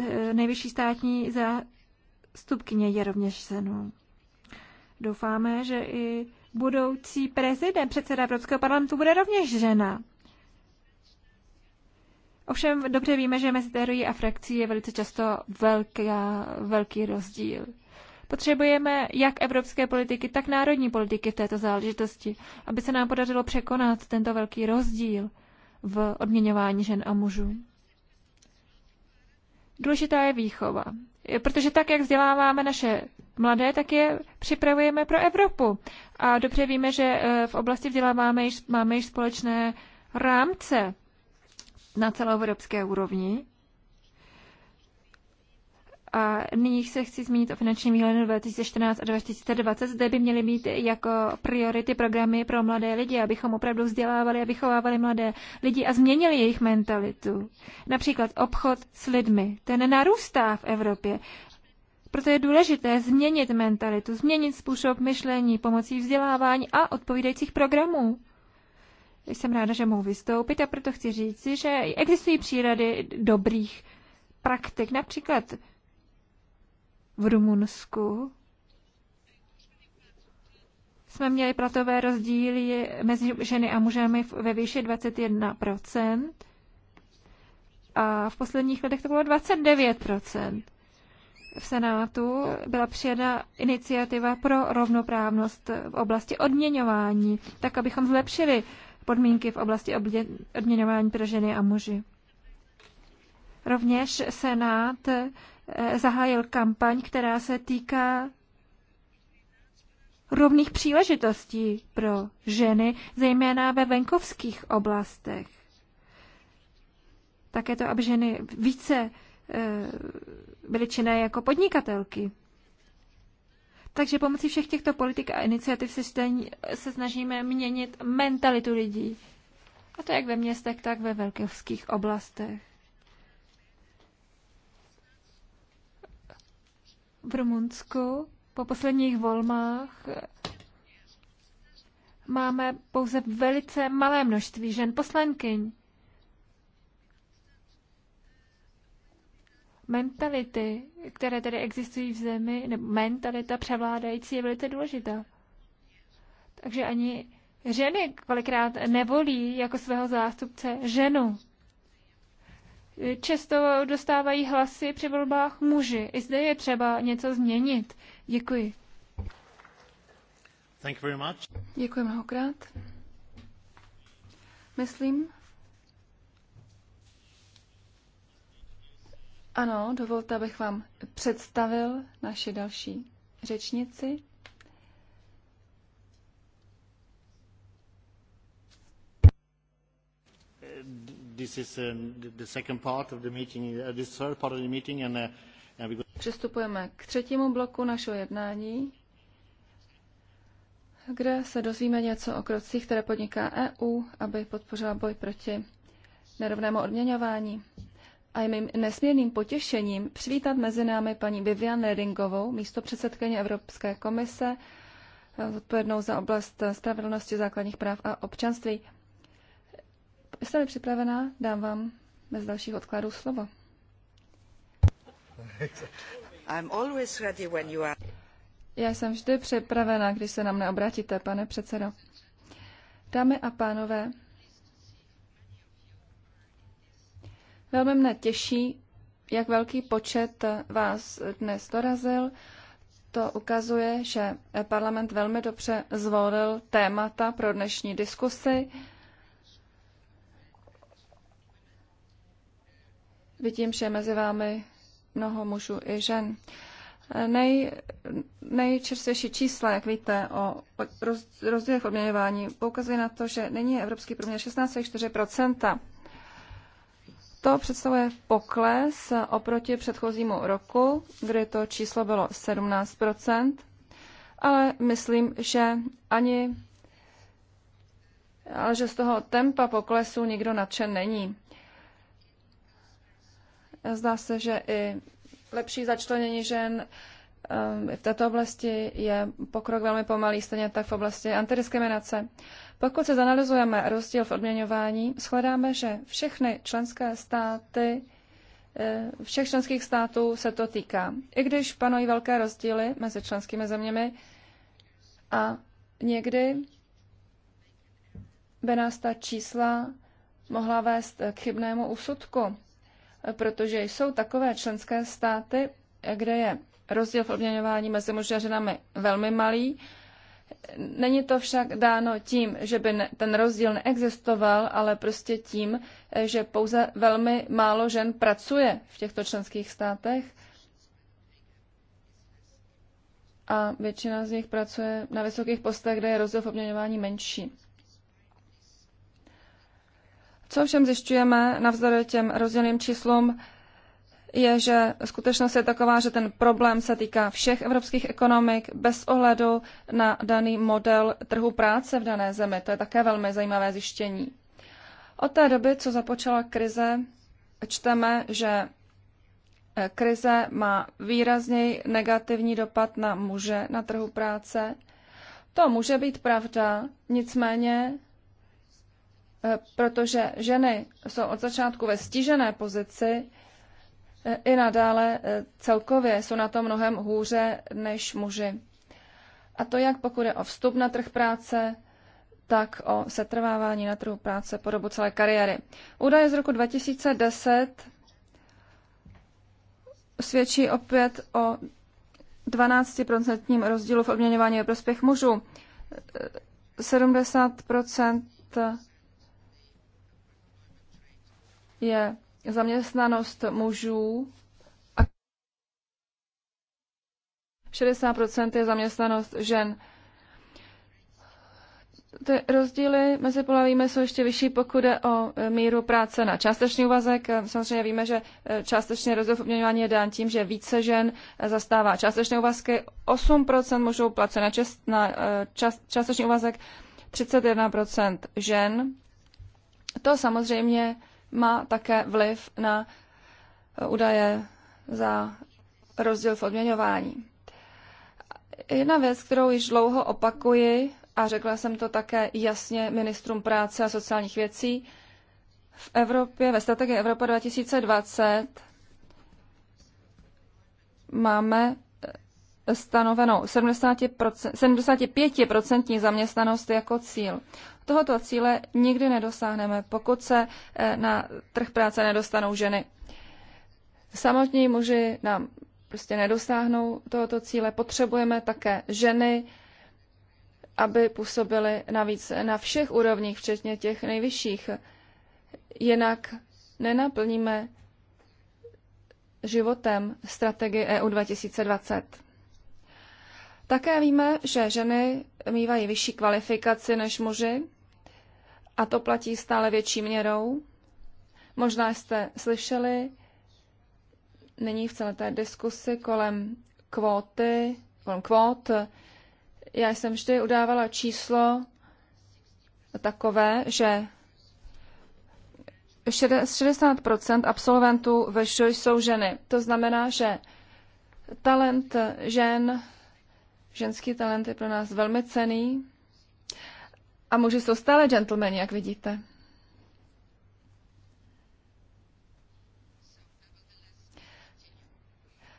eh, nejvyšší státní zástupkyně je rovněž ženou. Doufáme, že i budoucí prezident, předseda Evropského parlamentu, bude rovněž žena. Ovšem dobře víme, že mezi teorií a frakcí je velice často velká, velký rozdíl. Potřebujeme jak evropské politiky, tak národní politiky v této záležitosti, aby se nám podařilo překonat tento velký rozdíl v odměňování žen a mužů. Důležitá je výchova, protože tak, jak vzděláváme naše mladé, tak je připravujeme pro Evropu. A dobře víme, že e, v oblasti vzděláváme máme již společné rámce na celoevropské úrovni. A nyní se chci zmínit o finančním výhledu 2014 a 2020. Zde by měly být jako priority programy pro mladé lidi, abychom opravdu vzdělávali a vychovávali mladé lidi a změnili jejich mentalitu. Například obchod s lidmi. Ten narůstá v Evropě. Proto je důležité změnit mentalitu, změnit způsob myšlení pomocí vzdělávání a odpovídajících programů. Jsem ráda, že mohu vystoupit a proto chci říci, že existují přírady dobrých praktik. Například v Rumunsku jsme měli platové rozdíly mezi ženy a mužami ve výši 21% a v posledních letech to bylo 29%. V Senátu byla přijata iniciativa pro rovnoprávnost v oblasti odměňování, tak abychom zlepšili podmínky v oblasti odměňování pro ženy a muži. Rovněž Senát zahájil kampaň, která se týká rovných příležitostí pro ženy, zejména ve venkovských oblastech. Také to, aby ženy více eh, byly činné jako podnikatelky. Takže pomocí všech těchto politik a iniciativ se, se snažíme měnit mentalitu lidí. A to jak ve městech, tak ve velkovských oblastech. v Rumunsku po posledních volbách máme pouze velice malé množství žen poslankyň. Mentality, které tedy existují v zemi, nebo mentalita převládající je velice důležitá. Takže ani ženy kolikrát nevolí jako svého zástupce ženu. Často dostávají hlasy při volbách muži. I zde je třeba něco změnit. Děkuji. Thank you very much. Děkuji mnohokrát. Myslím, Ano, dovolte, abych vám představil naše další řečnici. Přistupujeme k třetímu bloku našeho jednání, kde se dozvíme něco o krocích, které podniká EU, aby podpořila boj proti nerovnému odměňování. A je mým nesmírným potěšením přivítat mezi námi paní Vivian Redingovou, místo předsedkyně Evropské komise, zodpovědnou za oblast spravedlnosti základních práv a občanství. Jste-li připravená, dám vám bez dalších odkladů slovo. I'm always ready when you are. Já jsem vždy připravená, když se na mne obrátíte, pane předsedo. Dámy a pánové, velmi mne těší, jak velký počet vás dnes dorazil. To ukazuje, že parlament velmi dobře zvolil témata pro dnešní diskusy Vidím, že mezi vámi mnoho mužů i žen. Nej, nejčerstvější čísla, jak víte, o roz, rozdílech v odměňování poukazuje na to, že není evropský průměr 16,4 To představuje pokles oproti předchozímu roku, kdy to číslo bylo 17 ale myslím, že ani ale že z toho tempa poklesu nikdo nadšen není. Zdá se, že i lepší začlenění žen ehm, v této oblasti je pokrok velmi pomalý, stejně tak v oblasti antidiskriminace. Pokud se zanalizujeme rozdíl v odměňování, shledáme, že všechny členské státy, eh, všech členských států se to týká. I když panují velké rozdíly mezi členskými zeměmi a někdy by nás ta čísla mohla vést k chybnému úsudku protože jsou takové členské státy, kde je rozdíl v odměňování mezi muži a ženami velmi malý. Není to však dáno tím, že by ten rozdíl neexistoval, ale prostě tím, že pouze velmi málo žen pracuje v těchto členských státech a většina z nich pracuje na vysokých postech, kde je rozdíl v odměňování menší. Co všem zjišťujeme navzdory těm rozdílným číslům, je, že skutečnost je taková, že ten problém se týká všech evropských ekonomik bez ohledu na daný model trhu práce v dané zemi. To je také velmi zajímavé zjištění. Od té doby, co započala krize, čteme, že krize má výrazněji negativní dopad na muže na trhu práce. To může být pravda, nicméně Eh, protože ženy jsou od začátku ve stížené pozici, eh, i nadále eh, celkově jsou na tom mnohem hůře než muži. A to jak pokud je o vstup na trh práce, tak o setrvávání na trhu práce po dobu celé kariéry. Údaje z roku 2010 svědčí opět o 12% rozdílu v odměňování ve prospěch mužů. 70% je zaměstnanost mužů a 60% je zaměstnanost žen. Ty rozdíly mezi pohlavími jsou ještě vyšší, pokud jde o e, míru práce na částečný úvazek. Samozřejmě víme, že e, částečně rozdíl je dán tím, že více žen e, zastává částečné úvazky, 8% mužů place na, čest, na čas, částečný úvazek, 31% žen. To samozřejmě má také vliv na eh, údaje za rozdíl v odměňování. Jedna věc, kterou již dlouho opakuji, a řekla jsem to také jasně ministrům práce a sociálních věcí, v Evropě, ve strategii Evropa 2020 máme stanovenou 70%, 75% zaměstnanost jako cíl. Tohoto cíle nikdy nedosáhneme, pokud se eh, na trh práce nedostanou ženy. Samotní muži nám prostě nedosáhnou tohoto cíle. Potřebujeme také ženy, aby působily navíc na všech úrovních, včetně těch nejvyšších. Jinak nenaplníme životem strategii EU 2020. Také víme, že ženy mývají vyšší kvalifikaci než muži a to platí stále větší měrou. Možná jste slyšeli, nyní v celé té diskusi kolem kvóty, kolem kvót, já jsem vždy udávala číslo takové, že 60 absolventů ve jsou ženy. To znamená, že talent žen Ženský talent je pro nás velmi cený a muži jsou stále gentlemani, jak vidíte.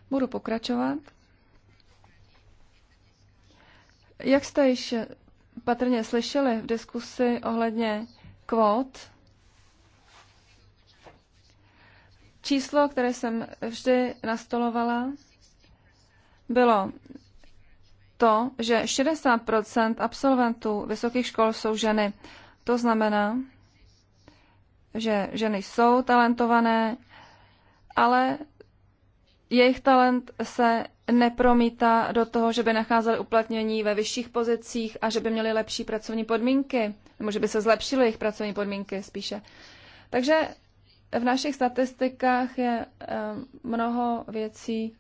Budu pokračovat. Jak jste již patrně slyšeli v diskusi ohledně kvót, číslo, které jsem vždy nastolovala, bylo to, že 60 absolventů vysokých škol jsou ženy. To znamená, že ženy jsou talentované, ale jejich talent se nepromítá do toho, že by nacházeli uplatnění ve vyšších pozicích a že by měli lepší pracovní podmínky, nebo že by se zlepšily jejich pracovní podmínky spíše. Takže v našich statistikách je eh, mnoho věcí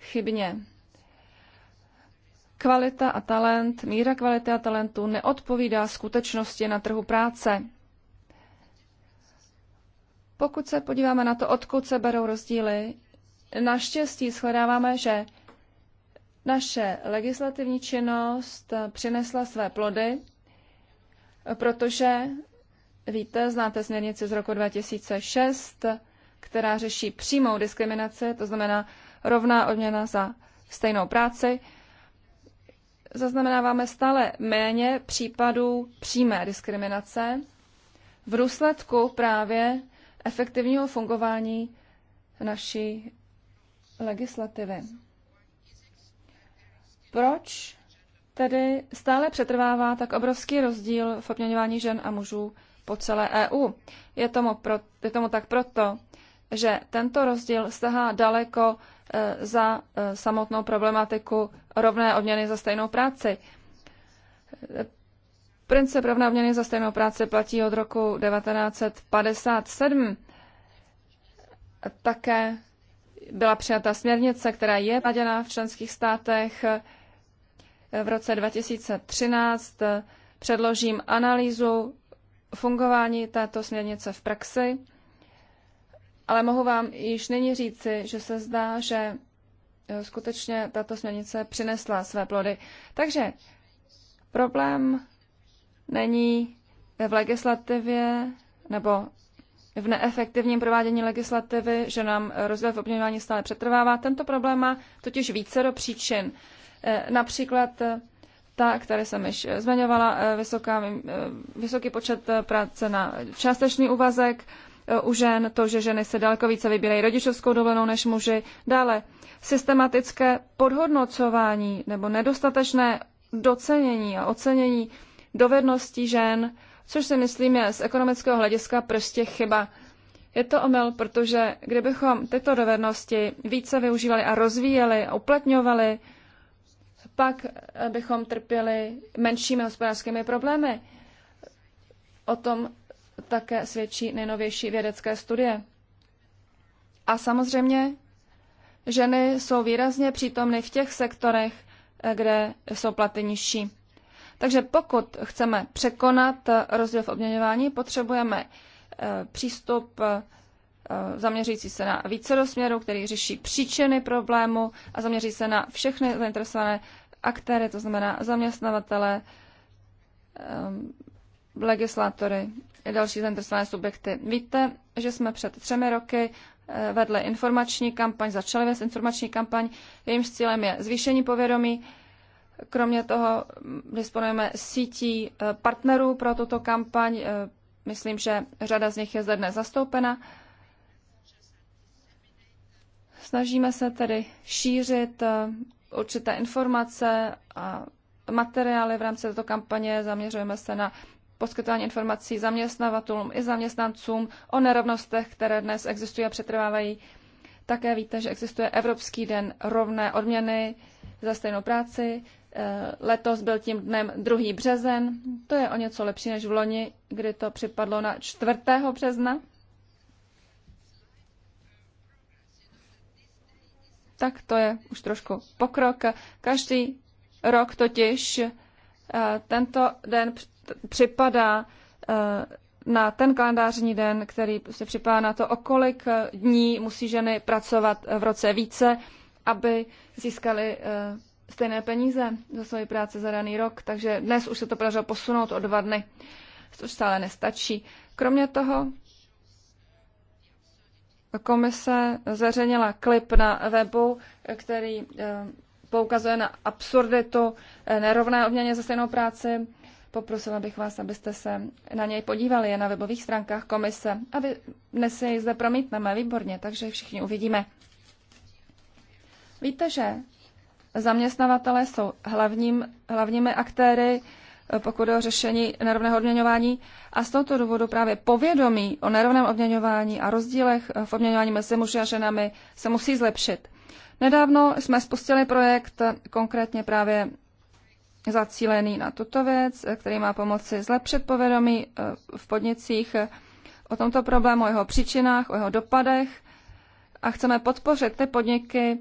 chybně kvalita a talent, míra kvality a talentu neodpovídá skutečnosti na trhu práce. Pokud se podíváme na to, odkud se berou rozdíly, naštěstí shledáváme, že naše legislativní činnost přinesla své plody, protože, víte, znáte směrnici z roku 2006, která řeší přímou diskriminaci, to znamená rovná odměna za stejnou práci, zaznamenáváme stále méně případů přímé diskriminace v důsledku právě efektivního fungování naší legislativy. Proč tedy stále přetrvává tak obrovský rozdíl v odměňování žen a mužů po celé EU? Je tomu, pro, je tomu tak proto, že tento rozdíl stahá daleko eh, za eh, samotnou problematiku rovné odměny za stejnou práci. Princip rovné odměny za stejnou práci platí od roku 1957. Také byla přijata směrnice, která je naděna v členských státech. V roce 2013 předložím analýzu fungování této směrnice v praxi, ale mohu vám již nyní říci, že se zdá, že Eh, skutečně tato směrnice přinesla své plody. Takže problém není v legislativě nebo v neefektivním provádění legislativy, že nám rozdíl v obměňování stále přetrvává. Tento problém má totiž více do příčin. Eh, například eh, ta, které jsem již zmiňovala, vysoká, vysoký počet práce na částečný úvazek, E, u žen, to, že ženy se daleko více vybírají rodičovskou dovolenou než muži. Dále systematické podhodnocování nebo nedostatečné docenění a ocenění dovedností žen, což si myslím je z ekonomického hlediska prostě chyba. Je to omyl, protože kdybychom tyto dovednosti více využívali a rozvíjeli a uplatňovali, pak bychom trpěli menšími hospodářskými problémy. O tom také svědčí nejnovější vědecké studie. A samozřejmě ženy jsou výrazně přítomny v těch sektorech, kde jsou platy nižší. Takže pokud chceme překonat rozdíl v obměňování, potřebujeme eh, přístup eh, zaměřící se na více rozměru, který řeší příčiny problému a zaměří se na všechny zainteresované aktéry, to znamená zaměstnavatele, eh, legislátory i další zainteresované subjekty. Víte, že jsme před třemi roky eh, vedli informační kampaň, začali vést informační kampaň, jejímž cílem je zvýšení povědomí. Kromě toho mm, disponujeme sítí eh, partnerů pro tuto kampaň. Eh, myslím, že řada z nich je zde dnes zastoupena. Snažíme se tedy šířit určité informace a materiály v rámci této kampaně, zaměřujeme se na poskytování informací zaměstnavatelům i zaměstnancům o nerovnostech, které dnes existují a přetrvávají. Také víte, že existuje Evropský den rovné odměny za stejnou práci. E, letos byl tím dnem 2. březen. To je o něco lepší než v loni, kdy to připadlo na 4. března. Tak to je už trošku pokrok. Každý rok totiž e, tento den připadá eh, na ten kalendářní den, který se prostě připadá na to, o kolik eh, dní musí ženy pracovat eh, v roce více, aby získaly stejné peníze za svoji práci za daný rok. Takže dnes už se to podařilo posunout o dva dny, což stále nestačí. Kromě toho komise zveřejnila klip na webu, který poukazuje na absurditu nerovné odměně za stejnou práci Poprosila bych vás, abyste se na něj podívali, je na webových stránkách komise. A vy, dnes jej zde promítneme, výborně, takže všichni uvidíme. Víte, že zaměstnavatele jsou hlavním, hlavními aktéry, eh, pokud o řešení nerovného odměňování. A z tohoto důvodu právě povědomí o nerovném odměňování a rozdílech eh, v odměňování mezi muži a ženami se musí zlepšit. Nedávno jsme spustili projekt eh, konkrétně právě zacílený na tuto věc, který má pomoci zlepšit povědomí eh, v podnicích eh, o tomto problému, o jeho příčinách, o jeho dopadech a chceme podpořit ty podniky,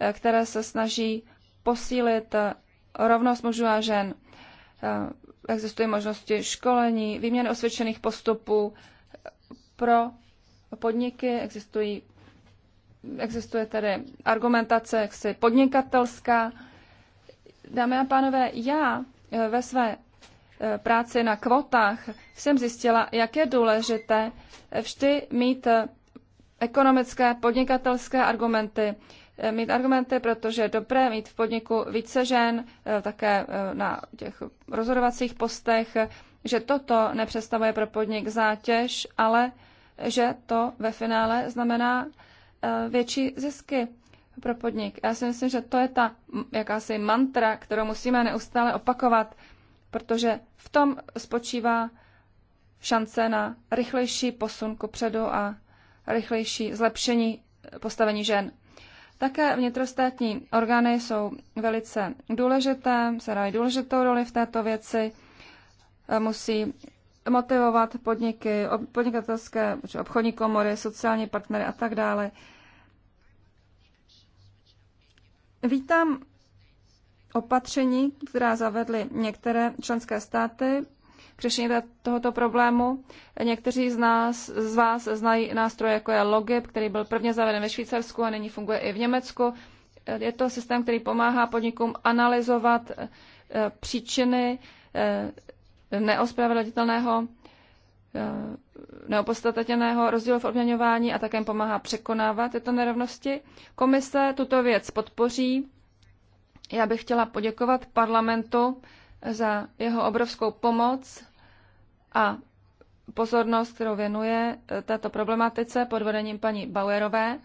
eh, které se snaží posílit rovnost mužů a žen. Existují možnosti školení, výměny osvědčených postupů pro podniky, existují, existuje tedy argumentace jaksi podnikatelská, Dámy a pánové, já eh, ve své eh, práci na kvotách jsem zjistila, jak je důležité eh, vždy mít ekonomické, podnikatelské argumenty. Mít argumenty, protože je dobré mít v podniku více žen, také na těch rozhodovacích postech, že toto nepředstavuje pro podnik zátěž, ale že to ve finále znamená větší zisky pro podnik. Já si myslím, že to je ta jakási mantra, kterou musíme neustále opakovat, protože v tom spočívá šance na rychlejší posun kopředu a rychlejší zlepšení postavení žen. Také vnitrostátní orgány jsou velice důležité, dají důležitou roli v této věci, e, musí motivovat podniky, podnikatelské, obchodní komory, sociální partnery a tak dále. Vítám opatření, která zavedly některé členské státy k řešení tohoto problému. Někteří z, nás, z vás znají nástroje, jako je Logip, který byl prvně zaveden ve Švýcarsku a nyní funguje i v Německu. Je to systém, který pomáhá podnikům analyzovat eh, eh, příčiny eh, neospravedlnitelného Eh, neopostatatěného rozdílu v odměňování a také pomáhá překonávat tyto nerovnosti. Komise tuto věc podpoří. Já bych chtěla poděkovat parlamentu za jeho obrovskou pomoc a pozornost, kterou věnuje eh, této problematice pod vedením paní Bauerové.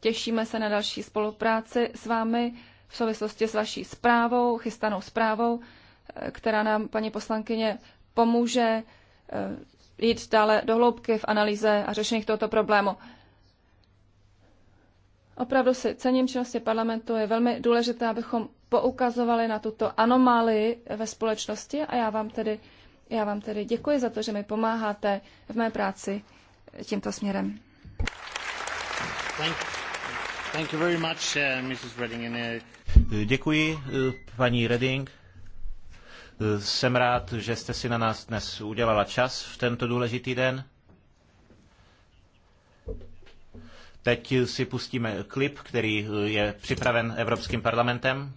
Těšíme se na další spolupráci s vámi v souvislosti s vaší zprávou, chystanou zprávou, eh, která nám paní poslankyně pomůže jít dále do hloubky v analýze a řešení tohoto problému. Opravdu si cením činnosti vlastně parlamentu. Je velmi důležité, abychom poukazovali na tuto anomálii ve společnosti a já vám tedy, já vám tedy děkuji za to, že mi pomáháte v mé práci tímto směrem. Thank you. Thank you very much, uh, Mrs. Redding. And, uh... Děkuji, uh, paní Redding. Jsem rád, že jste si na nás dnes udělala čas v tento důležitý den. Teď si pustíme klip, který je připraven Evropským parlamentem.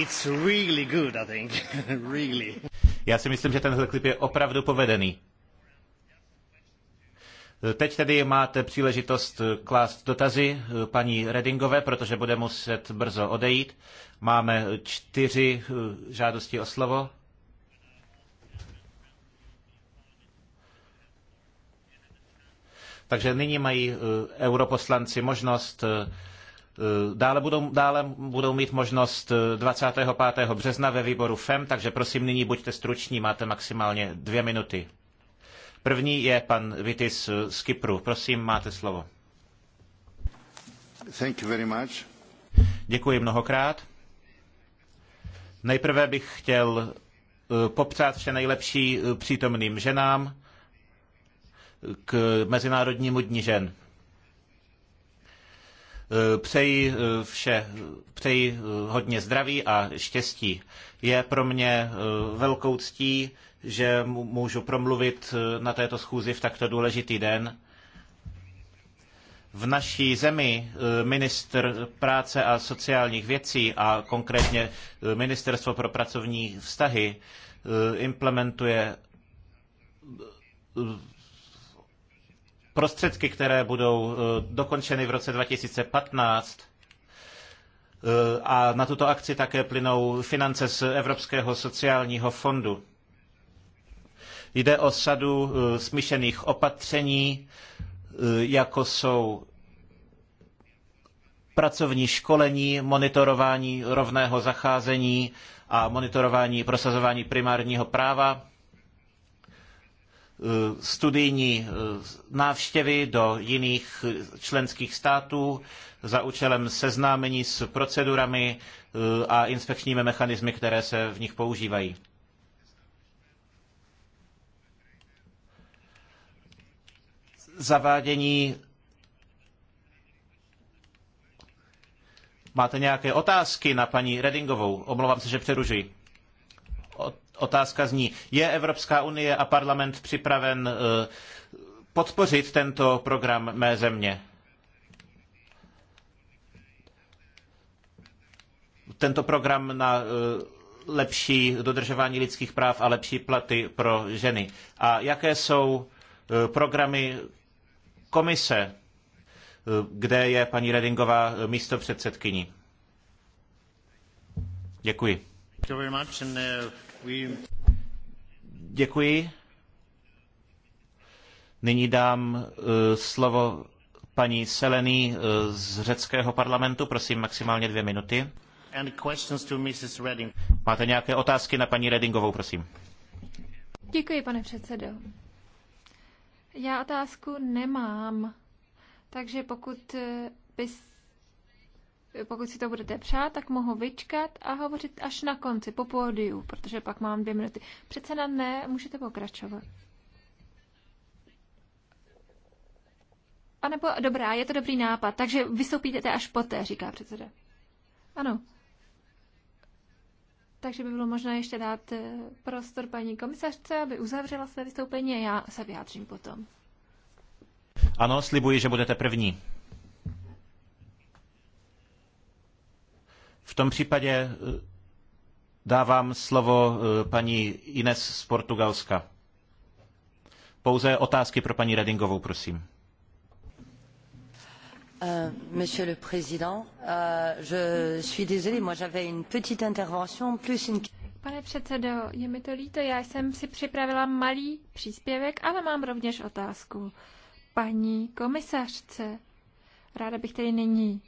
It's really good, I think. really. Já si myslím, že tenhle klip je opravdu povedený. Teď tedy máte příležitost klást dotazy paní Redingové, protože bude muset brzo odejít. Máme čtyři eh, žádosti o slovo. Takže nyní mají eh, europoslanci možnost eh, Eh, dále budou, dále budou mít možnost 25. Eh, března ve výboru FEM, takže prosím nyní buďte struční, máte maximálně dvě minuty. První je pan Vitis eh, z Kypru. Prosím, máte slovo. Thank you very much. Děkuji mnohokrát. Nejprve bych chtěl popřát vše nejlepší přítomným ženám k Mezinárodnímu dní žen. Eh, přeji, eh, vše, přeji eh, hodně zdraví a štěstí. Je pro mě velkou ctí, že můžu promluvit na této schůzi v takto důležitý den. V naší zemi ministr práce a sociálních věcí a konkrétně Ministerstvo pro pracovní vztahy implementuje prostředky, které budou eh, dokončeny v roce 2015, eh, a na tuto akci také plynou finance z Evropského sociálního fondu. Jde o sadu eh, smyšených opatření, jako jsou pracovní školení, monitorování rovného zacházení a monitorování prosazování primárního práva, Eh, studijní eh, návštěvy do jiných členských států za účelem seznámení s procedurami eh, a inspekčními mechanismy, které se v nich používají. Zavádění Máte nějaké otázky na paní Redingovou? Omlouvám se, že přerušuji otázka zní, je Evropská unie a parlament připraven eh, podpořit tento program mé země? Tento program na eh, lepší dodržování lidských práv a lepší platy pro ženy. A jaké jsou eh, programy komise, kde je paní Redingová místo předsedkyní? Děkuji. Děkuji. Nyní dám eh, slovo paní Selený eh, z řeckého parlamentu. Prosím, maximálně dvě minuty. Máte nějaké otázky na paní Redingovou, prosím. Děkuji, pane předsedo. Já otázku nemám, takže pokud eh, bys pokud si to budete přát, tak mohu vyčkat a hovořit až na konci, po pódiu, protože pak mám dvě minuty. Přece na ne, můžete pokračovat. A nebo, dobrá, je to dobrý nápad, takže vystoupíte až poté, říká předseda. Ano. Takže by bylo možné ještě dát eh, prostor paní komisařce, aby uzavřela své vystoupení a já se vyjádřím potom. Ano, slibuji, že budete první. V tom případě eh, dávám slovo eh, paní Ines z Portugalska. Pouze otázky pro paní Redingovou, prosím. Euh, monsieur le président euh, je suis désolée moi j'avais une petite intervention plus une Pane předsedo, je mi to líto, já jsem si připravila malý příspěvek, ale mám rovněž otázku. Paní komisařce, ráda bych tedy nyní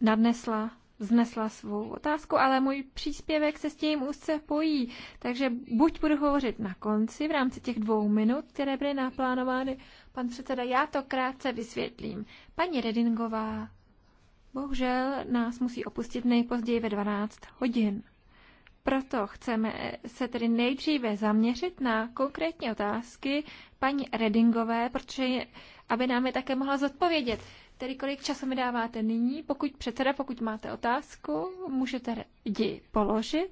nadnesla vznesla svou otázku, ale můj příspěvek se s tím úzce pojí. Takže buď budu hovořit na konci v rámci těch dvou minut, které byly naplánovány, pan předseda, já to krátce vysvětlím. Paní Redingová bohužel nás musí opustit nejpozději ve 12 hodin. Proto chceme se tedy nejdříve zaměřit na konkrétní otázky paní Redingové, protože aby nám je také mohla zodpovědět. Tedy kolik času mi dáváte nyní? Pokud předseda, pokud máte otázku, můžete ji položit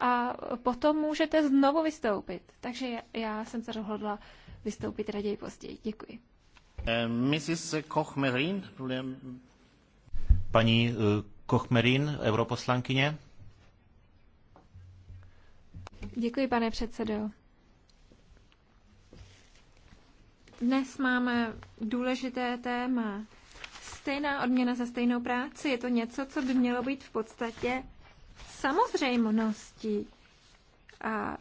a potom můžete znovu vystoupit. Takže já jsem se rozhodla vystoupit raději později. Děkuji. Eh, Mrs. Kochmerin, paní eh, Kochmerin, europoslankyně. Děkuji, pane předsedo. Dnes máme důležité téma stejná odměna za stejnou práci. Je to něco, co by mělo být v podstatě samozřejmostí. A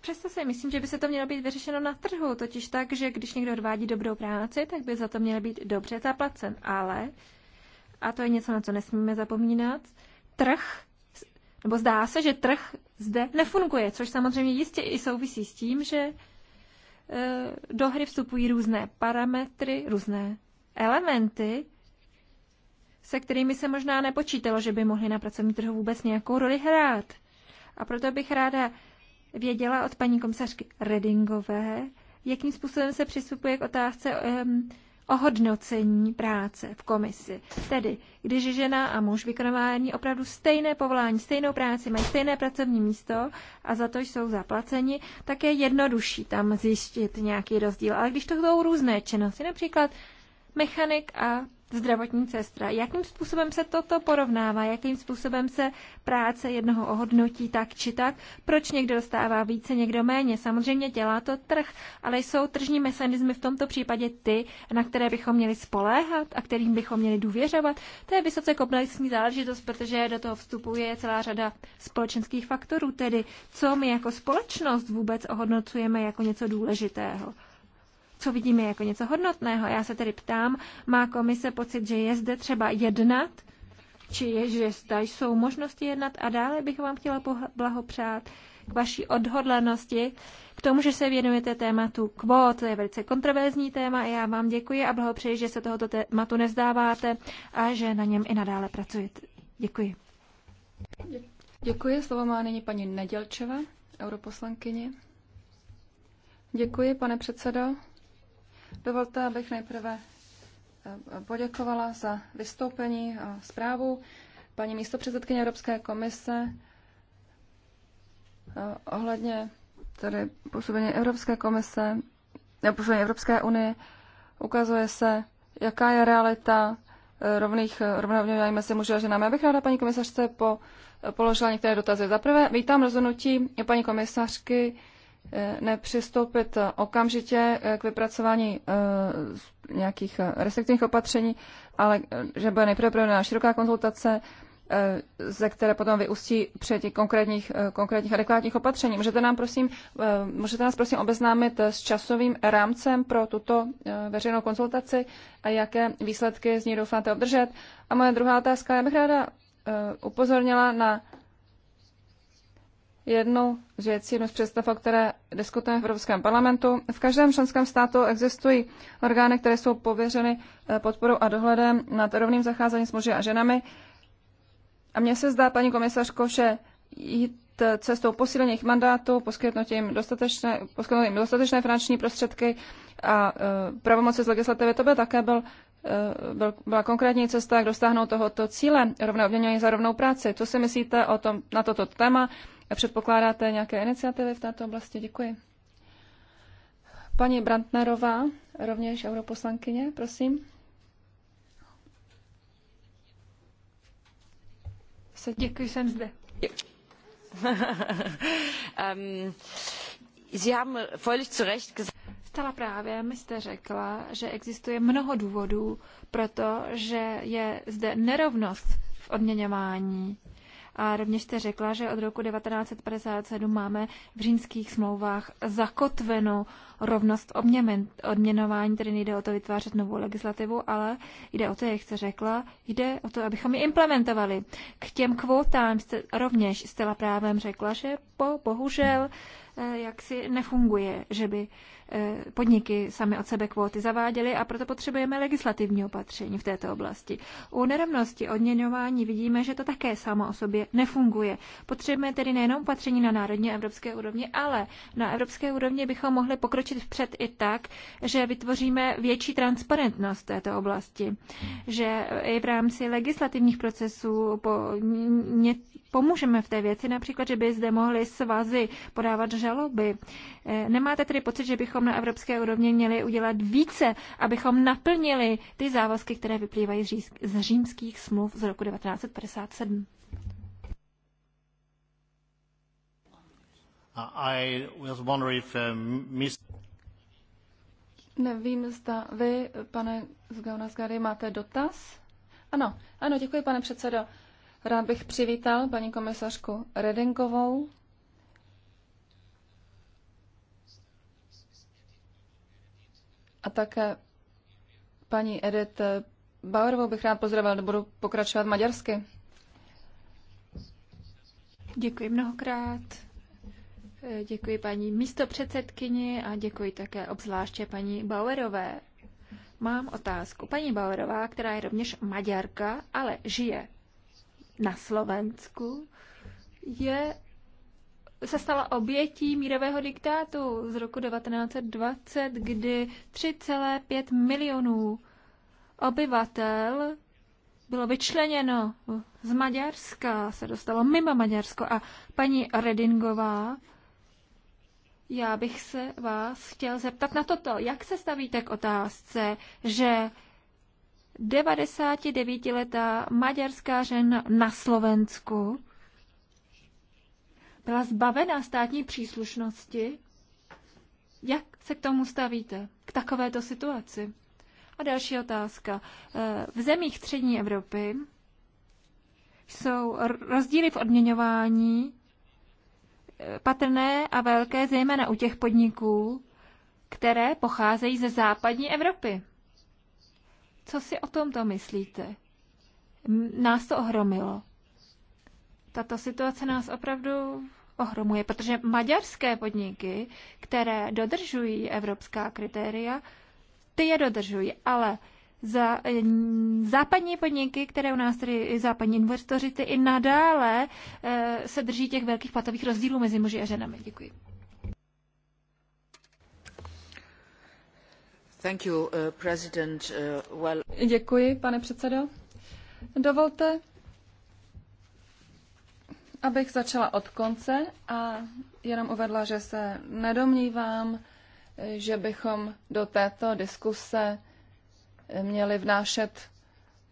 přesto si myslím, že by se to mělo být vyřešeno na trhu, totiž tak, že když někdo odvádí dobrou práci, tak by za to měl být dobře zaplacen. Ale, a to je něco, na co nesmíme zapomínat, trh, nebo zdá se, že trh zde nefunguje, což samozřejmě jistě i souvisí s tím, že e, do hry vstupují různé parametry, různé elementy, se kterými se možná nepočítalo, že by mohly na pracovní trhu vůbec nějakou roli hrát. A proto bych ráda věděla od paní komisařky Redingové, jakým způsobem se přistupuje k otázce um, o hodnocení práce v komisi. Tedy, když žena a muž vykonávají opravdu stejné povolání, stejnou práci, mají stejné pracovní místo a za to jsou zaplaceni, tak je jednodušší tam zjistit nějaký rozdíl. Ale když to jsou různé činnosti, například mechanik a zdravotní sestra. Jakým způsobem se toto porovnává? Jakým způsobem se práce jednoho ohodnotí tak či tak? Proč někdo dostává více, někdo méně? Samozřejmě dělá to trh, ale jsou tržní mechanismy v tomto případě ty, na které bychom měli spoléhat a kterým bychom měli důvěřovat. To je vysoce komplexní záležitost, protože do toho vstupuje celá řada společenských faktorů, tedy co my jako společnost vůbec ohodnocujeme jako něco důležitého co vidíme jako něco hodnotného. Já se tedy ptám, má komise pocit, že je zde třeba jednat, či je, že zda jsou možnosti jednat a dále bych vám chtěla blahopřát k vaší odhodlanosti, k tomu, že se věnujete tématu kvót. To je velice kontroverzní téma a já vám děkuji a blahopřeji, že se tohoto tématu nezdáváte a že na něm i nadále pracujete. Děkuji. Děkuji. Slovo má nyní paní Nedělčeva, europoslankyně. Děkuji, pane předsedo. Dovolte, abych nejprve eh, poděkovala za vystoupení a zprávu paní místopředsedkyně Evropské komise eh, ohledně tedy působení Evropské komise nebo eh, působení Evropské unie. Ukazuje se, jaká je realita rovných rovnováhy mezi muži a ženami. Já bych ráda paní komisařce po, položila některé dotazy. Za prvé, vítám rozhodnutí paní komisařky nepřistoupit okamžitě eh, k vypracování eh, nějakých eh, restriktivních opatření, ale že bude nejprve provedena široká konzultace, ze které potom vyústí přijetí konkrétních, konkrétních adekvátních opatření. Můžete, nám prosím, můžete nás prosím obeznámit s časovým rámcem pro tuto veřejnou konzultaci a jaké výsledky z ní doufáte obdržet? A moje druhá otázka, já bych ráda upozornila na jednou z věcí, jednu z představ, o které diskutujeme v Evropském parlamentu. V každém členském státu existují orgány, které jsou pověřeny eh, podporou a dohledem nad rovným zacházením s muži a ženami. A mně se zdá, paní komisařko, že jít eh, cestou posílení jejich mandátu, poskytnout jim dostatečné, poskytnout jim dostatečné finanční prostředky a e, pravomoci z legislativy, to by také byl, e, byl, byla konkrétní cesta, jak dostáhnout tohoto cíle, rovné obměňování za rovnou práci. Co si myslíte o tom, na toto téma? Předpokládáte nějaké iniciativy v této oblasti? Děkuji. Paní Brantnerová, rovněž europoslankyně, prosím. děkuji, jsem zde. Um, Stala právě my jste řekla, že existuje mnoho důvodů pro to, že je zde nerovnost v odměňování a rovněž jste řekla, že od roku 1957 máme v římských smlouvách zakotvenou rovnost odměn, odměnování, tedy nejde o to vytvářet novou legislativu, ale jde o to, jak jste řekla, jde o to, abychom ji implementovali. K těm kvótám jste rovněž zcela právem řekla, že po, bohužel eh, jak si nefunguje, že by Eh, podniky sami od sebe kvóty zaváděly a proto potřebujeme legislativní opatření v této oblasti. U nerovnosti odměňování vidíme, že to také samo o sobě nefunguje. Potřebujeme tedy nejenom opatření na národní a evropské úrovni, ale na evropské úrovni bychom mohli pokročit vpřed i tak, že vytvoříme větší transparentnost této oblasti, že i v rámci legislativních procesů po pomůžeme v té věci, například, že by zde mohly svazy podávat žaloby. Eh, nemáte tedy pocit, že bychom na evropské úrovni měli udělat více, abychom naplnili ty závazky, které vyplývají z římských smluv z roku 1957? Uh, I was wondering if, uh, miss... Nevím, zda vy, pane z Gary, máte dotaz? Ano, ano, děkuji, pane předsedo. Rád bych přivítal paní komisařku Redenkovou. A také paní Edith Bauerovou bych rád pozdravil, budu pokračovat maďarsky. Děkuji mnohokrát. Děkuji paní místopředsedkyni a děkuji také obzvláště paní Bauerové. Mám otázku. Paní Bauerová, která je rovněž maďarka, ale žije na Slovensku je, se stala obětí mírového diktátu z roku 1920, kdy 3,5 milionů obyvatel bylo vyčleněno z Maďarska, se dostalo mimo Maďarsko a paní Redingová, já bych se vás chtěl zeptat na toto. Jak se stavíte k otázce, že 99-letá maďarská žena na Slovensku byla zbavena státní příslušnosti. Jak se k tomu stavíte? K takovéto situaci? A další otázka. Eh, v zemích střední Evropy jsou rozdíly v odměňování eh, patrné a velké zejména u těch podniků, které pocházejí ze západní Evropy. Co si o tomto myslíte? Nás to ohromilo. Tato situace nás opravdu ohromuje, protože maďarské podniky, které dodržují evropská kritéria, ty je dodržují, ale za, západní podniky, které u nás tedy západní investoři, ty i nadále e, se drží těch velkých platových rozdílů mezi muži a ženami. Děkuji. Uh, uh, Děkuji, pane předsedající. Dovolte, abych začala od konce a jenom uvedla, že se nedomnívám, že bychom do této diskuse měli vnášet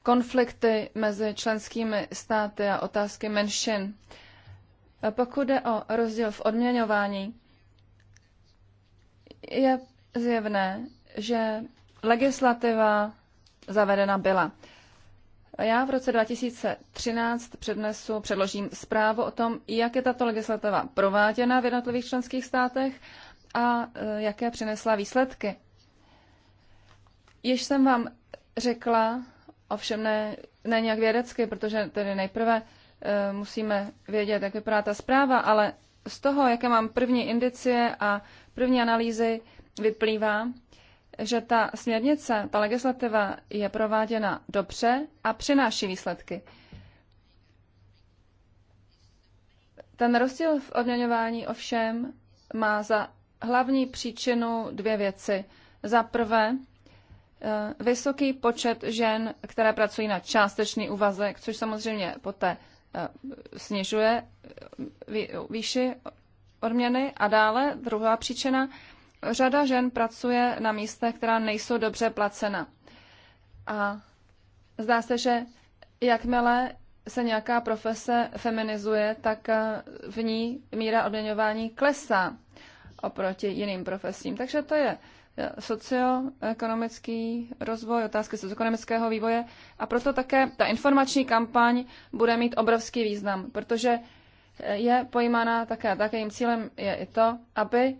konflikty mezi členskými státy a otázky menšin. Pokud jde o rozdíl v odměňování, je zjevné, že legislativa zavedena byla. Já v roce 2013 přednesu, předložím zprávu o tom, jak je tato legislativa prováděna v jednotlivých členských státech a e, jaké přinesla výsledky. Již jsem vám řekla, ovšem ne, ne nějak vědecky, protože tedy nejprve e, musíme vědět, jak vypadá ta zpráva, ale z toho, jaké mám první indicie a první analýzy, vyplývá, že ta směrnice, ta legislativa je prováděna dobře a přináší výsledky. Ten rozdíl v odměňování ovšem má za hlavní příčinu dvě věci. Za prvé, eh, vysoký počet žen, které pracují na částečný úvazek, což samozřejmě poté eh, snižuje eh, výši odměny. A dále druhá příčina řada žen pracuje na místech, která nejsou dobře placena. A zdá se, že jakmile se nějaká profese feminizuje, tak eh, v ní míra odměňování klesá oproti jiným profesím. Takže to je eh, socioekonomický rozvoj, otázky socioekonomického vývoje a proto také ta informační kampaň bude mít obrovský význam, protože eh, je pojímána také, také jejím cílem je i to, aby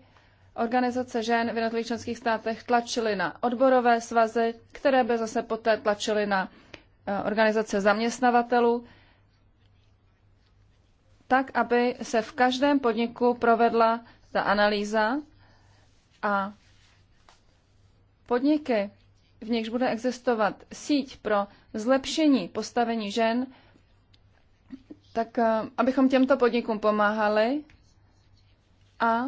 Organizace žen v jednotlivých členských státech tlačily na odborové svazy, které by zase poté tlačily na eh, organizace zaměstnavatelů, tak, aby se v každém podniku provedla ta analýza a podniky, v nichž bude existovat síť pro zlepšení postavení žen, tak eh, abychom těmto podnikům pomáhali a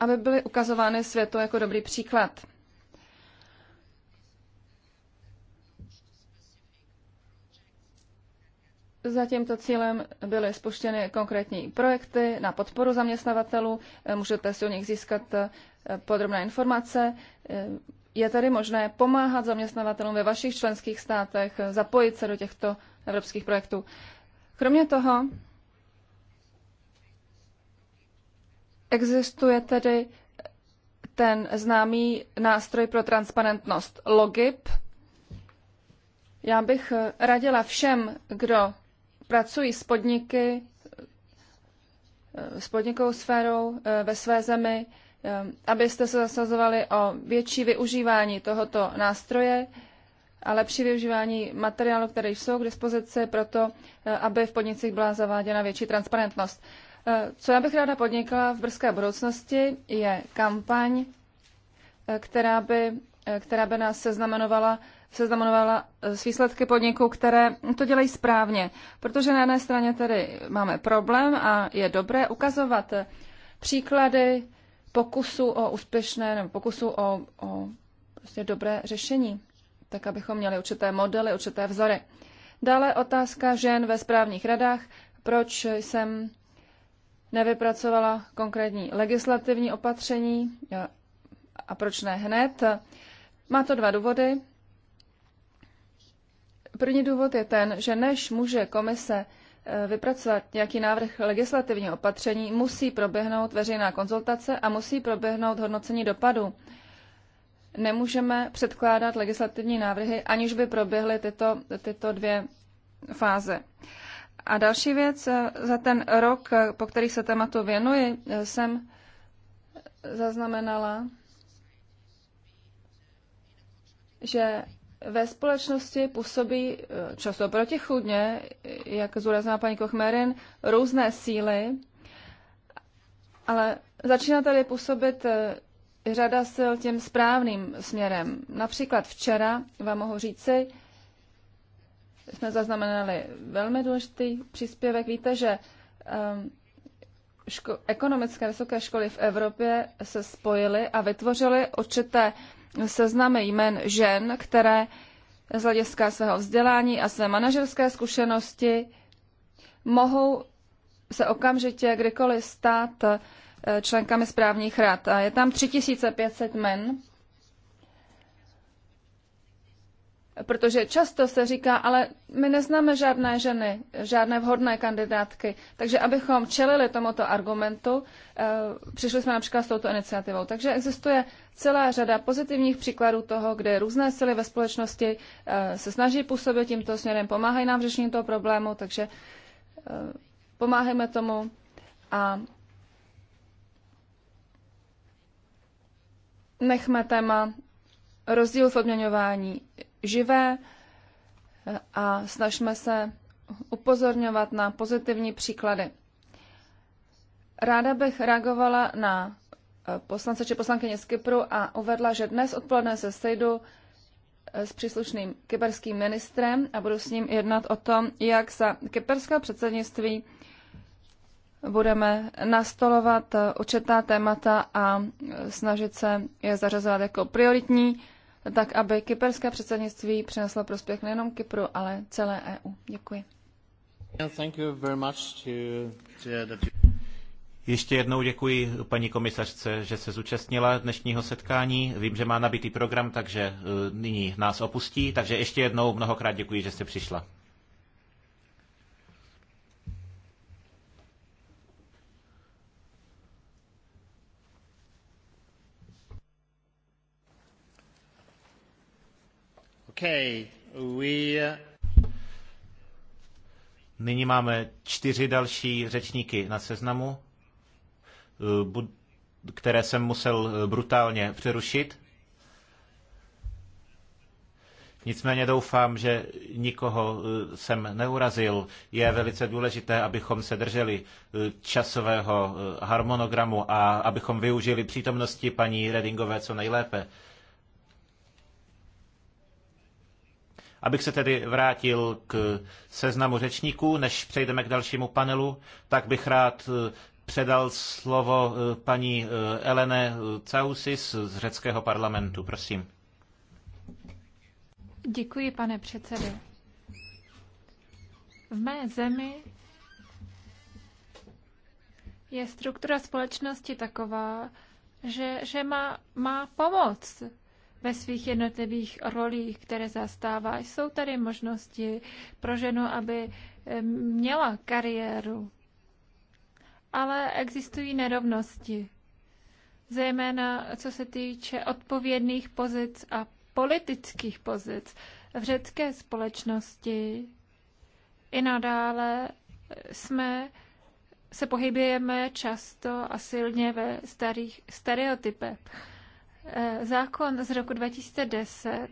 aby byly ukazovány světu jako dobrý příklad. Za tímto cílem byly spuštěny konkrétní projekty na podporu zaměstnavatelů. Můžete si o nich získat eh, podrobné informace. Eh, je tedy možné pomáhat zaměstnavatelům ve vašich členských státech, eh, zapojit se do těchto evropských projektů. Kromě toho Existuje tedy ten známý nástroj pro transparentnost Logip. Já bych radila všem, kdo pracují s podniky, s podnikovou sférou eh, ve své zemi, eh, abyste se zasazovali o větší využívání tohoto nástroje a lepší využívání materiálu, které jsou k dispozici, proto eh, aby v podnicích byla zaváděna větší transparentnost. Eh, co já bych ráda podnikla v brzké budoucnosti, je kampaň, eh, která by, eh, která by nás seznamenovala seznamovala s výsledky podniků, které to dělají správně. Protože na jedné straně tady máme problém a je dobré ukazovat příklady pokusu o úspěšné nebo pokusu o, o prostě dobré řešení, tak abychom měli určité modely, určité vzory. Dále otázka žen ve správních radách. Proč jsem nevypracovala konkrétní legislativní opatření a proč ne hned. Má to dva důvody. První důvod je ten, že než může komise e, vypracovat nějaký návrh legislativního opatření, musí proběhnout veřejná konzultace a musí proběhnout hodnocení dopadu. Nemůžeme předkládat legislativní návrhy, aniž by proběhly tyto, tyto dvě fáze. A další věc, eh, za ten rok, eh, po který se tématu věnuji, eh, jsem zaznamenala, že ve společnosti působí často protichudně, jak zúrazná paní Kochmerin, různé síly, ale začíná tady působit řada sil tím správným směrem. Například včera vám mohu říci, jsme zaznamenali velmi důležitý příspěvek. Víte, že um, ško- ekonomické vysoké školy v Evropě se spojily a vytvořily určité seznamy jmen žen, které z hlediska svého vzdělání a své manažerské zkušenosti mohou se okamžitě kdykoliv stát eh, členkami správních rad. A je tam 3500 men protože často se říká, ale my neznáme žádné ženy, žádné vhodné kandidátky. Takže abychom čelili tomuto argumentu, eh, přišli jsme například s touto iniciativou. Takže existuje celá řada pozitivních příkladů toho, kde různé sily ve společnosti eh, se snaží působit tímto směrem, pomáhají nám v řešení toho problému, takže eh, pomáhajme tomu a nechme téma rozdíl v odměňování živé eh, a snažme se upozorňovat na pozitivní příklady. Ráda bych reagovala na eh, poslance či poslankyně z Kypru a uvedla, že dnes odpoledne se sejdu eh, s příslušným kyperským ministrem a budu s ním jednat o tom, jak za kyperského předsednictví budeme nastolovat určitá témata a snažit se je zařazovat jako prioritní tak aby kyperské předsednictví přineslo prospěch nejenom Kypru, ale celé EU. Děkuji. Ještě jednou děkuji paní komisařce, že se zúčastnila dnešního setkání. Vím, že má nabitý program, takže eh, nyní nás opustí. Takže ještě jednou mnohokrát děkuji, že jste přišla. Uh, Nyní máme čtyři další řečníky na seznamu, uh, které jsem musel uh, brutálně přerušit. Nicméně doufám, že nikoho jsem neurazil. Je velice důležité, abychom se drželi časového harmonogramu a abychom využili přítomnosti paní Redingové co nejlépe. Abych se tedy vrátil k seznamu řečníků, než přejdeme k dalšímu panelu, tak bych rád eh, předal slovo eh, paní eh, Elene Causis z řeckého parlamentu. Prosím. Děkuji, pane předsedo. V mé zemi je struktura společnosti taková, že, že má, má pomoc ve svých jednotlivých rolích, které zastává. Jsou tady možnosti pro ženu, aby eh, měla kariéru. Ale existují nerovnosti, zejména co se týče odpovědných pozic a politických pozic. V řecké společnosti i nadále eh, jsme se pohybujeme často a silně ve starých stereotypech. Eh, zákon z roku 2010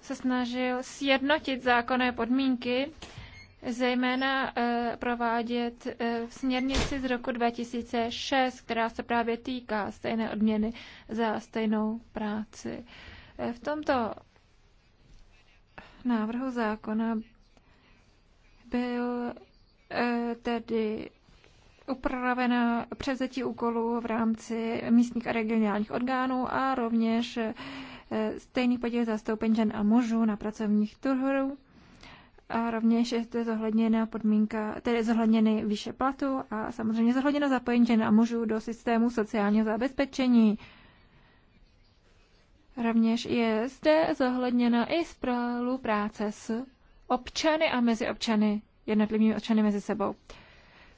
se snažil sjednotit zákonné podmínky, zejména eh, provádět eh, směrnici z roku 2006, která se právě týká stejné odměny za stejnou práci. V tomto návrhu zákona byl tedy upravena převzetí úkolů v rámci místních a regionálních orgánů a rovněž eh, stejný podíl zastoupení žen a mužů na pracovních trhů. A rovněž je to zohledněna podmínka, tedy zohledněny výše platu a samozřejmě zohledněno zapojení žen a mužů do systému sociálního zabezpečení. Rovněž je zde zohledněna i sprálu práce s občany a mezi občany, jednotlivými občany mezi sebou.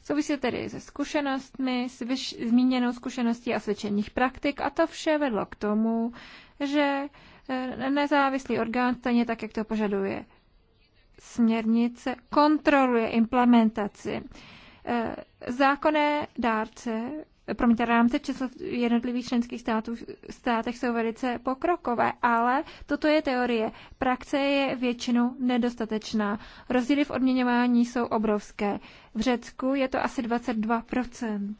Souvisí tedy se zkušenostmi, s vyš- zmíněnou zkušeností a svědčeních praktik a to vše vedlo k tomu, že eh, nezávislý orgán, stejně tak, jak to požaduje směrnice, kontroluje implementaci. Eh, zákonné dárce promiňte, rámce číslo jednotlivých členských států, státech jsou velice pokrokové, ale toto je teorie. Praxe je většinou nedostatečná. Rozdíly v odměňování jsou obrovské. V Řecku je to asi 22%.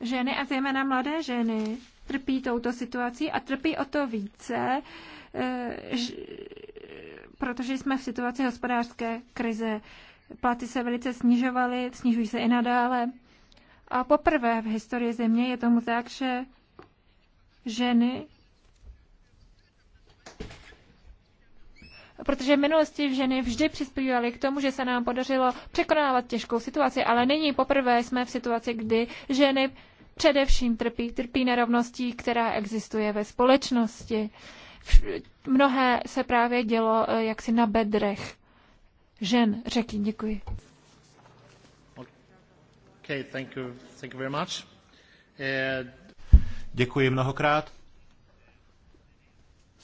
Ženy a zejména mladé ženy trpí touto situací a trpí o to více, eh, protože jsme v situaci hospodářské krize platy se velice snižovaly, snižují se i nadále. A poprvé v historii země je tomu tak, že ženy protože v minulosti ženy vždy přispívaly k tomu, že se nám podařilo překonávat těžkou situaci, ale nyní poprvé jsme v situaci, kdy ženy především trpí, trpí nerovností, která existuje ve společnosti. Mnohé se právě dělo eh, jaksi na bedrech žen. Řekni, děkuji. Uh, Děkuji mnohokrát.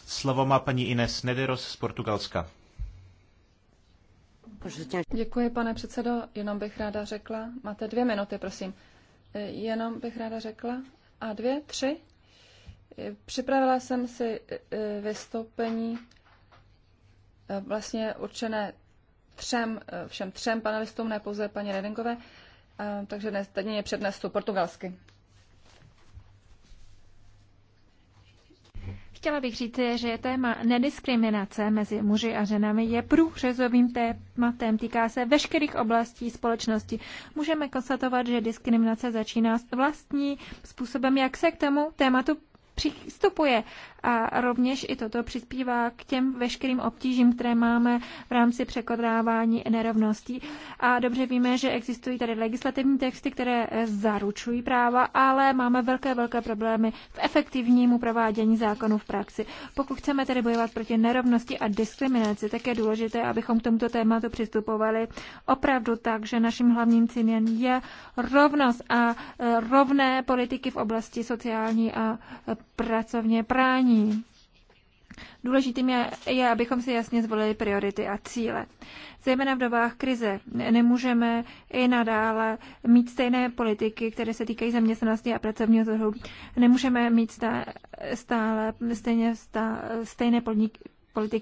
Slovo má paní Ines Nederos z Portugalska. Děkuji, pane předsedo. Jenom bych ráda řekla, máte dvě minuty, prosím. Eh, jenom bych ráda řekla, a dvě, tři. Eh, připravila jsem si eh, vystoupení vlastně určené třem, všem třem panelistům, ne pouze paní Redingové. Eh, takže dnes je přednesu portugalsky. chtěla bych říct, že téma nediskriminace mezi muži a ženami je průřezovým tématem, týká se veškerých oblastí společnosti. Můžeme konstatovat, že diskriminace začíná s vlastní způsobem, jak se k tomu tématu přistupuje a rovněž i toto přispívá k těm veškerým obtížím, které máme v rámci překonávání nerovností. A dobře víme, že existují tady legislativní texty, které eh, zaručují práva, ale máme velké, velké problémy v efektivnímu provádění zákonů v praxi. Pokud chceme tedy bojovat proti nerovnosti a diskriminaci, tak je důležité, abychom k tomuto tématu přistupovali opravdu tak, že naším hlavním cílem je rovnost a eh, rovné politiky v oblasti sociální a eh, pracovně prání zlepšení. Důležitým je, je, abychom si jasně zvolili priority a cíle. Zejména v dobách krize nemůžeme i nadále mít stejné politiky, které se týkají zaměstnanosti a pracovního trhu. Nemůžeme mít stále stejně, stále, stejné podnik,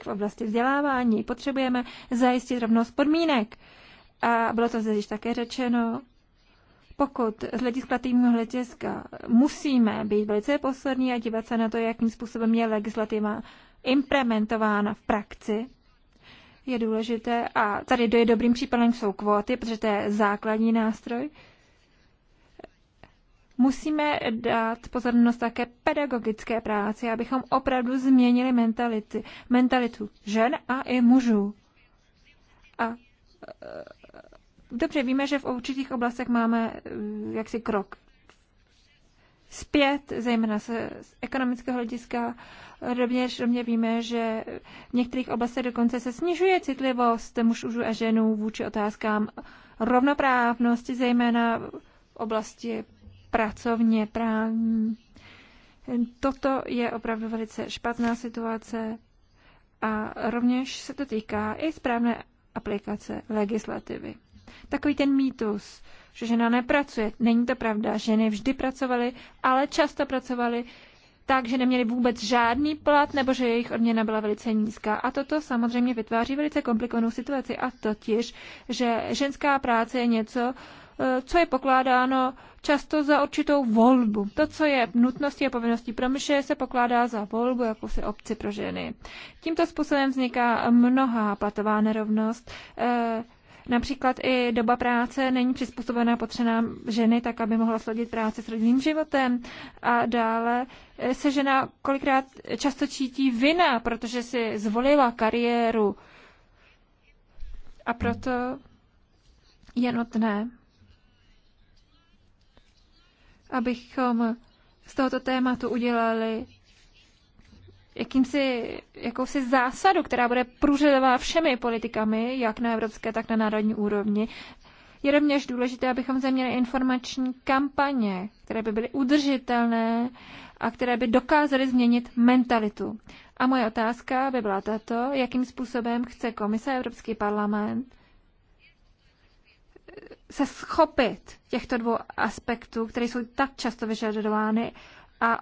v oblasti vzdělávání. Potřebujeme zajistit rovnost podmínek. A bylo to zde již také řečeno pokud z legislativního hlediska musíme být velice poslední a dívat se na to, jakým způsobem je legislativa implementována v praxi, je důležité, a tady je dobrým případem jsou kvóty, protože to je základní nástroj, musíme dát pozornost také pedagogické práci, abychom opravdu změnili mentality, mentalitu žen a i mužů. A Dobře, víme, že v určitých oblastech máme eh, jaksi krok zpět, zejména se, z ekonomického hlediska. Rovněž mě víme, že v některých oblastech dokonce se snižuje citlivost mužů a ženů vůči otázkám rovnoprávnosti, zejména v oblasti pracovně právní. Toto je opravdu velice špatná situace a rovněž se to týká i správné aplikace legislativy. Takový ten mýtus, že žena nepracuje. Není to pravda. Ženy vždy pracovaly, ale často pracovaly tak, že neměly vůbec žádný plat nebo že jejich odměna byla velice nízká. A toto samozřejmě vytváří velice komplikovanou situaci a totiž, že ženská práce je něco, eh, co je pokládáno často za určitou volbu. To, co je nutností a povinností pro myše, se pokládá za volbu jako se obci pro ženy. Tímto způsobem vzniká mnohá platová nerovnost, eh, Například i doba práce není přizpůsobená potřebám ženy, tak aby mohla sladit práci s rodinným životem. A dále eh, se žena kolikrát často cítí vina, protože si zvolila kariéru. A proto je nutné, abychom z tohoto tématu udělali jakýmsi, jakousi zásadu, která bude průřezová všemi politikami, jak na evropské, tak na národní úrovni. Je rovněž důležité, abychom zde měli informační kampaně, které by byly udržitelné a které by dokázaly změnit mentalitu. A moje otázka by byla tato, jakým způsobem chce Komise Evropský parlament se schopit těchto dvou aspektů, které jsou tak často vyžadovány a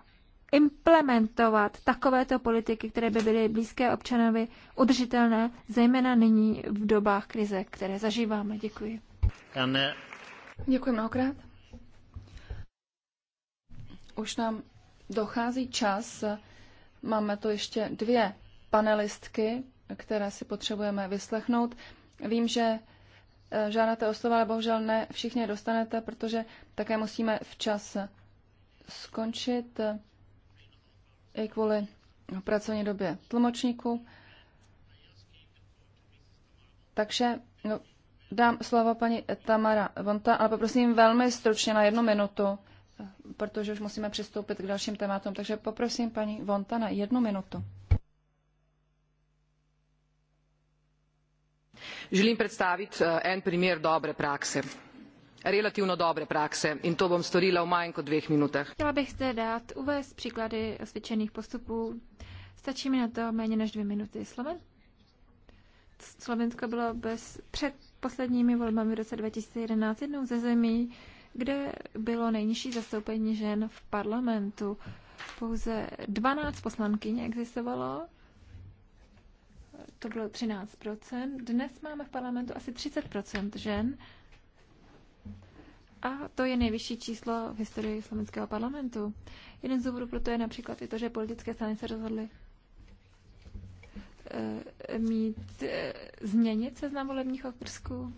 implementovat takovéto politiky, které by byly blízké občanovi udržitelné, zejména nyní v dobách krize, které zažíváme. Děkuji. Ne... Eh, Děkuji mnohokrát. Už nám dochází čas. Máme tu ještě dvě panelistky, které si potřebujeme vyslechnout. Vím, že eh, žádáte o slovo, ale bohužel ne všichni je dostanete, protože také musíme včas skončit i kvůli pracovní době tlumočníků. Takže no, dám slovo paní Tamara Vonta, ale poprosím velmi stručně na jednu minutu, protože už musíme přistoupit k dalším tématům. Takže poprosím paní Vonta na jednu minutu. Želím představit eh, en primer dobré praxe relativno dobre prakse in to bom storila v manj kot dveh minutah. Chtěla bych zde dát uvést příklady osvědčených postupů. Stačí mi na to méně než dvě minuty. Sloven? Slovensko bylo bez, před posledními volbami v roce 2011 jednou ze zemí, kde bylo nejnižší zastoupení žen v parlamentu. Pouze 12 poslankyň existovalo, to bylo 13%. Dnes máme v parlamentu asi 30% žen a to je nejvyšší číslo v historii islamického parlamentu. Jeden z důvodů pro to je například i to, že politické strany se rozhodly e, mít, e, změnit seznam volebních okrsků.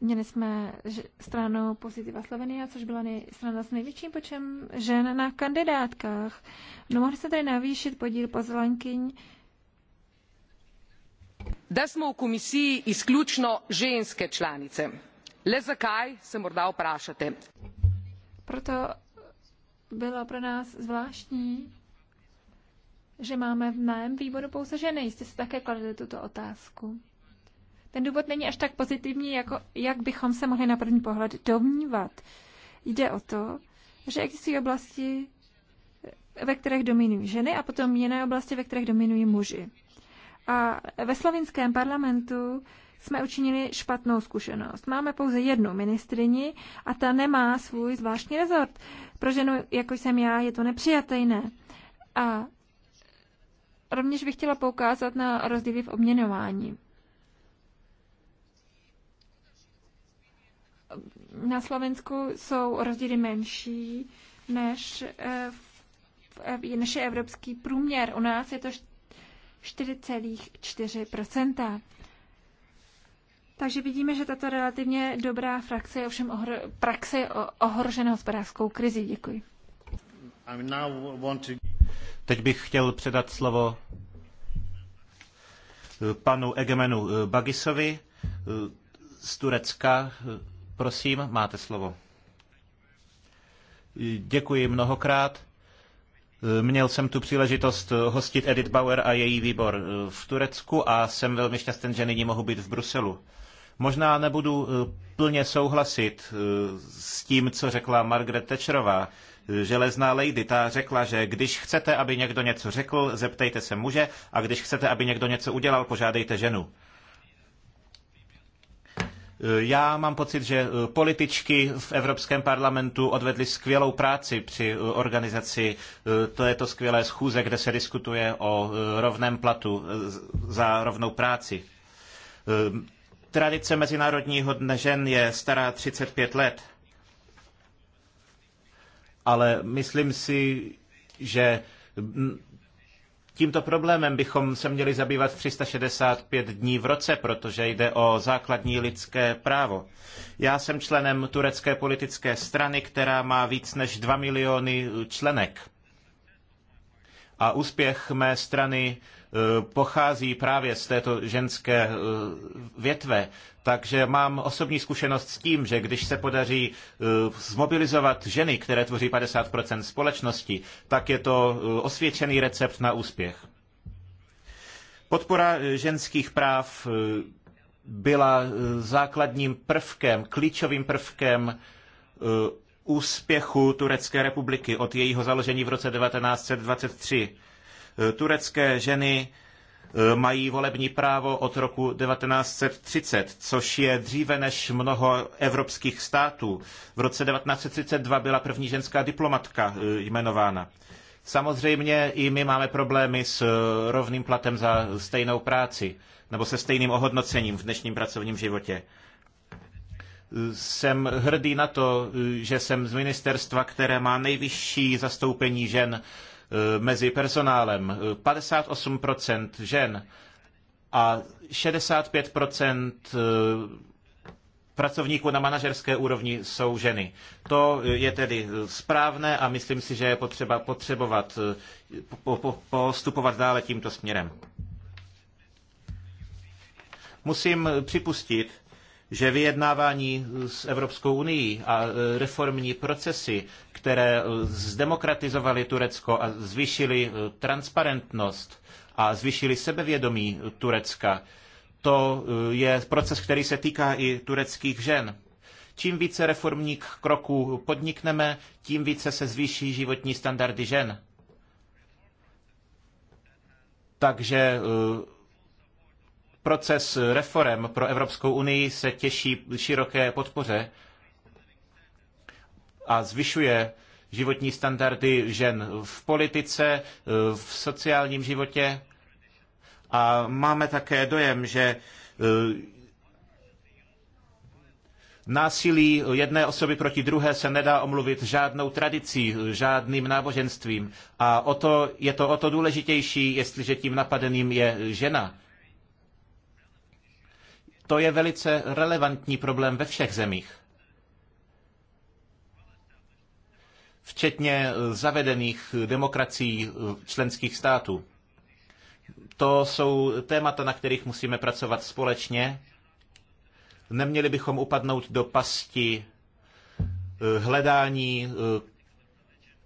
Měli jsme stranu Pozitiva Slovenia, což byla nej, strana s největším počem žen na kandidátkách. No mohli se tady navýšit podíl poslankyň da smo v komisiji izključno ženske članice. le zakaj se morda vprašate. proto bylo pro nás zvláštní že máme v mém výboru pouze ženy. Jste si také kladli tuto otázku. Ten důvod není až tak pozitivní, jako, jak bychom se mohli na první pohled domnívat. Jde o to, že existují oblasti, ve kterých dominují ženy a potom jiné oblasti, ve kterých dominují muži. A ve slovinském parlamentu jsme učinili špatnou zkušenost. Máme pouze jednu ministrini a ta nemá svůj zvláštní rezort. Pro ženu, jako jsem já, je to nepřijatelné. A rovněž bych chtěla poukázat na rozdíly v obměňování. Na Slovensku jsou rozdíly menší než, eh, než je evropský průměr. U nás je to 4,4 takže vidíme, že tato relativně dobrá frakce je ovšem ohro, praxe je ohrožena hospodářskou krizi. Děkuji. Teď bych chtěl předat slovo eh, panu Egemenu eh, Bagisovi eh, z Turecka. Prosím, máte slovo. Děkuji mnohokrát. Měl jsem tu příležitost hostit Edith Bauer a její výbor eh, v Turecku a jsem velmi šťastný, že nyní mohu být v Bruselu. Možná nebudu eh, plně souhlasit eh, s tím, co řekla Margaret Thatcherová, železná lady, ta řekla, že když chcete, aby někdo něco řekl, zeptejte se muže a když chcete, aby někdo něco udělal, požádejte ženu. Eh, já mám pocit, že eh, političky v Evropském parlamentu odvedly skvělou práci při eh, organizaci této skvělé schůze, kde se diskutuje o rovném platu za rovnou práci. Tradice Mezinárodního dne žen je stará 35 let, ale myslím si, že Tímto problémem bychom se měli zabývat 365 dní v roce, protože jde o základní lidské právo. Já jsem členem turecké politické strany, která má víc než 2 miliony členek. A úspěch mé strany Eh, pochází právě z této ženské eh, větve, takže mám osobní zkušenost s tím, že když se podaří eh, zmobilizovat ženy, které tvoří 50% společnosti, tak je to osvědčený recept na úspěch. Podpora ženských práv byla základním prvkem, klíčovým prvkem úspěchu Turecké republiky od jejího založení v roce 1923. Turecké ženy eh, mají volební právo od roku 1930, což je dříve než mnoho evropských států. V roce 1932 byla první ženská diplomatka eh, jmenována. Samozřejmě i my máme problémy s eh, rovným platem za stejnou práci nebo se stejným ohodnocením v dnešním pracovním životě. Jsem hrdý na to, že jsem z ministerstva, které má nejvyšší zastoupení žen Eh, mezi personálem. 58% žen a 65% eh, pracovníků na manažerské úrovni jsou ženy. To je tedy správné a myslím si, že je potřeba potřebovat eh, po, po, postupovat dále tímto směrem. Musím připustit, že vyjednávání s Evropskou unii a e, reformní procesy, které e, zdemokratizovaly Turecko a zvýšily e, transparentnost a zvýšily sebevědomí Turecka, to je proces, který se týká i tureckých žen. Čím více reformních kroků podnikneme, tím více se zvýší životní standardy žen. Takže Proces reform pro Evropskou unii se těší široké podpoře a zvyšuje životní standardy žen v politice, v sociálním životě. A máme také dojem, že e, Násilí jedné osoby proti druhé se nedá omluvit žádnou tradicí, žádným náboženstvím. A o to, je to o to důležitější, jestliže tím napadeným je žena. To je velice relevantní problém ve všech zemích. Včetně zavedených demokracií členských států. To jsou témata, na kterých musíme pracovat společně. Neměli bychom upadnout do pasti eh, hledání eh,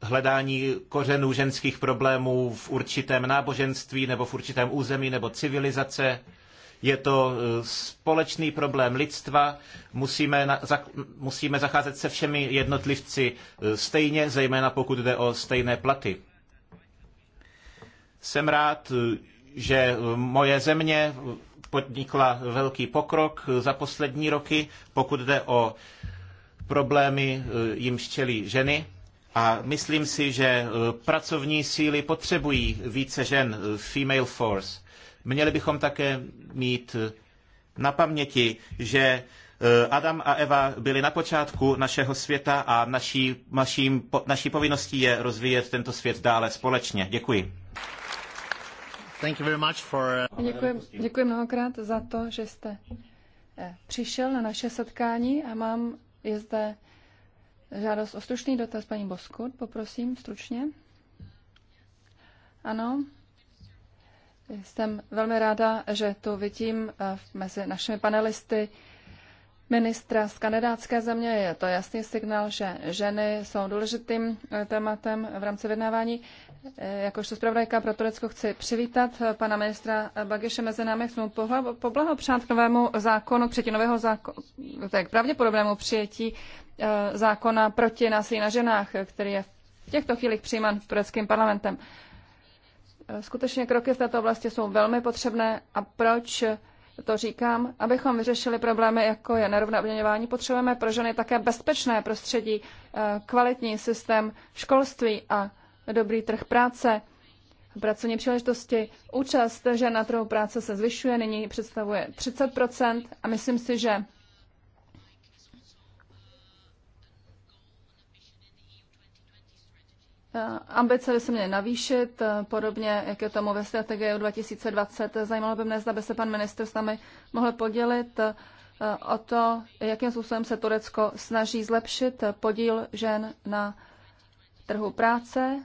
hledání kořenů ženských problémů v určitém náboženství nebo v určitém území nebo civilizace je to eh, společný problém lidstva, musíme, na, musíme zacházet se všemi jednotlivci eh, stejně, zejména pokud jde o stejné platy. Jsem rád, eh, že moje země podnikla velký pokrok za poslední roky, pokud jde o problémy jim čelí ženy. A myslím si, že pracovní síly potřebují více žen, female force. Měli bychom také mít na paměti, že eh, Adam a Eva byli na počátku našeho světa a naší, naším, naší povinností je rozvíjet tento svět dále společně. Děkuji. Eh, děkuji, děkuji mnohokrát za to, že jste eh, přišel na naše setkání a mám je zde žádost o stručný dotaz paní Boskut. Poprosím stručně. Ano. Jsem velmi ráda, že tu vidím eh, mezi našimi panelisty ministra z kanadátské země. Je to jasný signál, že ženy jsou důležitým eh, tématem v rámci vyjednávání. Eh, jakožto zpravodajka pro Turecko chci přivítat pana ministra Bagiše mezi námi. Chci mu poblahopřát k novému zákonu, k přijetí nového zákonu, tak pravděpodobnému přijetí zákona proti násilí na ženách, který je v těchto chvílích přijímán tureckým parlamentem skutečně kroky v této oblasti jsou velmi potřebné a proč to říkám, abychom vyřešili problémy, jako je nerovné odměňování, potřebujeme pro ženy také bezpečné prostředí, eh, kvalitní systém školství a dobrý trh práce, pracovní příležitosti. Účast žen na trhu práce se zvyšuje, nyní představuje 30 a myslím si, že Ambice by se měly navýšit, eh, podobně jak je tomu ve strategii 2020. Zajímalo by mě, zda by se pan ministr s námi mohl podělit eh, o to, jakým způsobem se Turecko snaží zlepšit podíl žen na trhu práce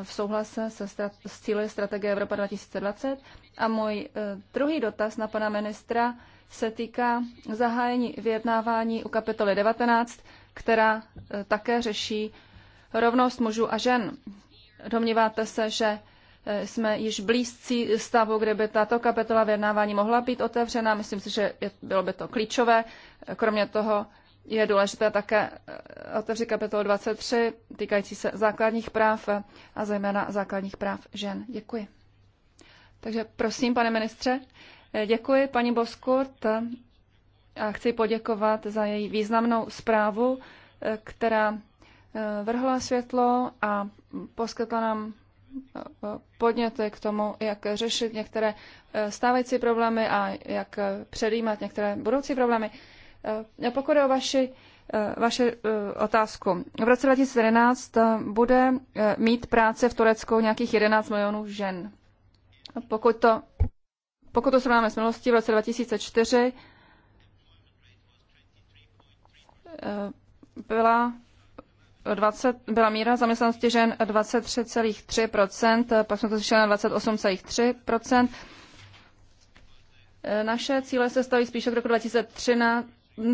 eh, v souhlase se strat- s cíly strategie Evropa 2020. A můj druhý dotaz na pana ministra se týká zahájení vyjednávání u kapitoly 19, která také řeší rovnost mužů a žen. Domníváte se, že eh, jsme již blízcí stavu, kde by tato kapitola vyjednávání mohla být otevřena. Myslím si, že bylo by to klíčové. Kromě toho je důležité také eh, otevřít kapitolu 23 týkající se základních práv a zejména základních práv žen. Děkuji. Takže prosím, pane ministře, eh, děkuji paní Boskurt a chci poděkovat za její významnou zprávu, která Eh, vrhla světlo a poskytla nám eh, podněty k tomu, jak řešit některé eh, stávající problémy a jak předjímat některé budoucí problémy. Pokud je o vaši, vaši otázku. V roce 2011 bude mít práce v Turecku nějakých 11 milionů žen. Pokud to, pokud to srovnáme s minulostí, v roce 2004 byla 20, byla míra zaměstnanosti žen 23,3%, pak jsme to zvýšili na 28,3%. E, naše cíle se staví spíše od roku 2013,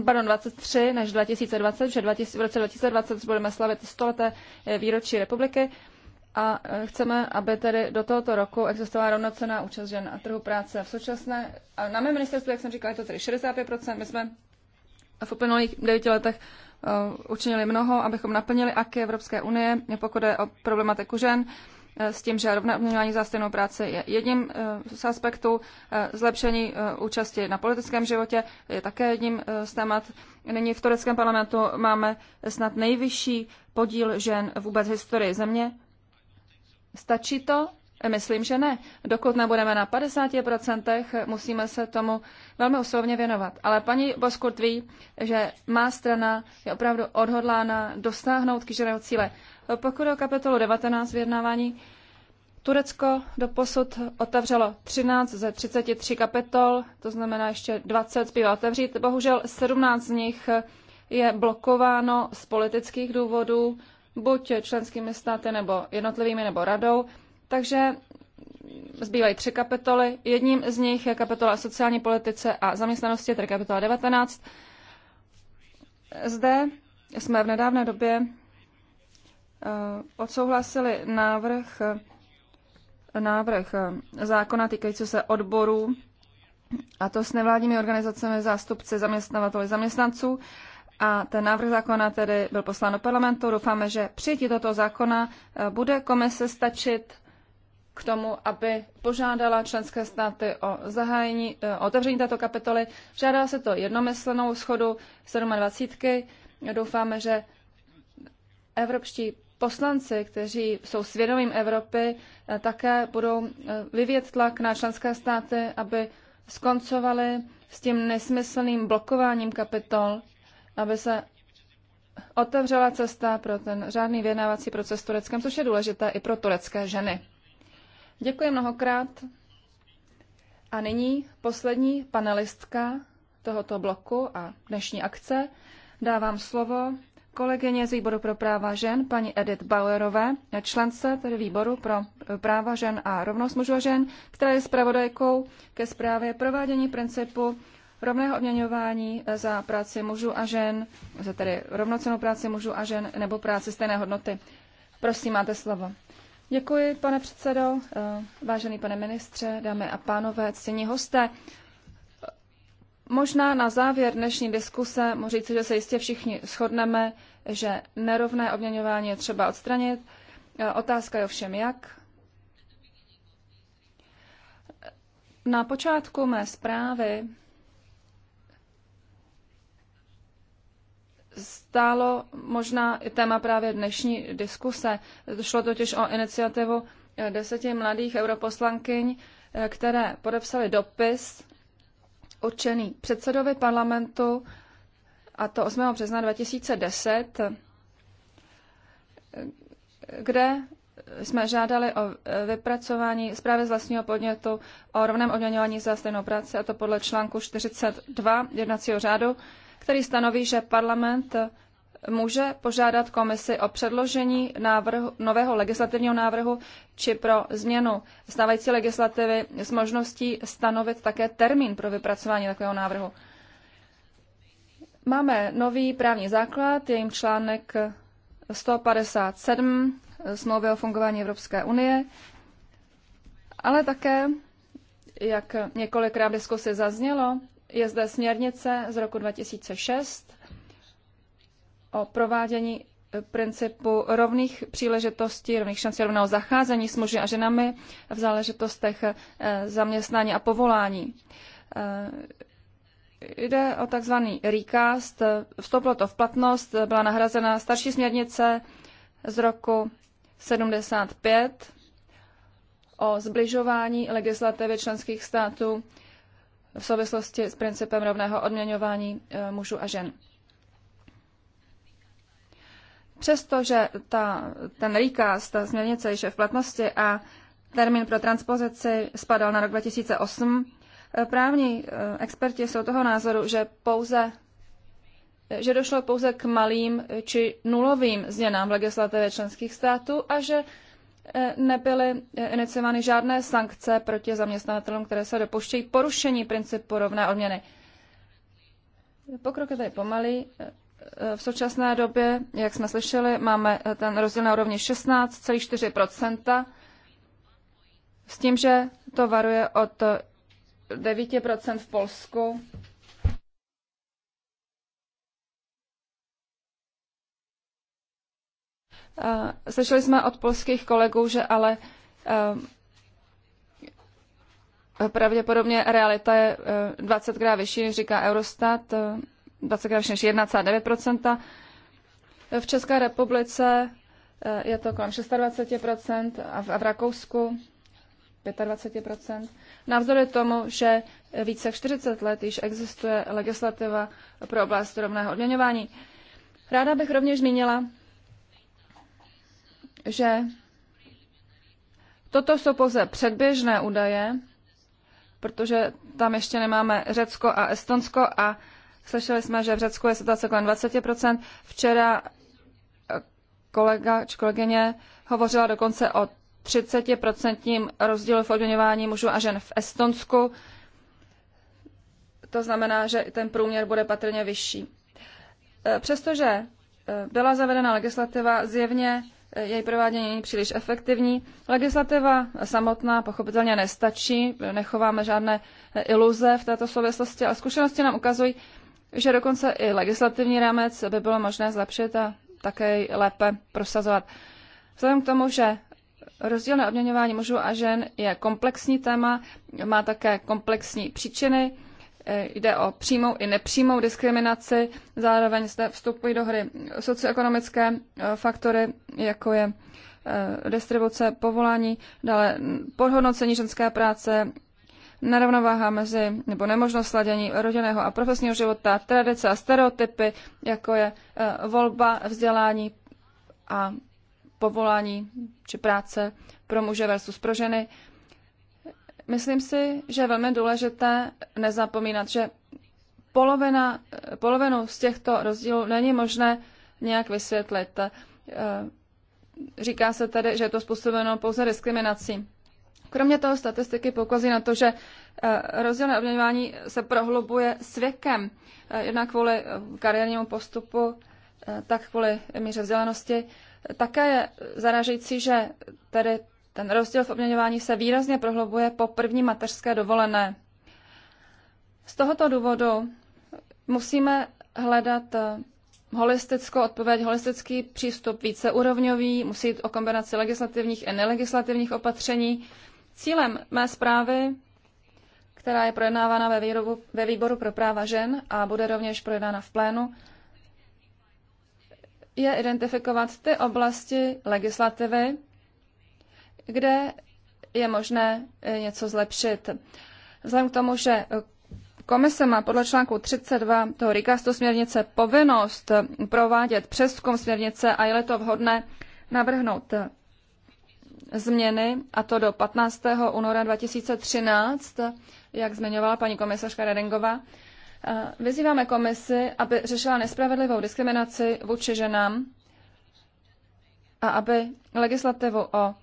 pardon, 23 než 2020, že 20, v roce 2020 budeme slavit 100 leté e, výročí republiky a e, chceme, aby tedy do tohoto roku existovala rovnocená účast žen a trhu práce. V současné, na mém ministerstvu, jak jsem říkala, je to tedy 65%, my jsme v uplynulých devíti letech Eh, učinili mnoho, abychom naplnili aky Evropské unie, pokud je o problematiku žen, eh, s tím, že rovné odměňování za stejnou práci je jedním eh, z aspektů. Zlepšení účasti na politickém životě je také jedním z témat. Nyní v tureckém parlamentu máme snad nejvyšší podíl žen vůbec v historii země. Stačí to? Myslím, že ne. Dokud nebudeme na 50%, musíme se tomu velmi usilovně věnovat. Ale paní Boskurt ví, že má strana je opravdu odhodlána dosáhnout kýženého cíle. Pokud o kapitolu 19 vyjednávání, Turecko do posud otevřelo 13 ze 33 kapitol, to znamená ještě 20 zbývá otevřít. Bohužel 17 z nich je blokováno z politických důvodů, buď členskými státy nebo jednotlivými nebo radou. Takže zbývají tři kapitoly. Jedním z nich je kapitola o sociální politice a zaměstnanosti, tedy kapitola 19. Zde jsme v nedávné době eh, odsouhlasili návrh, návrh eh, zákona týkající se odborů, a to s nevládními organizacemi zástupci zaměstnavatelů zaměstnanců. A ten návrh zákona tedy byl poslán do parlamentu. Doufáme, že přijetí tohoto zákona eh, bude komise stačit k tomu, aby požádala členské státy o zahájení, e, o otevření této kapitoly. Žádá se to jednomyslenou schodu 27. Doufáme, že evropští poslanci, kteří jsou svědomím Evropy, e, také budou e, vyvět tlak na členské státy, aby skoncovali s tím nesmyslným blokováním kapitol, aby se otevřela cesta pro ten řádný vyjednávací proces s Tureckem, což je důležité i pro turecké ženy. Děkuji mnohokrát. A nyní poslední panelistka tohoto bloku a dnešní akce. Dávám slovo kolegyně z výboru pro práva žen, paní Edith Bauerové, člence tedy výboru pro práva žen a rovnost mužů a žen, která je zpravodajkou ke zprávě provádění principu rovného odměňování za práci mužů a žen, za tedy rovnocenou práci mužů a žen nebo práci stejné hodnoty. Prosím, máte slovo. Děkuji, pane předsedo, eh, vážený pane ministře, dámy a pánové, ctění hosté. Možná na závěr dnešní diskuse můžu říct, že se jistě všichni shodneme, že nerovné obměňování je třeba odstranit. Eh, otázka je ovšem jak. Na počátku mé zprávy stálo možná i téma právě dnešní diskuse. Šlo totiž o iniciativu eh, deseti mladých europoslankyň, eh, které podepsali dopis určený předsedovi parlamentu, a to 8. března 2010, eh, kde jsme žádali o vypracování zprávy z vlastního podnětu o rovném odměňování za stejnou práci, a to podle článku 42 jednacího řádu, který stanoví, že parlament může požádat komisi o předložení návrhu, nového legislativního návrhu či pro změnu stávající legislativy s možností stanovit také termín pro vypracování takového návrhu. Máme nový právní základ, je jim článek 157 smlouvy o fungování Evropské unie, ale také, jak několikrát v diskusi zaznělo, je zde směrnice z roku 2006 o provádění e, principu rovných příležitostí, rovných šancí, rovného zacházení s muži a ženami v záležitostech e, zaměstnání a povolání. E, jde o takzvaný recast. Vstoupilo to v platnost, byla nahrazena starší směrnice z roku 75 o zbližování legislativy členských států v souvislosti s principem rovného odměňování mužů a žen. Přestože ta, ten rýkaz, ta směrnice již je v platnosti a termín pro transpozici spadal na rok 2008, eh, právní eh, experti jsou toho názoru, že pouze že došlo pouze k malým či nulovým změnám v legislativě členských států a že eh, nebyly iniciovány žádné sankce proti zaměstnavatelům, které se dopuštějí porušení principu rovné odměny. Pokrok je tady pomalý v současné době, jak jsme slyšeli, máme eh, ten rozdíl na úrovni 16,4 s tím, že to varuje od 9 eh, v Polsku eh, Slyšeli jsme od polských kolegů, že ale pravděpodobně realita je 20 krát vyšší, než říká Eurostat dvacetkrát než 1,9%. V České republice eh, je to kolem 26% a v, a v Rakousku 25%. Navzdory tomu, že více jak 40 let již existuje legislativa pro oblast rovného odměňování. Ráda bych rovněž zmínila, že toto jsou pouze předběžné údaje, protože tam ještě nemáme Řecko a Estonsko a Slyšeli jsme, že v Řecku je situace kolem 20%. Včera eh, kolega či kolegyně hovořila dokonce o 30% rozdílu v odměňování mužů a žen v Estonsku. To znamená, že ten průměr bude patrně vyšší. Eh, přestože eh, byla zavedena legislativa, zjevně její provádění není příliš efektivní. Legislativa samotná pochopitelně nestačí, nechováme žádné iluze v této souvislosti, ale zkušenosti nám ukazují, že dokonce i legislativní rámec by bylo možné zlepšit a také lépe prosazovat. Vzhledem k tomu, že rozdílné odměňování mužů a žen je komplexní téma, má také komplexní příčiny, eh, jde o přímou i nepřímou diskriminaci, zároveň zde vstupují do hry socioekonomické eh, faktory, jako je eh, distribuce povolání, dále podhodnocení ženské práce, nerovnováha mezi, nebo nemožnost sladění rodinného a profesního života, tradice a stereotypy, jako je e, volba vzdělání a povolání či práce pro muže versus pro ženy. Myslím si, že je velmi důležité nezapomínat, že polovina, e, polovinu z těchto rozdílů není možné nějak vysvětlit. E, říká se tedy, že je to způsobeno pouze diskriminací. Kromě toho statistiky poukazují na to, že eh, rozdílné odměňování se prohlubuje s věkem, eh, jednak kvůli eh, kariérnímu postupu, tak kvůli míře vzdělanosti. Také je zaražející, že tady ten rozdíl v odměňování se výrazně prohlubuje po první mateřské dovolené. Z tohoto důvodu musíme hledat holistickou odpověď, holistický přístup víceúrovňový, musí jít o kombinaci legislativních a nelegislativních opatření, Cílem mé zprávy, která je projednávána ve, výrobu, ve výboru pro práva žen a bude rovněž projednána v plénu, je identifikovat ty oblasti legislativy, kde je možné eh, něco zlepšit. Vzhledem k tomu, že Komise má podle článku 32 toho Rikastu směrnice povinnost provádět přeskum směrnice a je-li to vhodné navrhnout změny, a to do 15. února 2013, jak zmiňovala paní komisařka Redingová. Vyzýváme komisi, aby řešila nespravedlivou diskriminaci vůči ženám a aby legislativu o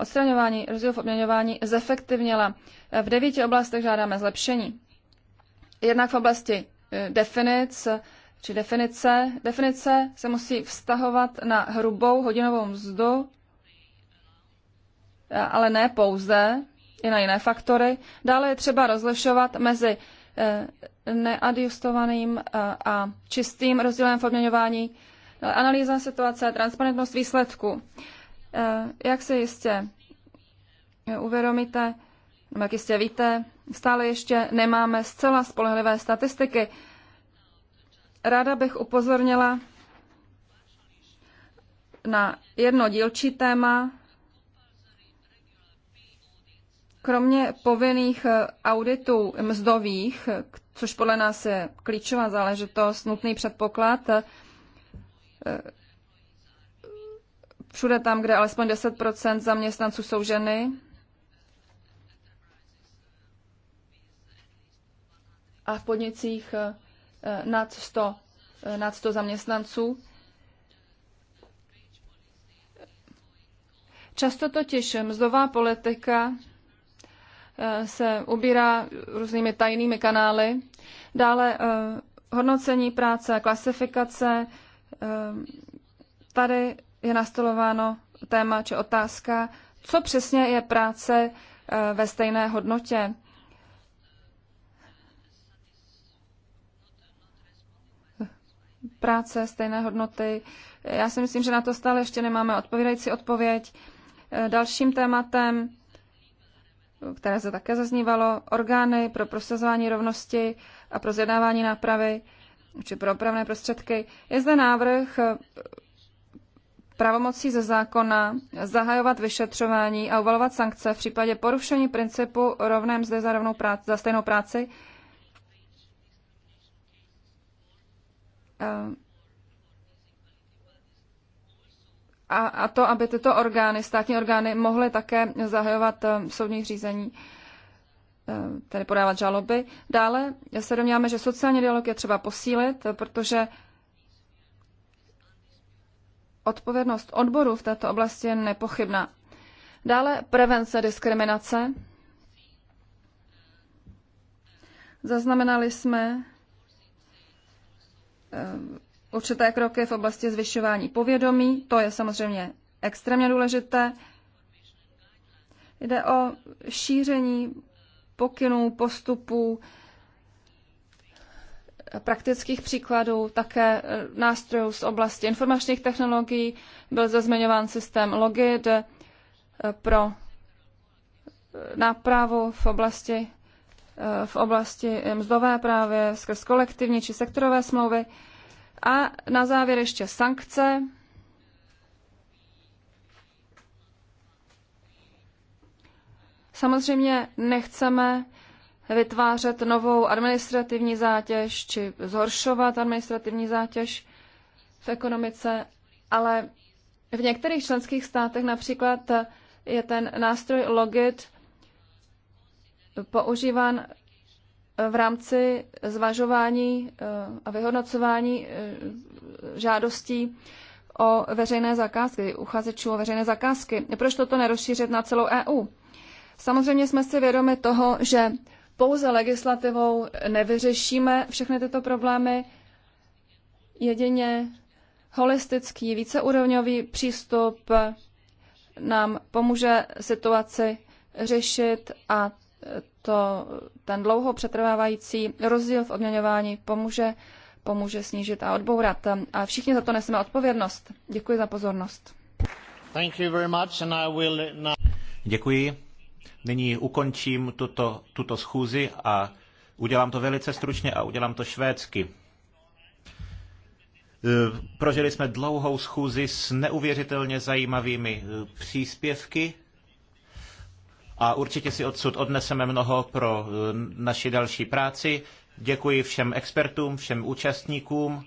odstraňování rozdílů v obměňování zefektivnila. V devíti oblastech žádáme zlepšení. Jednak v oblasti e, definic, či definice. Definice se musí vztahovat na hrubou hodinovou mzdu ale ne pouze, i na jiné faktory. Dále je třeba rozlišovat mezi eh, neadjustovaným eh, a čistým rozdílem v odměňování, analýza situace, transparentnost výsledku. Eh, jak si jistě uvědomíte, jak jistě víte, stále ještě nemáme zcela spolehlivé statistiky. Ráda bych upozornila na jedno dílčí téma, Kromě povinných eh, auditů mzdových, eh, což podle nás je klíčová záležitost, nutný předpoklad, eh, všude tam, kde alespoň 10 zaměstnanců jsou ženy, a v podnicích nad 100, nad 100 zaměstnanců. Často totiž mzdová politika Eh, se ubírá různými tajnými kanály. Dále eh, hodnocení práce, klasifikace. Eh, tady je nastolováno téma či otázka, co přesně je práce ve stejné hodnotě. Práce stejné hodnoty. Já si myslím, že na to stále ještě nemáme odpovídající odpověď. Dalším tématem které se také zaznívalo, orgány pro prosazování rovnosti a pro zjednávání nápravy či pro opravné prostředky. Je zde návrh eh, pravomocí ze zákona zahajovat vyšetřování a uvalovat sankce v případě porušení principu rovném zde za, rovnou práci, za stejnou práci. Eh, a, a to, aby tyto orgány, státní orgány, mohly také zahajovat eh, soudní řízení, eh, tedy podávat žaloby. Dále se domníváme, že sociální dialog je třeba posílit, protože odpovědnost odboru v této oblasti je nepochybná. Dále prevence diskriminace. Zaznamenali jsme eh, určité kroky v oblasti zvyšování povědomí, to je samozřejmě extrémně důležité. Jde o šíření pokynů, postupů, praktických příkladů, také e, nástrojů z oblasti informačních technologií. Byl zazmiňován systém Logid e, pro e, nápravu v oblasti, v oblasti mzdové právě skrz kolektivní či sektorové smlouvy. A na závěr ještě sankce. Samozřejmě nechceme vytvářet novou administrativní zátěž či zhoršovat administrativní zátěž v ekonomice, ale v některých členských státech například je ten nástroj Logit používán v rámci zvažování eh, a vyhodnocování eh, žádostí o veřejné zakázky, uchazečů o veřejné zakázky. Proč toto nerozšířit na celou EU? Samozřejmě jsme si vědomi toho, že pouze legislativou nevyřešíme všechny tyto problémy. Jedině holistický, víceúrovňový přístup nám pomůže situaci řešit a to, ten dlouho přetrvávající rozdíl v odměňování pomůže, pomůže snížit a odbourat. A všichni za to neseme odpovědnost. Děkuji za pozornost. Thank you very much and I will now... Děkuji. Nyní ukončím tuto, tuto schůzi a udělám to velice stručně a udělám to švédsky. Eh, prožili jsme dlouhou schůzi s neuvěřitelně zajímavými eh, příspěvky a určitě si odsud odneseme mnoho pro eh, naši další práci. Děkuji všem expertům, všem účastníkům,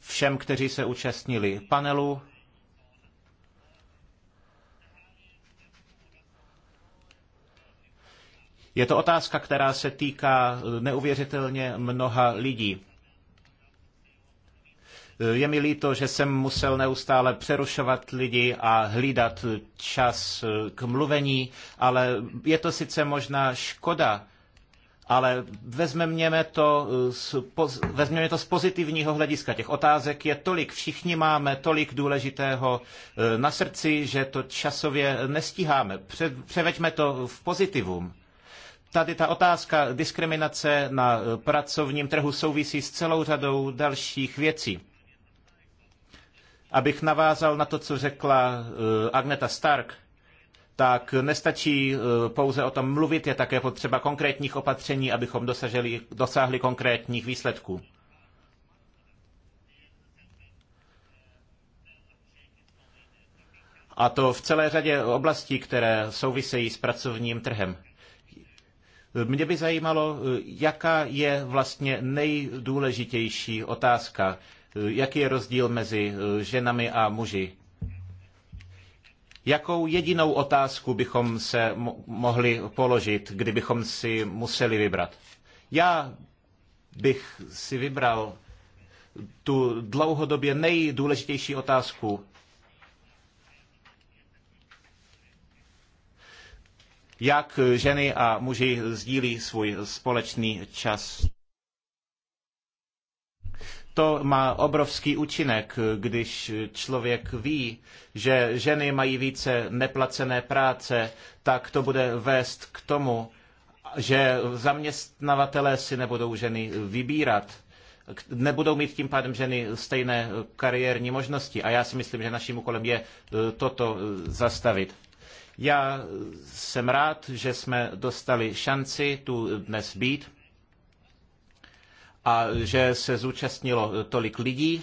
všem, kteří se účastnili panelu. Je to otázka, která se týká eh, neuvěřitelně mnoha lidí. Je mi líto, že jsem musel neustále přerušovat lidi a hlídat čas eh, k mluvení, ale je to sice možná škoda, ale vezmeme to, eh, z, vezmeme to z pozitivního hlediska. Těch otázek je tolik, všichni máme tolik důležitého eh, na srdci, že to časově nestíháme. převeďme to v pozitivum. Tady ta otázka diskriminace na pracovním trhu souvisí s celou řadou dalších věcí. Abych navázal na to, co řekla eh, Agneta Stark, tak nestačí eh, pouze o tom mluvit, je také potřeba konkrétních opatření, abychom dosaželi, dosáhli konkrétních výsledků. A to v celé řadě oblastí, které souvisejí s pracovním trhem. Mě by zajímalo, eh, jaká je vlastně nejdůležitější otázka, Eh, jaký je rozdíl mezi eh, ženami a muži? Jakou jedinou otázku bychom se mohli položit, kdybychom si museli vybrat? Já bych si vybral tu dlouhodobě nejdůležitější otázku. Jak ženy a muži sdílí svůj společný čas? To má obrovský účinek, když člověk ví, že ženy mají více neplacené práce, tak to bude vést k tomu, že zaměstnavatelé si nebudou ženy vybírat nebudou mít tím pádem ženy stejné kariérní možnosti. A já si myslím, že naším úkolem je e, toto e, zastavit. Já jsem rád, že jsme dostali šanci tu dnes být a že se zúčastnilo tolik lidí.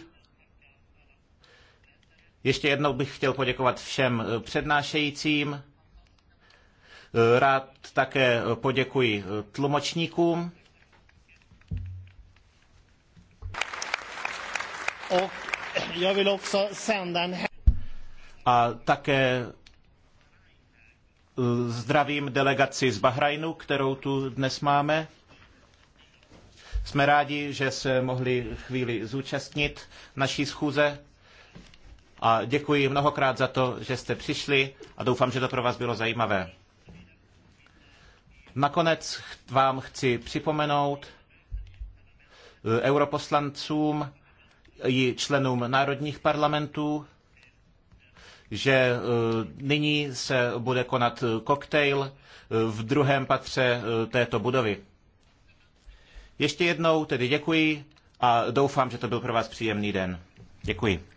Ještě jednou bych chtěl poděkovat všem přednášejícím. Rád také poděkuji tlumočníkům. A také eh, zdravím delegaci z Bahrajnu, kterou tu dnes máme. Jsme rádi, že se mohli chvíli zúčastnit naší schůze a děkuji mnohokrát za to, že jste přišli a doufám, že to pro vás bylo zajímavé. Nakonec vám chci připomenout eh, europoslancům i členům národních parlamentů, že eh, nyní se bude konat eh, koktejl v druhém patře této budovy. Ještě jednou tedy děkuji a doufám, že to byl pro vás příjemný den. Děkuji.